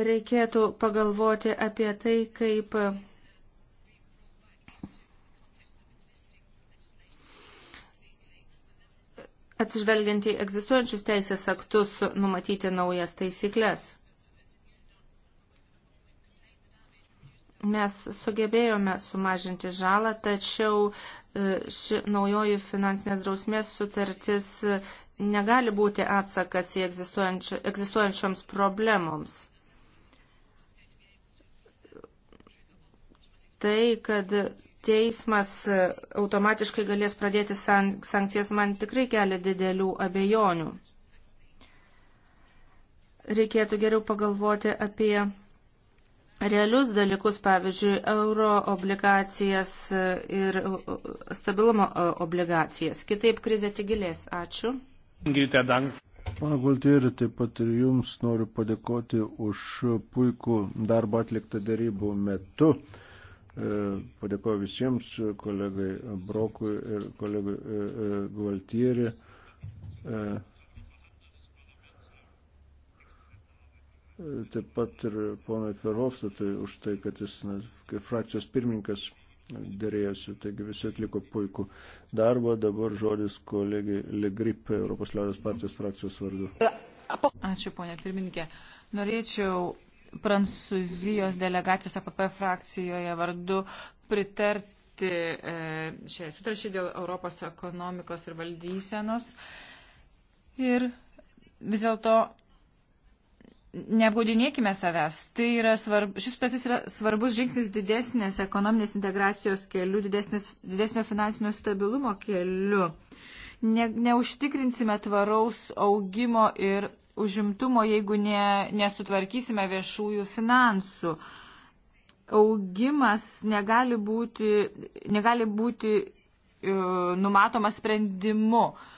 Reikėtų pagalvoti apie tai, kaip atsižvelgiant į egzistuojančius teisės aktus numatyti naujas taisyklės. Mes sugebėjome sumažinti žalą, tačiau e, ši naujoji finansinės drausmės sutartis e, negali būti atsakas į egzistuojančioms problemoms. Tai, kad teismas e, automatiškai galės pradėti sankcijas, man tikrai kelia didelių abejonių. Reikėtų geriau pagalvoti apie realius dalykus, pavyzdžiui, euro obligacijas ir e, stabilumo e, obligacijas. Kitaip krizė tik gilės. Ačiū. Pana Gultieri, taip pat ir Jums noriu padėkoti už puikų darbą atliktą darybų metu. E, padėkoju visiems kolegai Brokui ir kolegai Gultieri. taip pat ir ponui Ferhofstatui už tai, kad jis na, kaip frakcijos pirmininkas dėrėjosi, taigi visi atliko puikų darbą. Dabar žodis kolegai Legrip, Europos liaudės partijos frakcijos vardu. Ačiū, ponė pirmininkė. Norėčiau Prancūzijos delegacijos APP frakcijoje vardu pritarti e, šiai sutaršiai dėl Europos ekonomikos ir valdysenos. Ir vis dėlto neapgaudinėkime savęs. Tai yra svarb, šis sutartis yra svarbus žingsnis didesnės ekonominės integracijos keliu, didesnės, didesnio finansinio stabilumo keliu. Ne, neužtikrinsime tvaraus augimo ir užimtumo, jeigu ne, nesutvarkysime viešųjų finansų. Augimas negali būti, negali būti uh, numatomas sprendimu. Uh,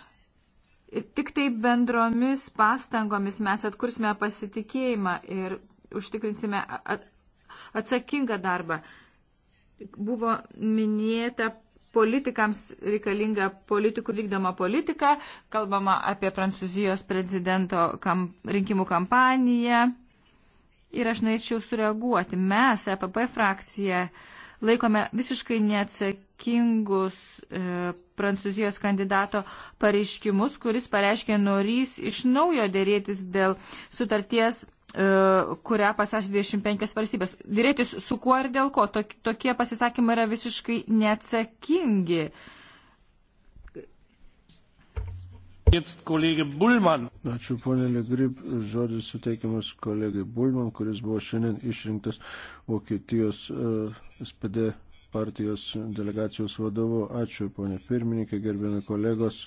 Tik tai bendromis pastangomis mes atkursime pasitikėjimą ir užtikrinsime atsakingą darbą. Buvo minėta politikams reikalinga politikų vykdoma politika, kalbama apie Prancūzijos prezidento kam, rinkimų kampaniją. Ir aš norėčiau sureaguoti. Mes, EPP frakcija, uh, laikome visiškai neatsakingus e, Prancūzijos kandidato pareiškimus, kuris pareiškė norys iš naujo dėrėtis dėl sutarties e, kurią pasirašė 25 valstybės. Dėrėtis su kuo ir dėl ko. Tokie pasisakymai yra visiškai neatsakingi. Uh, Ačiū, ponė Legrib. Žodis suteikiamas kolegai Bulman, kuris buvo šiandien išrinktas Vokietijos uh, e, SPD partijos delegacijos vadovu. Ačiū, ponė pirmininkė, gerbėmi kolegos.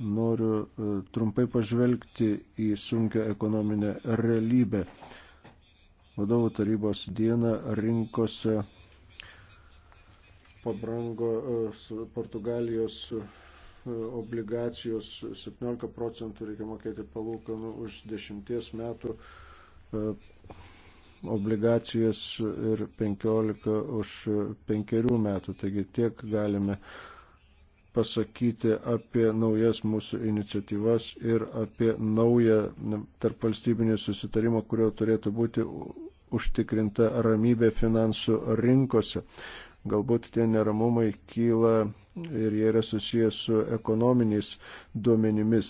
Noriu uh, trumpai pažvelgti į sunkę ekonominę realybę. Vadovų tarybos dieną rinkose pabrango uh, Portugalijos. Uh, obligacijos 17 procentų reikia mokėti palūkanų už 10 metų e, obligacijas ir 15 už 5 metų. Taigi tiek galime pasakyti apie naujas mūsų iniciatyvas ir apie naują tarp valstybinį susitarimą, kurio turėtų būti užtikrinta ramybė finansų rinkose. Galbūt tie neramumai kyla ir jie yra susijęs su ekonominiais duomenimis.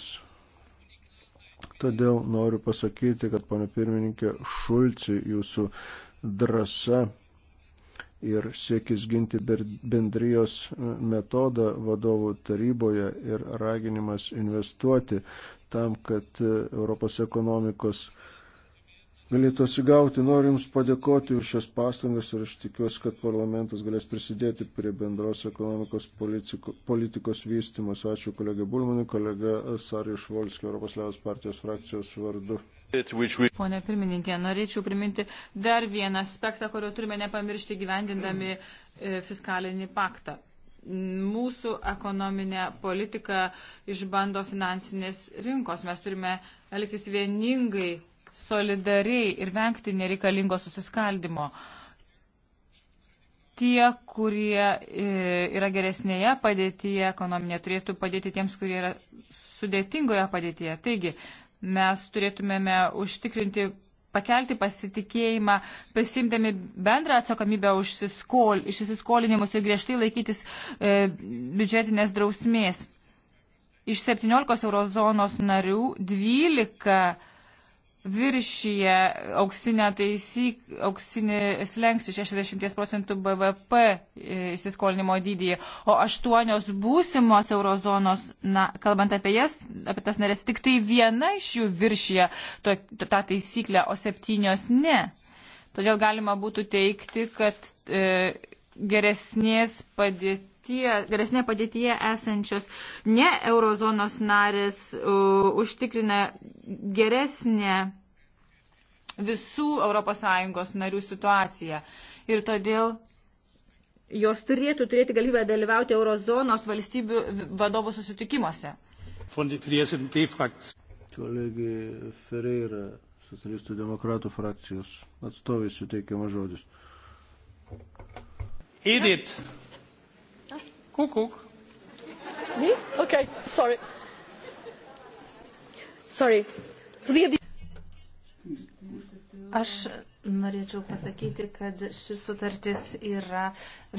Todėl noriu pasakyti, kad, pana pirmininkė, Šulci, jūsų drąsa ir siekis ginti bendrijos metodą vadovų taryboje ir raginimas investuoti tam, kad Europos ekonomikos galėtų atsigauti. Noriu Jums padėkoti už šias pastangas ir aš tikiuosi, kad parlamentas galės prisidėti prie bendros ekonomikos politikos, politikos vystimus. Ačiū kolega Bulmanui, kolega Sarijus Volskis, Europos Liaudės partijos frakcijos vardu. Pone pirmininkė, norėčiau priminti dar vieną aspektą, kurio turime nepamiršti gyvendindami e, fiskalinį paktą mūsų ekonominę politiką išbando finansinės rinkos. Mes turime elgtis vieningai solidariai ir vengti nereikalingo susiskaldimo. Tie, kurie e, yra geresnėje padėtyje ekonominė, turėtų padėti tiems, kurie yra sudėtingoje padėtyje. Taigi, mes turėtumėme užtikrinti pakelti pasitikėjimą, pasimdami bendrą atsakomybę už siskol, išsiskolinimus ir griežtai laikytis e, biudžetinės drausmės. Iš 17 eurozonos narių 12 viršyje auksinę taisyk, auksinį slengsti 60 procentų BVP e, įsiskolinimo dydį, o aštuonios būsimos eurozonos, na, kalbant apie jas, apie tas narės, tik tai viena iš jų viršyje to, to, tą taisyklę, o septynios ne. Todėl galima būtų teikti, kad e, geresnės padėties geresnė padėtyje esančios ne eurozonos narės uh, užtikrina geresnę visų ES narių situaciją. Ir todėl jos turėtų turėti galimybę dalyvauti eurozonos valstybių vadovų susitikimuose. Kolegė Ferreira, socialistų demokratų frakcijos atstovės suteikiamas žodis. Edith. Kuckuck. Me? Okay, sorry. Sorry. Aš norėčiau pasakyti, kad šis sutartis yra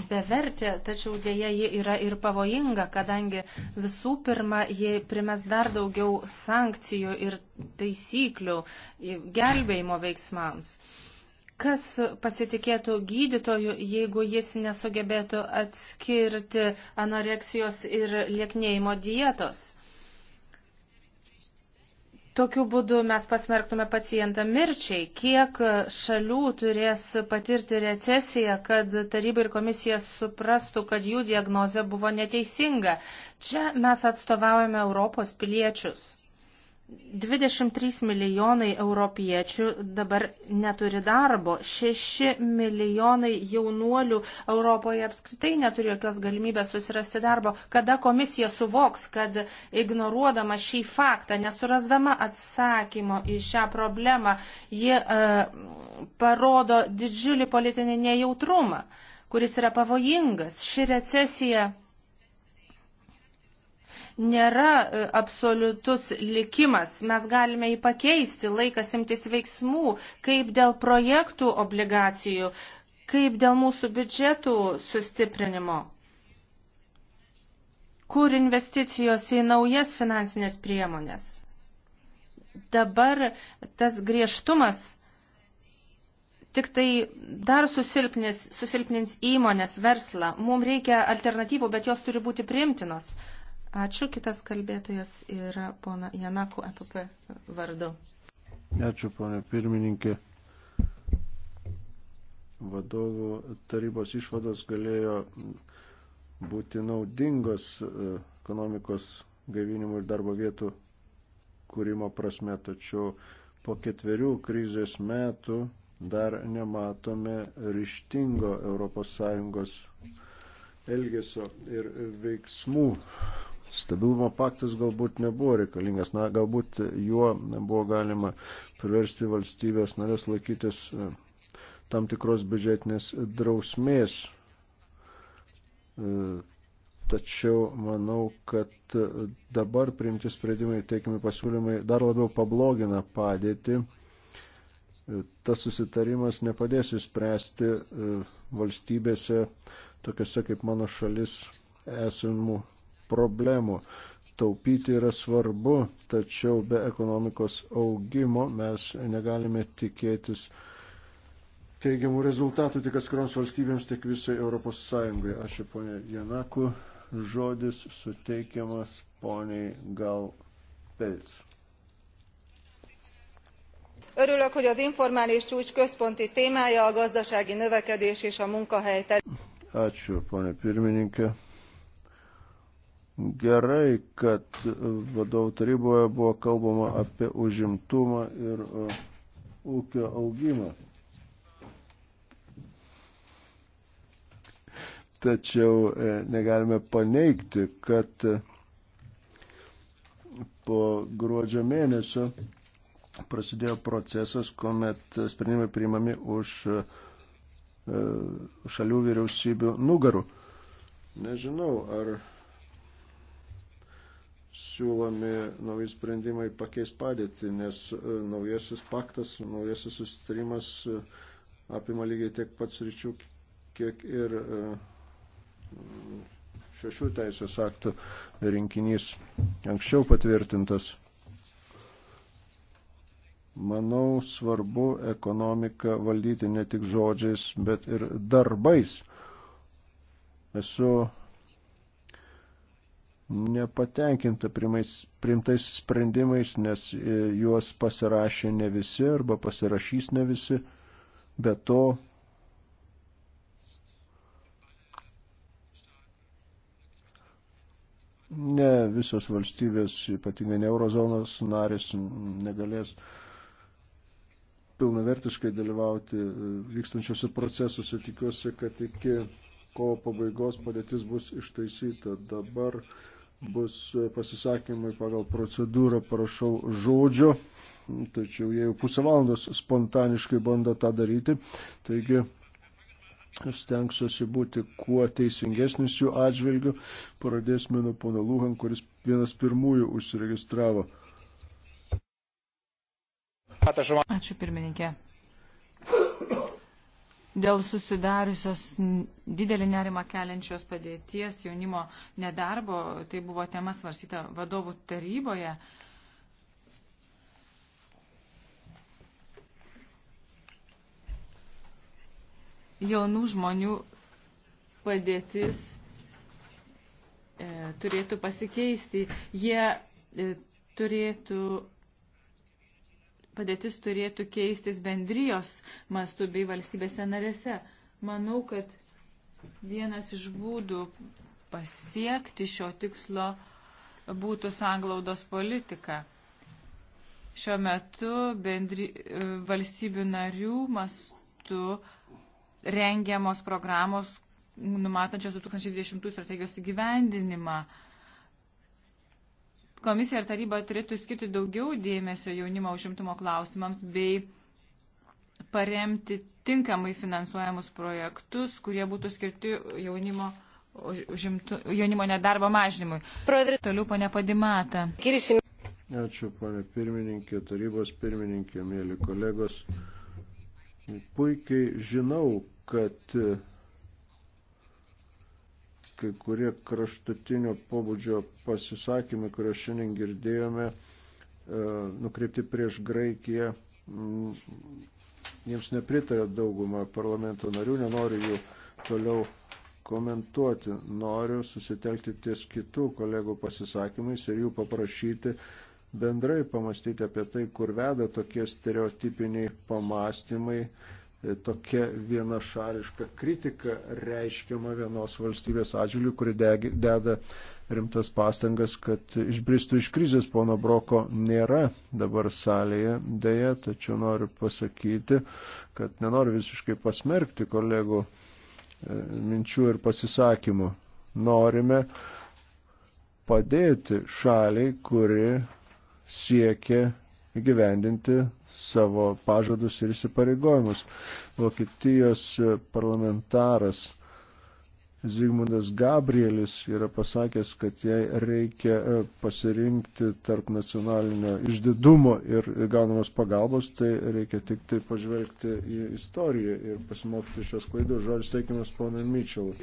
bevertė, tačiau dėja ji yra ir pavojinga, kadangi visų pirma, ji primes dar daugiau sankcijų ir taisyklių gelbėjimo veiksmams. Uh, Kas pasitikėtų gydytoju, jeigu jis nesugebėtų atskirti anoreksijos ir lieknėjimo dietos? Tokiu būdu mes pasmerktume pacientą mirčiai. Kiek šalių turės patirti recesiją, kad taryba ir komisija suprastų, kad jų diagnozė buvo neteisinga? Čia mes atstovaujame Europos piliečius. 23 milijonai europiečių dabar neturi darbo, 6 milijonai jaunuolių Europoje apskritai neturi jokios galimybės susirasti darbo. Kada komisija suvoks, kad ignoruodama šį faktą, nesurasdama atsakymo į šią problemą, ji uh, parodo didžiulį politinį nejautrumą, kuris yra pavojingas. Ši recesija nėra e, absoliutus likimas. Mes galime jį pakeisti, laikas imtis veiksmų, kaip dėl projektų obligacijų, kaip dėl mūsų biudžetų sustiprinimo, kur investicijos į naujas finansinės priemonės. Dabar tas griežtumas tik tai dar susilpnins, susilpnins įmonės verslą. Mums reikia alternatyvų, bet jos turi būti priimtinos. Ačiū. Kitas kalbėtojas yra pona Janaku EPP vardu. Ačiū, ponė pirmininkė. Vadovų tarybos išvados galėjo būti naudingos e, ekonomikos gaivinimo ir darbo vietų kūrimo prasme, tačiau po ketverių krizės metų dar nematome ryštingo ES elgesio ir veiksmų Stabilumo paktas galbūt nebuvo reikalingas, na, galbūt juo buvo galima priversti valstybės narės laikytis e, tam tikros biudžetinės drausmės. E, tačiau manau, kad dabar priimti sprendimai ir teikiami pasiūlymai dar labiau pablogina padėtį. E, tas susitarimas nepadės įspręsti valstybėse, tokiuose kaip mano šalis, esamų problemų. Taupyti yra svarbu, tačiau be ekonomikos augimo mes negalime tikėtis teigiamų rezultatų tik atskiroms valstybėms, tik visai Europos Sąjungai. Ačiū ponė Janaku. Žodis suteikiamas poniai Gal Pelc. Örülök, hogy az informális csúcs központi témája a gazdasági növekedés és a munkahelyteremtés. Ačiū, ponė pirmininkė gerai, kad vadovų taryboje buvo kalbama apie užimtumą ir e, ūkio augimą. Tačiau e, negalime paneigti, kad e, po gruodžio mėnesio prasidėjo procesas, kuomet sprendimai priimami už šalių vyriausybių nugarų. Nežinau, ar siūlomi nauji sprendimai pakeis padėtį, nes e, naujasis paktas, naujasis sustarimas e, apima lygiai tiek pats ryčių, kiek ir e, šešių teisės aktų rinkinys anksčiau patvirtintas. Manau, svarbu ekonomiką valdyti ne tik žodžiais, bet ir darbais. Esu nepatenkinta primais, primtais sprendimais, nes e, juos pasirašė ne visi arba pasirašys ne visi. Be to, ne visos valstybės, ypatingai ne eurozonos narės, negalės pilnavertiškai dalyvauti e, vykstančiose procesuose. Tikiuosi, kad iki kovo pabaigos padėtis bus ištaisyta. Dabar uh, bus pasisakymai pagal procedūrą, prašau žodžio, tačiau jie jau pusę valandos spontaniškai bando tą daryti, taigi stengsiuosi būti kuo teisingesnis jų atžvilgių. Pradėsime nuo pono Lūhan, kuris vienas pirmųjų užsiregistravo. Ačiū pirmininkė dėl susidariusios didelį nerimą keliančios padėties jaunimo nedarbo. Tai buvo tema svarsyta vadovų taryboje. Jaunų žmonių padėtis e, turėtų pasikeisti. Jie e, turėtų padėtis turėtų keistis bendrijos mastu bei valstybėse narėse. Manau, kad vienas iš būdų pasiekti šio tikslo būtų sanglaudos politika. Šiuo metu bendri, e, valstybių narių mastu rengiamos programos numatančios 2020 strategijos įgyvendinimą komisija ir taryba turėtų skirti daugiau dėmesio jaunimo užimtumo klausimams bei paremti tinkamai finansuojamus projektus, kurie būtų skirti jaunimo, užimtų, jaunimo nedarbo mažinimui. Pradri... Toliau ponia Padimata. Ačiū, ponia pirmininkė, tarybos pirmininkė, mėly kolegos. Puikiai žinau, kad kai kurie kraštutinio pobūdžio pasisakymai, kuriuos šiandien girdėjome, e, nukreipti prieš Graikiją, mm, jiems nepritarė dauguma parlamento narių, nenoriu jų toliau komentuoti. Noriu susitelkti ties kitų kolegų pasisakymais ir jų paprašyti bendrai pamastyti apie tai, kur veda tokie stereotipiniai pamastymai E, tokia vienašališka kritika reiškiama vienos valstybės atžvilgių, kuri deda rimtas pastangas, kad išbristų iš krizės. Pono Broko nėra dabar salėje, dėja, tačiau noriu pasakyti, kad nenoriu visiškai pasmerkti kolegų e, minčių ir pasisakymų. Norime padėti šaliai, kuri siekia gyvendinti savo pažadus ir įsipareigojimus. Vokietijos parlamentaras Zygmundas Gabrielis yra pasakęs, kad jai reikia e, pasirinkti tarp nacionalinio išdidumo ir gaunamos pagalbos, tai reikia tik tai pažvelgti į istoriją ir pasimokyti šios klaidų. Žodis teikiamas ponui Mičelui.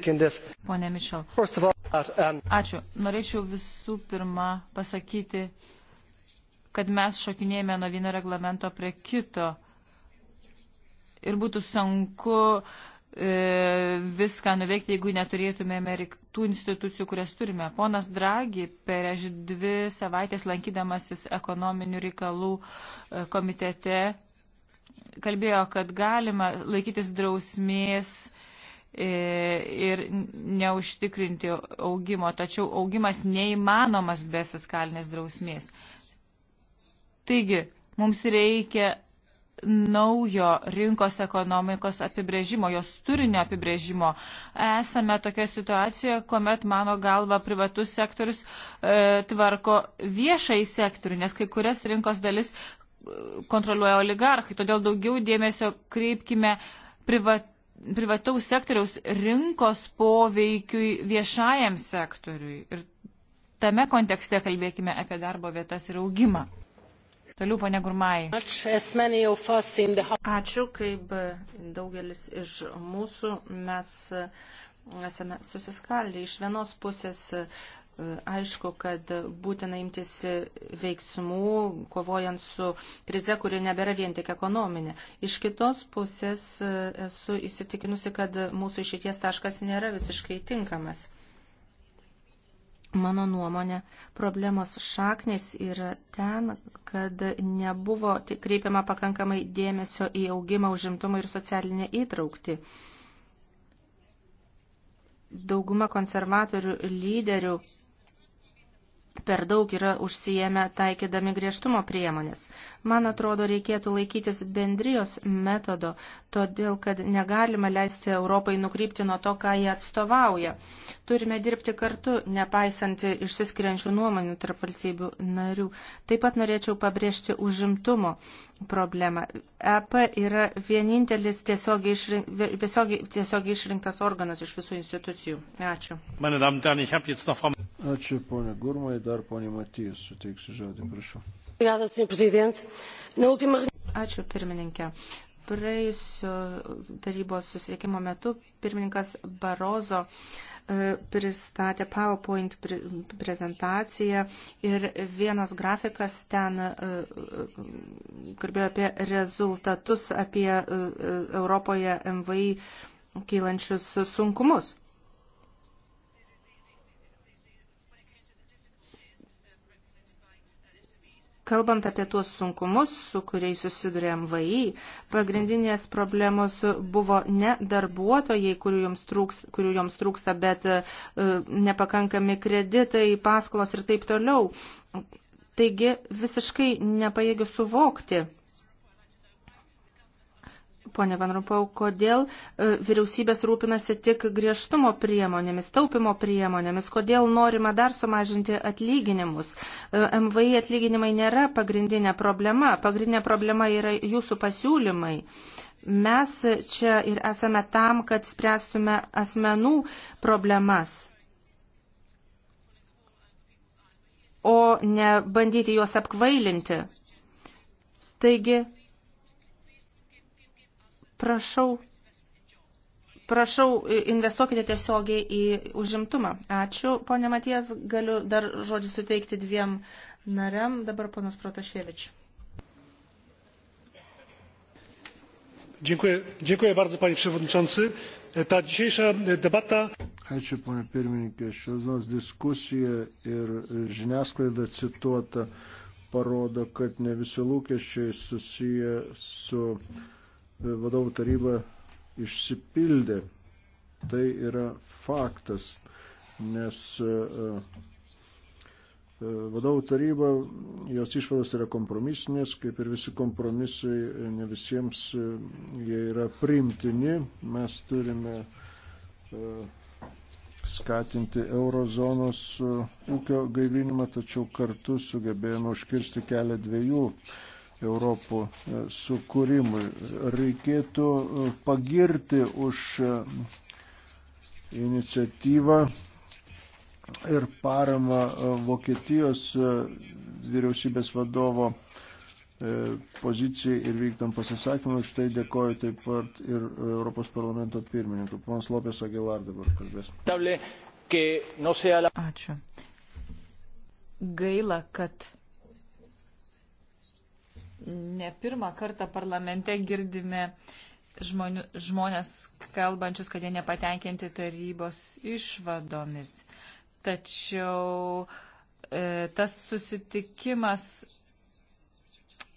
Pone Mičel. Uh, um, Ačiū. Norėčiau visų pirma pasakyti, kad mes šokinėjame nuo vieno reglamento prie kito. Ir būtų sunku e, viską nuveikti, jeigu neturėtumėme tų institucijų, kurias turime. Ponas Dragi prieš dvi savaitės lankydamasis ekonominių reikalų e, komitete kalbėjo, kad galima laikytis drausmės e, ir neužtikrinti augimo, tačiau augimas neįmanomas be fiskalinės drausmės. Taigi, mums reikia naujo rinkos ekonomikos apibrėžimo, jos turinio apibrėžimo. Esame tokia situacija, kuomet mano galva privatus sektorius e, tvarko viešai sektorių, nes kai kurias rinkos dalis e, kontroliuoja oligarchai. Todėl daugiau dėmesio kreipkime privat, privataus sektoriaus rinkos poveikiui viešajam sektoriui. Ir tame kontekste kalbėkime apie darbo vietas ir augimą. Toliau, ponia Gurmai. Ačiū, kaip daugelis iš mūsų mes esame susiskaldę. Iš vienos pusės aišku, kad būtina imtis veiksmų, kovojant su krize, kuri nebėra vien tik ekonominė. Iš kitos pusės esu įsitikinusi, kad mūsų išėties taškas nėra visiškai tinkamas. Mano nuomonė, problemos šaknis yra ten, kad nebuvo kreipiama pakankamai dėmesio į augimą, užimtumą ir socialinę įtraukti. Dauguma konservatorių lyderių per daug yra užsijėmę taikydami griežtumo priemonės. Man atrodo, reikėtų laikytis bendrijos metodo, todėl kad negalima leisti Europai nukrypti nuo to, ką jie atstovauja. Turime dirbti kartu, nepaisant išsiskiriančių nuomonių tarp valstybių narių. Taip pat norėčiau pabrėžti užimtumo problemą. EP yra vienintelis tiesiogiai, išrink, tiesiogiai, tiesiogiai išrinktas organas iš visų institucijų. Ačiū. Ačiū, ponė Gurmai, dar ponė Matijas suteiksiu žodį, prašau. Ačiū, pirmininkė. Praėjusio tarybos susiekimo metu pirmininkas Barozo uh, E, pristatė PowerPoint prezentaciją ir vienas grafikas ten e, e, kalbėjo apie rezultatus, apie Europoje MVI kylančius sunkumus. Kalbant apie tuos sunkumus, su kuriais susiduria MVI, pagrindinės problemos buvo ne darbuotojai, kurių joms, trūks, kurių joms trūksta, bet e, nepakankami kreditai, paskolos ir taip toliau. Taigi visiškai nepajėgiu suvokti, Pone Van Rumpau, kodėl e, vyriausybės rūpinasi tik griežtumo priemonėmis, taupimo priemonėmis, kodėl norima dar sumažinti atlyginimus? E, MVI atlyginimai nėra pagrindinė problema, pagrindinė problema yra jūsų pasiūlymai. Mes čia ir esame tam, kad spręstume asmenų problemas. o ne bandyti juos apkvailinti. Taigi, Prašau, prašau, investuokite tiesiogiai į užimtumą. Ačiū, ponė Matijas, galiu dar žodį suteikti dviem nariam. Dabar ponas Protaševič. Dziękuję, dziękuję bardzo, panie przewodniczący. Ta dzisiejsza debata. Ačiū, ponė pirmininkė. Šios dienos diskusija ir žiniasklaida cituota parodo, kad ne visi lūkesčiai susiję su E, vadovų taryba išsipildė. Tai yra faktas, nes e, e, vadovų taryba, jos išvados yra kompromisinės, kaip ir visi kompromisai, ne visiems jie yra priimtini. Mes turime skatinti eurozonos ūkio gaivinimą, tačiau kartu sugebėjome užkirsti kelią dviejų Europų e, sukūrimui. Reikėtų e, pagirti už e, iniciatyvą ir paramą Vokietijos vyriausybės vadovo pozicijai ir vykdom pasisakymą. Už tai dėkoju taip pat ir Europos parlamento pirmininkui. Ponas Lopės Agilar dabar kalbės. Ačiū. Gaila, kad ne pirmą kartą parlamente girdime žmonių, žmonės kalbančius, kad jie nepatenkinti tarybos išvadomis. Tačiau e, tas susitikimas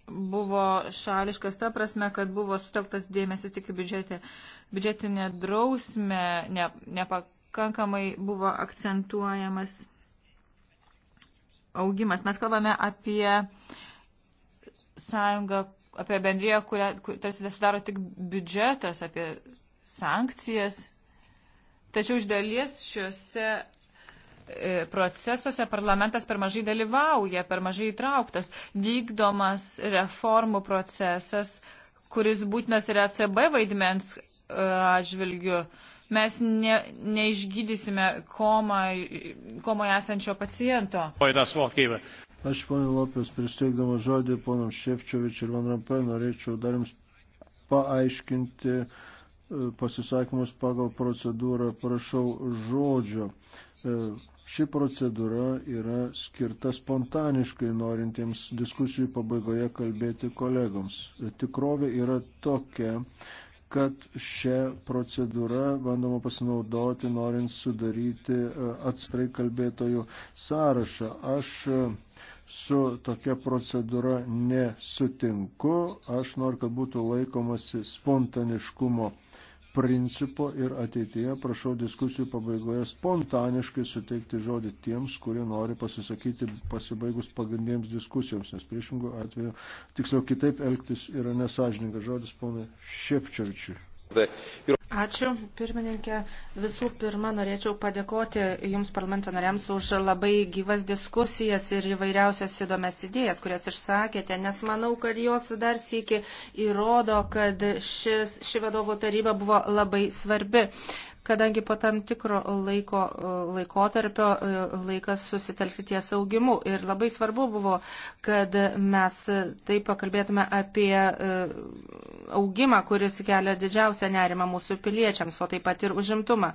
buvo šališkas ta prasme, kad buvo sutelktas dėmesys tik biudžete. Biudžetinė drausmė ne, nepakankamai buvo akcentuojamas augimas. Mes kalbame apie sąjungą, apie bendriją, kurią kur, tarsi nesudaro tik biudžetas, apie sankcijas. Tačiau iš dalies šiuose e, procesuose parlamentas per mažai dalyvauja, per mažai įtrauktas. Vykdomas reformų procesas, kuris būtinas ir ECB vaidmens e, atžvilgiu. Mes ne, neišgydysime komą, komoje esančio paciento. Aš, ponė Lopės, pristeigdama žodį ponam Šefčiovič ir Van Rampai, norėčiau dar jums paaiškinti e, pasisakymus pagal procedūrą, prašau žodžio. E, ši procedūra yra skirta spontaniškai norintiems diskusijų pabaigoje kalbėti kolegoms. Tikrovė yra tokia, kad šią procedūrą bandoma pasinaudoti norint sudaryti e, atskrai kalbėtojų sąrašą. Aš su tokia procedūra nesutinku. Aš noriu, kad būtų laikomasi spontaniškumo principo ir ateityje prašau diskusijų pabaigoje spontaniškai suteikti žodį tiems, kurie nori pasisakyti pasibaigus pagrindėms diskusijoms, nes priešingų atveju tiksliau kitaip elgtis yra nesažininkas žodis ponai Šefčiovičiui. Ačiū, pirmininkė. Visų pirma, norėčiau padėkoti Jums parlamento nariams už labai gyvas diskusijas ir įvairiausias įdomias idėjas, kurias išsakėte, nes manau, kad jos dar sėki įrodo, kad šis, ši vadovų taryba buvo labai svarbi kadangi po tam tikro laiko, laikotarpio e, laikas susitelkti ties augimu. Ir labai svarbu buvo, kad mes taip pakalbėtume apie e, augimą, kuris kelia didžiausią nerimą mūsų piliečiams, o taip pat ir užimtumą.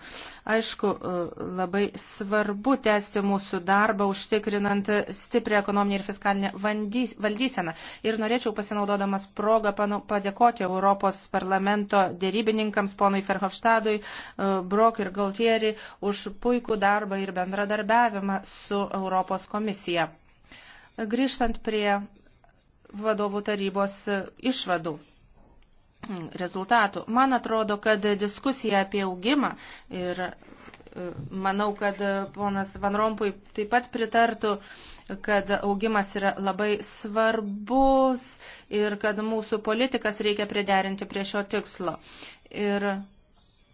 Aišku, e, labai svarbu tęsti mūsų darbą, užtikrinant stiprią ekonominę ir fiskalinę valdyseną. Ir norėčiau pasinaudodamas progą padėkoti Europos parlamento dėrybininkams, ponui Ferhofštadui, Brok ir Galtieri už puikų darbą ir bendradarbiavimą su Europos komisija. Grįžtant prie vadovų tarybos išvadų rezultatų. Man atrodo, kad diskusija apie augimą ir e, manau, kad ponas Van Rompui taip pat pritartų, kad augimas yra labai svarbus ir kad mūsų politikas reikia priderinti prie šio tikslo. Ir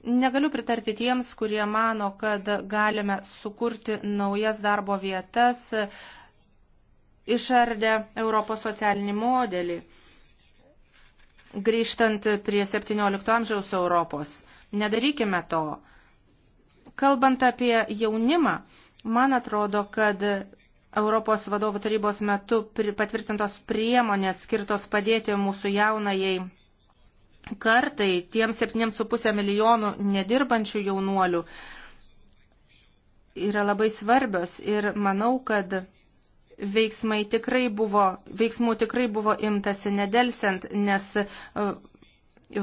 Negaliu pritarti tiems, kurie mano, kad galime sukurti naujas darbo vietas, išardę Europos socialinį modelį. Grįžtant prie 17 amžiaus Europos, nedarykime to. Kalbant apie jaunimą, man atrodo, kad Europos vadovų tarybos metu patvirtintos priemonės skirtos padėti mūsų jaunajai kartai tiems 7,5 milijonų nedirbančių jaunuolių yra labai svarbios ir manau, kad veiksmai tikrai buvo, veiksmų tikrai buvo imtasi nedelsiant, nes e,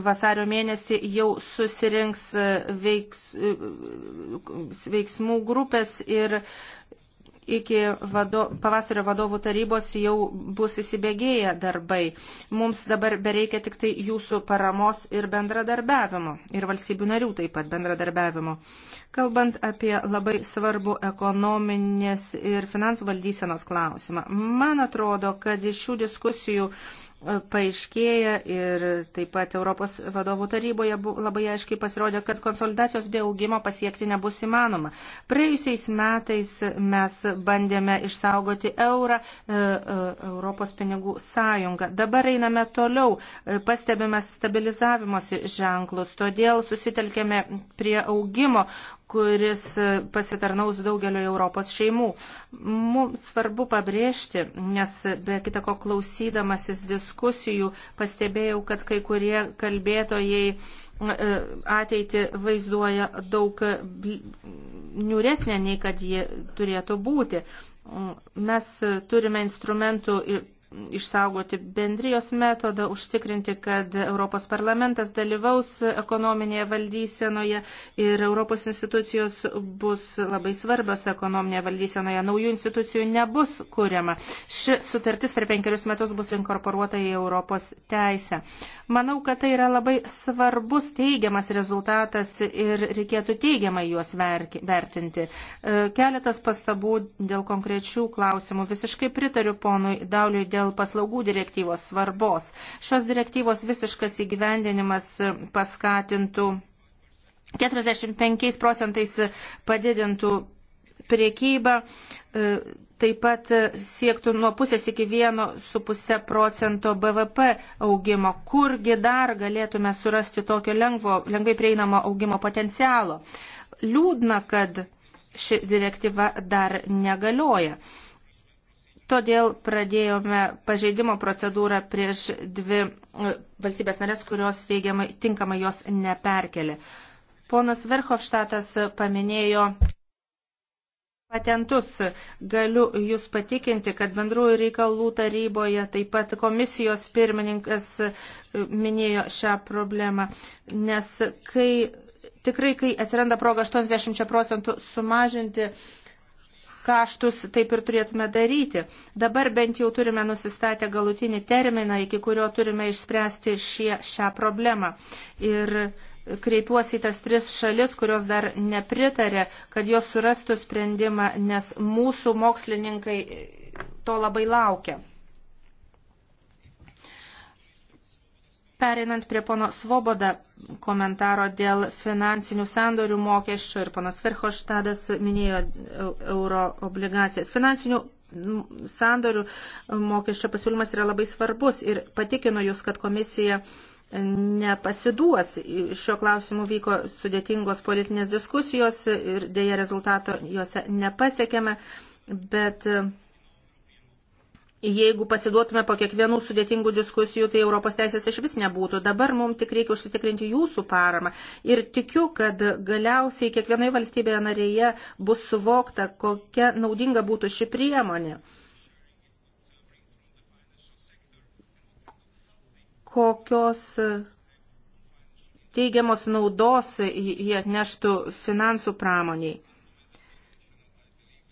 vasario mėnesį jau susirinks e, veiks, e, veiksmų grupės ir iki vado, pavasario vadovų tarybos jau bus įsibėgėję darbai. Mums dabar bereikia tik tai jūsų paramos ir bendradarbiavimo, ir valstybių narių taip pat bendradarbiavimo. Kalbant apie labai svarbų ekonominės ir finansų valdysenos klausimą, man atrodo, kad iš šių diskusijų paaiškėja ir taip pat Europos vadovų taryboje labai aiškiai pasirodė, kad konsolidacijos be augimo pasiekti nebus įmanoma. Praėjusiais metais mes bandėme išsaugoti eurą, e, e, Europos pinigų sąjungą. Dabar einame toliau, e, pastebime stabilizavimosi ženklus, todėl susitelkėme prie augimo, kuris pasitarnaus daugelio Europos šeimų. Mums svarbu pabrėžti, nes be kitako klausydamasis diskusijų pastebėjau, kad kai kurie kalbėtojai e, ateitį vaizduoja daug niuresnė nei kad ji turėtų būti. Mes turime instrumentų išsaugoti bendrijos metodą, užtikrinti, kad Europos parlamentas dalyvaus ekonominėje valdysenoje ir Europos institucijos bus labai svarbios ekonominėje valdysenoje. Naujų institucijų nebus kuriama. Ši sutartis per penkerius metus bus inkorporuota į Europos teisę. Manau, kad tai yra labai svarbus teigiamas rezultatas ir reikėtų teigiamai juos vertinti. E, keletas pastabų dėl konkrečių klausimų. Visiškai pritariu ponui Dauliui dėl paslaugų direktyvos svarbos. Šios direktyvos visiškas įgyvendinimas paskatintų 45 procentais padidintų priekybą, e, taip pat siektų nuo pusės iki 1,5 procento BVP augimo. Kurgi dar galėtume surasti tokio lengvo, lengvai prieinamo augimo potencialo? Liūdna, kad ši direktyva dar negalioja. Todėl pradėjome pažeidimo procedūrą prieš dvi e, valstybės narės, kurios teigiamai tinkamai jos neperkelė. Ponas Verhofštatas paminėjo patentus. Galiu Jūs patikinti, kad bendrųjų reikalų taryboje taip pat komisijos pirmininkas e, minėjo šią problemą, nes kai tikrai, kai atsiranda proga 80 procentų sumažinti kaštus, taip ir turėtume daryti. Dabar bent jau turime nusistatę galutinį terminą, iki kurio turime išspręsti šie, šią problemą. Ir kreipiuosi į tas tris šalis, kurios dar nepritarė, kad jos surastų sprendimą, nes mūsų mokslininkai to labai laukia. Perinant prie pono Svoboda komentaro dėl finansinių sandorių mokesčio ir ponas Verhoštadas minėjo euro obligacijas. Finansinių sandorių mokesčio pasiūlymas yra labai svarbus ir patikinu jūs, kad komisija nepasiduos. Šiuo klausimu vyko sudėtingos politinės diskusijos ir dėja rezultato juose nepasiekėme, bet Jeigu pasiduotume po kiekvienų sudėtingų diskusijų, tai Europos teisės iš vis nebūtų. Dabar mums tik reikia užsitikrinti jūsų paramą. Ir tikiu, kad galiausiai kiekvienoje valstybėje narėje bus suvokta, kokia naudinga būtų ši priemonė. Kokios e, teigiamos naudos jie atneštų finansų pramoniai.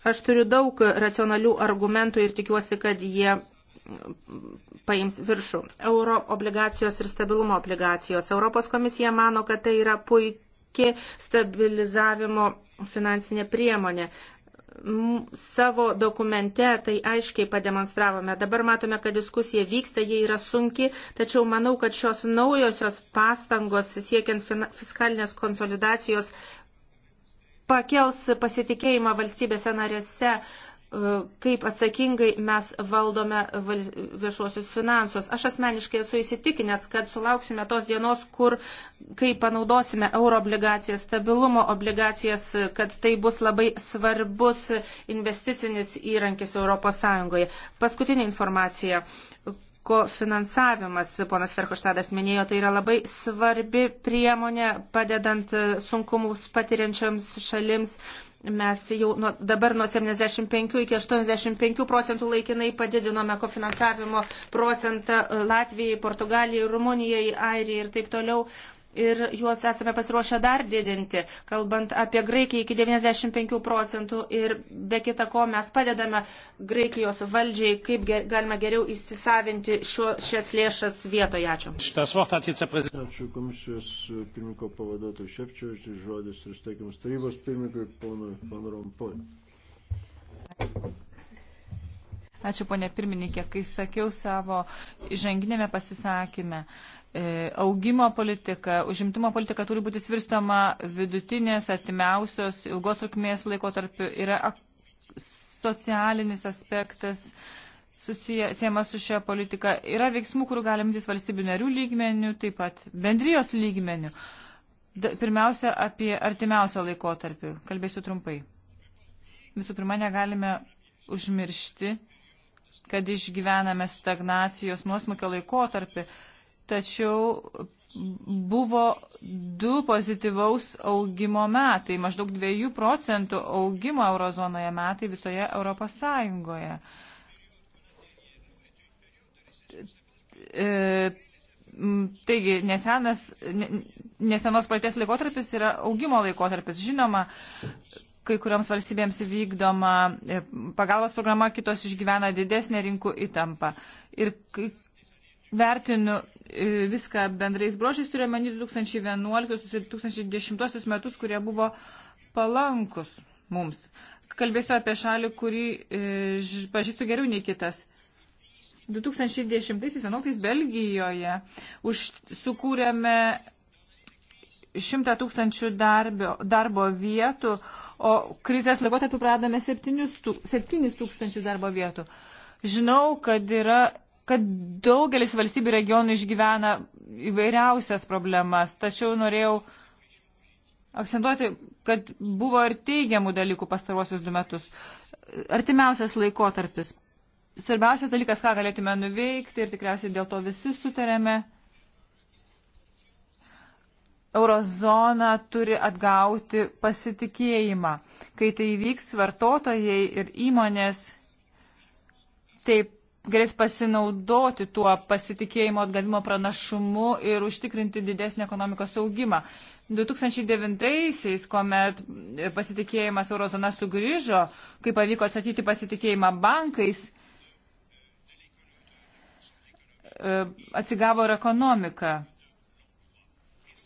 Aš turiu daug racionalių argumentų ir tikiuosi, kad jie paims viršų. Euro obligacijos ir stabilumo obligacijos. Europos komisija mano, kad tai yra puikiai stabilizavimo finansinė priemonė. Savo dokumente tai aiškiai pademonstravome. Dabar matome, kad diskusija vyksta, jie yra sunki, tačiau manau, kad šios naujosios pastangos siekiant fiskalinės konsolidacijos pakels pasitikėjimą valstybėse narėse, e, kaip atsakingai mes valdome viešuosius finansus. Aš asmeniškai esu įsitikinęs, kad sulauksime tos dienos, kur, kai panaudosime euro obligacijas, stabilumo obligacijas, kad tai bus labai svarbus investicinis įrankis ES. Paskutinė informacija kofinansavimas, ponas Ferkoštadas minėjo, tai yra labai svarbi priemonė padedant e, sunkumus patiriančioms šalims. Mes jau nuo, dabar nuo 75 iki 85 procentų laikinai padidinome kofinansavimo procentą e, Latvijai, Portugalijai, Rumunijai, Airijai ir taip toliau ir juos esame pasiruošę dar didinti, kalbant apie Graikiją iki 95 procentų ir be kita ko mes padedame Graikijos valdžiai, kaip ger, galima geriau įsisavinti šio, šias lėšas vietoje. Ačiū. Ačiū komisijos pirmininko pavaduotojų Šefčiovičius, tai žodis ir steikimas tarybos pirmininkui ponui Van Rompoj. Ačiū, ponė pirmininkė, kai sakiau savo žanginėme pasisakymę, uh, E, augimo politika, užimtumo politika turi būti svirstama vidutinės, artimiausios, ilgos trukmės laikotarpiu. Yra socialinis aspektas susijęs su šia politika. Yra veiksmų, kurių galim imtis valstybių narių lygmenių, taip pat bendrijos lygmenių. Pirmiausia, apie artimiausią laikotarpį. Kalbėsiu trumpai. Visų pirma, negalime užmiršti, kad išgyvename stagnacijos nuosmukio laikotarpį tačiau buvo du pozityvaus augimo metai, maždaug 2 procentų augimo eurozonoje metai visoje Europos Sąjungoje. E, taigi, nesenas, nesenos praeities laikotarpis yra augimo laikotarpis. Žinoma, kai kurioms valstybėms vykdoma e, pagalbos programa, kitos išgyvena didesnę rinkų įtampą. Ir vertinu e, viską bendrais brošiais, turiu manį 2011 ir 2010 metus, kurie buvo palankus mums. Kalbėsiu apie šalį, kurį e, pažįstu geriau nei kitas. 2010-2011 Belgijoje už, sukūrėme 100 tūkstančių darbio, darbo vietų, o krizės laikotarpiu pradame 7 tūkstančius darbo vietų. Žinau, kad yra kad daugelis valstybių regionų išgyvena įvairiausias problemas, tačiau norėjau akcentuoti, kad buvo ir teigiamų dalykų pastaruosius du metus. Artimiausias laikotarpis. Svarbiausias dalykas, ką galėtume nuveikti ir tikriausiai dėl to visi sutarėme. Eurozona turi atgauti pasitikėjimą. Kai tai vyks, vartotojai ir įmonės taip galės pasinaudoti tuo pasitikėjimo atgavimo pranašumu ir užtikrinti didesnį ekonomikos augimą. 2009-aisiais, kuomet pasitikėjimas eurozona sugrįžo, kai pavyko atsatyti pasitikėjimą bankais, e, atsigavo ir ekonomika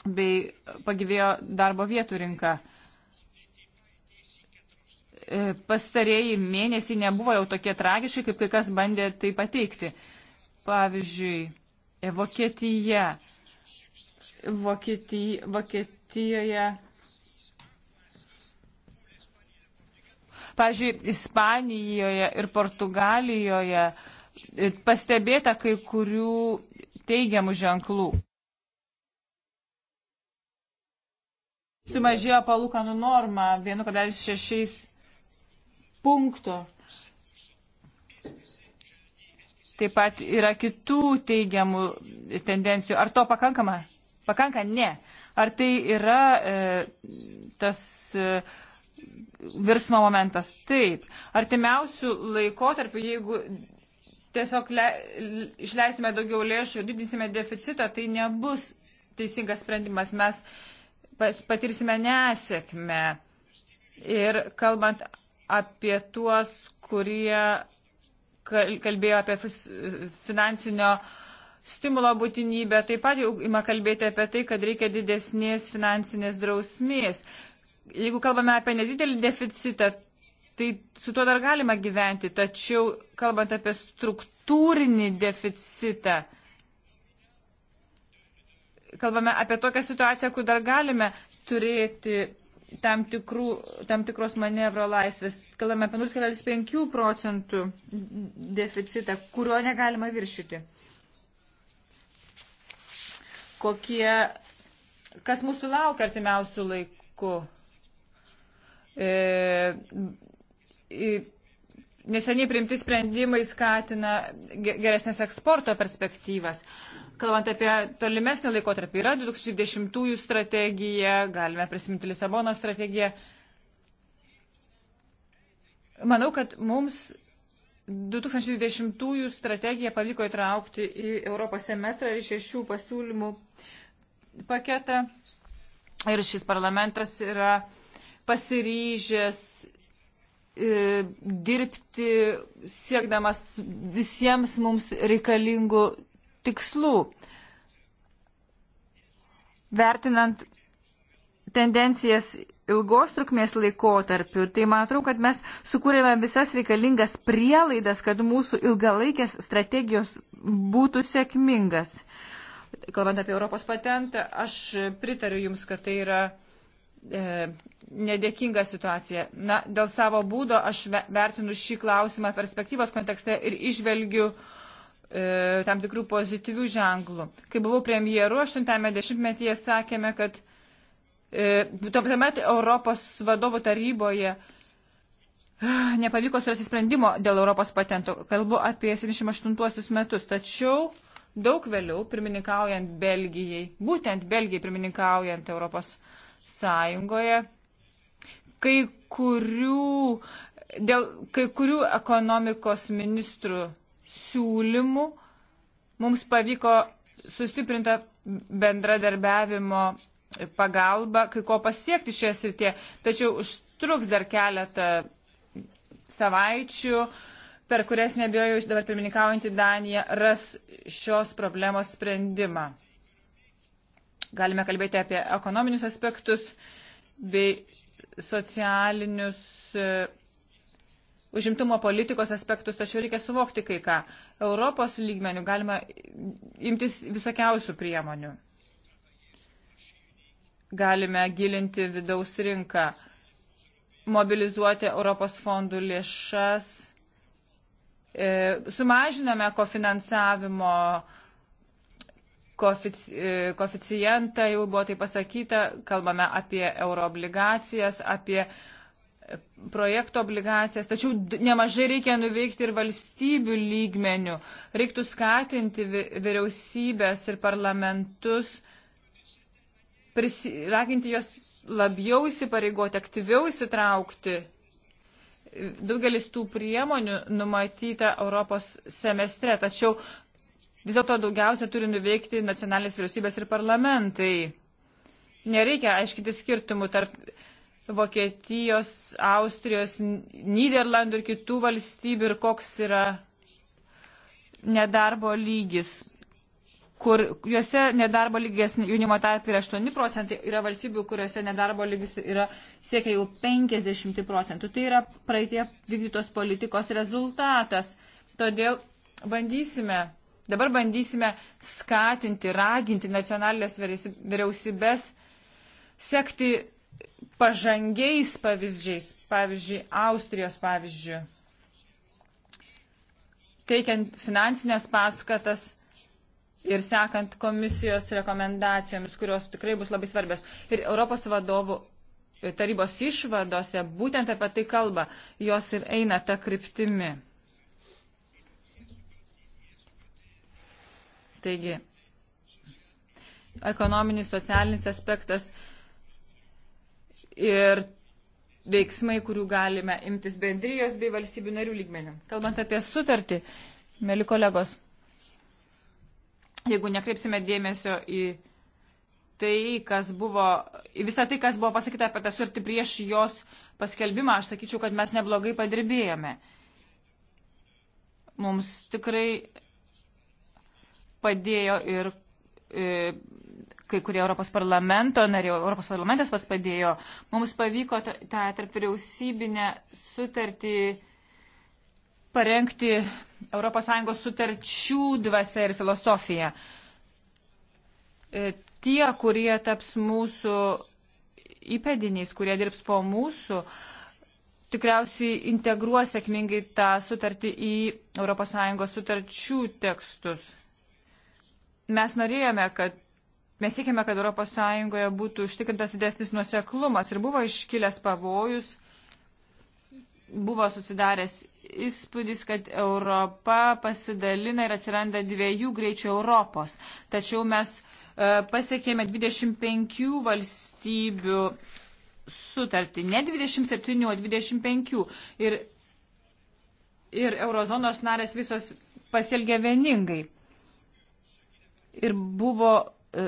bei pagyvėjo darbo vietų rinka. E, pastarėjai mėnesiai nebuvo jau tokie tragiški, kaip kai kas bandė tai pateikti. Pavyzdžiui, e, Vokietija. Vokietij, Vokietijoje. Pavyzdžiui, Ispanijoje ir Portugalijoje e, pastebėta kai kurių teigiamų ženklų. Sumažėjo palūkanų norma 1,6 punkto. Taip pat yra kitų teigiamų tendencijų. Ar to pakankama? Pakanka? Ne. Ar tai yra e, tas e, virsmo momentas? Taip. Artimiausių laikotarpių, jeigu tiesiog le, išleisime daugiau lėšų ir didinsime deficitą, tai nebus teisingas sprendimas. Mes patirsime nesėkmę. Ir kalbant apie tuos, kurie kalbėjo apie finansinio stimulo būtinybę, taip pat jau ima kalbėti apie tai, kad reikia didesnės finansinės drausmės. Jeigu kalbame apie nedidelį deficitą, tai su tuo dar galima gyventi, tačiau kalbant apie struktūrinį deficitą, kalbame apie tokią situaciją, kur dar galime turėti tam, tikrų, tam tikros manevro laisvės. Kalbame apie 0,5 procentų deficitą, kurio negalima viršyti. Kokie, kas mūsų laukia artimiausių laikų? E, e, neseniai priimti sprendimai skatina geresnės eksporto perspektyvas. E, kalbant apie tolimesnį laikotarpį, yra 2010 strategija, galime prisiminti Lisabono strategiją. Manau, kad mums 2020 strategiją pavyko įtraukti į Europos semestrą ir šešių pasiūlymų paketą. Ir šis parlamentas yra pasiryžęs e, dirbti siekdamas visiems mums reikalingų tikslų. Vertinant tendencijas ilgos trukmės laikotarpiu, tai man atrodo, kad mes sukūrėme visas reikalingas prielaidas, kad mūsų ilgalaikės strategijos būtų sėkmingas. Kalbant apie Europos patentą, aš pritariu Jums, kad tai yra e, nedėkinga situacija. Na, dėl savo būdo aš vertinu šį klausimą perspektyvos kontekste ir išvelgiu e, e, tam tikrų pozityvių ženklų. Kai buvau premjeru, 80-metyje sakėme, kad e, tuomet Europos vadovų taryboje ah, nepavyko surasti sprendimo dėl Europos patento. Kalbu apie 78 metus, tačiau daug vėliau, pirmininkaujant Belgijai, būtent Belgijai pirmininkaujant Europos Sąjungoje, kai kurių, dėl kai kurių ekonomikos ministrų siūlymų mums pavyko sustiprintą bendradarbiavimo pagalbą, kai ko pasiekti šioje srityje. Tačiau užtruks dar keletą savaičių, per kurias nebijoju dabar pirmininkaujantį Daniją ras šios problemos sprendimą. Galime kalbėti apie ekonominius aspektus bei socialinius užimtumo politikos aspektus, tačiau reikia suvokti kai ką. Europos lygmenių galima imtis visokiausių priemonių. Galime gilinti vidaus rinką, mobilizuoti Europos fondų lėšas, e, sumažiname kofinansavimo e, koficijentą, jau buvo tai pasakyta, kalbame apie euroobligacijas, apie uh, projekto obligacijas, tačiau nemažai reikia nuveikti ir valstybių lygmenių. Reiktų skatinti vyriausybės ir parlamentus, prisi, raginti juos labiau įsipareigoti, aktyviau įsitraukti. Daugelis tų priemonių numatyta Europos semestre, tačiau vis dėlto daugiausia turi nuveikti nacionalinės vyriausybės ir parlamentai. Nereikia aiškinti skirtumų tarp Vokietijos, Austrijos, Niderlandų ir kitų valstybių ir koks yra nedarbo lygis, kur juose nedarbo lygis jaunimo tarp yra 8 procentai, yra valstybių, kuriuose nedarbo lygis yra siekia jau 50 procentų. Tai yra praeitie vykdytos politikos rezultatas. Todėl bandysime Dabar bandysime skatinti, raginti nacionalinės vyriausybės sekti pažangiais pavyzdžiais, pavyzdžiui, Austrijos pavyzdžių, teikiant finansinės paskatas ir sekant komisijos rekomendacijomis, kurios tikrai bus labai svarbios. Ir Europos vadovų tarybos išvadose būtent apie tai kalba, jos ir eina tą kryptimį. Taigi, ekonominis, socialinis aspektas ir veiksmai, kurių galime imtis bendrijos bei valstybių narių lygmenių. Kalbant apie sutartį, mėly kolegos, jeigu nekreipsime dėmesio į tai, kas buvo, į visą tai, kas buvo pasakyta apie tą sutartį prieš jos paskelbimą, aš sakyčiau, kad mes neblogai padirbėjome. Mums tikrai padėjo ir e, kai kurie Europos parlamento nariai, Europos parlamentas pats padėjo, mums pavyko tą tarp vyriausybinę sutartį parengti ES sutarčių dvasia ir filosofija. E, tie, kurie taps mūsų įpėdiniais, kurie dirbs po mūsų, tikriausiai integruos sėkmingai tą sutartį į ES sutarčių tekstus. Mes norėjome, kad Mes siekime, kad ES būtų užtikrintas didesnis nuoseklumas ir buvo iškilęs pavojus, buvo susidaręs įspūdis, kad Europa pasidalina ir atsiranda dviejų greičių Europos. Tačiau mes e, pasiekėme 25 valstybių sutartį, ne 27, o 25. Ir, ir eurozonos narės visos pasielgė vieningai. Ir buvo e,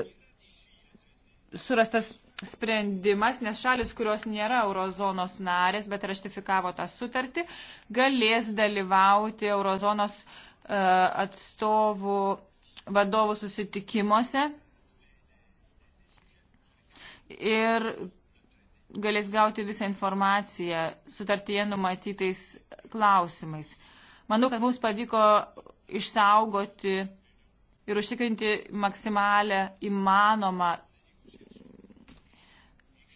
surastas sprendimas, nes šalis, kurios nėra eurozonos narės, bet ratifikavo tą sutartį, galės dalyvauti eurozonos uh, atstovų vadovų susitikimuose ir galės gauti visą informaciją sutartyje numatytais klausimais. Manau, kad mums pavyko išsaugoti ir užtikrinti maksimalę įmanomą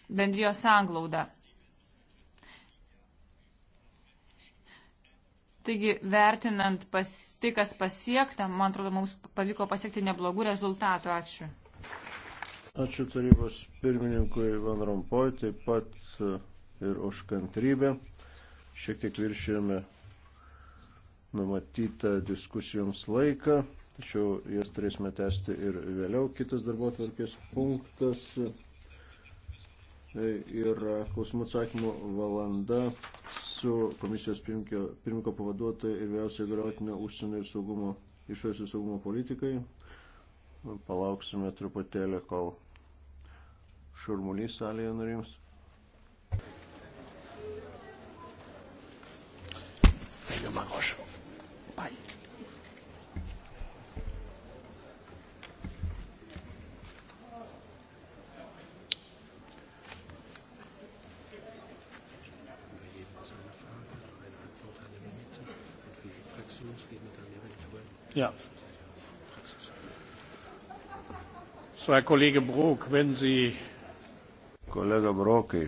bendrijos anglaudą. Taigi, vertinant pas, tai, kas pasiekta, man atrodo, mums pavyko pasiekti neblogų rezultatų. Ačiū. Ačiū tarybos pirmininkui Van Rompoj, taip pat e, ir už kantrybę. Šiek tiek viršėjome numatytą diskusijoms laiką, tačiau jas turėsime tęsti ir vėliau. Kitas darbo atvarkės punktas yra klausimų atsakymų valanda su komisijos pirmininko pavaduotoja ir vyriausiai galiotinė užsienio ir saugumo, išorės ir saugumo politikai. Palauksime truputėlį, kol šurmulys salėje nurims. Je m'arrange. Ja. So, Herr Kollege Brok, wenn Sie. Kolega Brokai,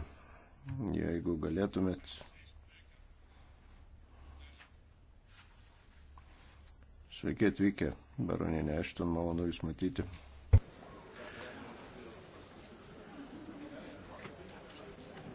jeigu galėtumėt. Sveiki atvykę, baroninė Ešton, malonu Jūs matyti.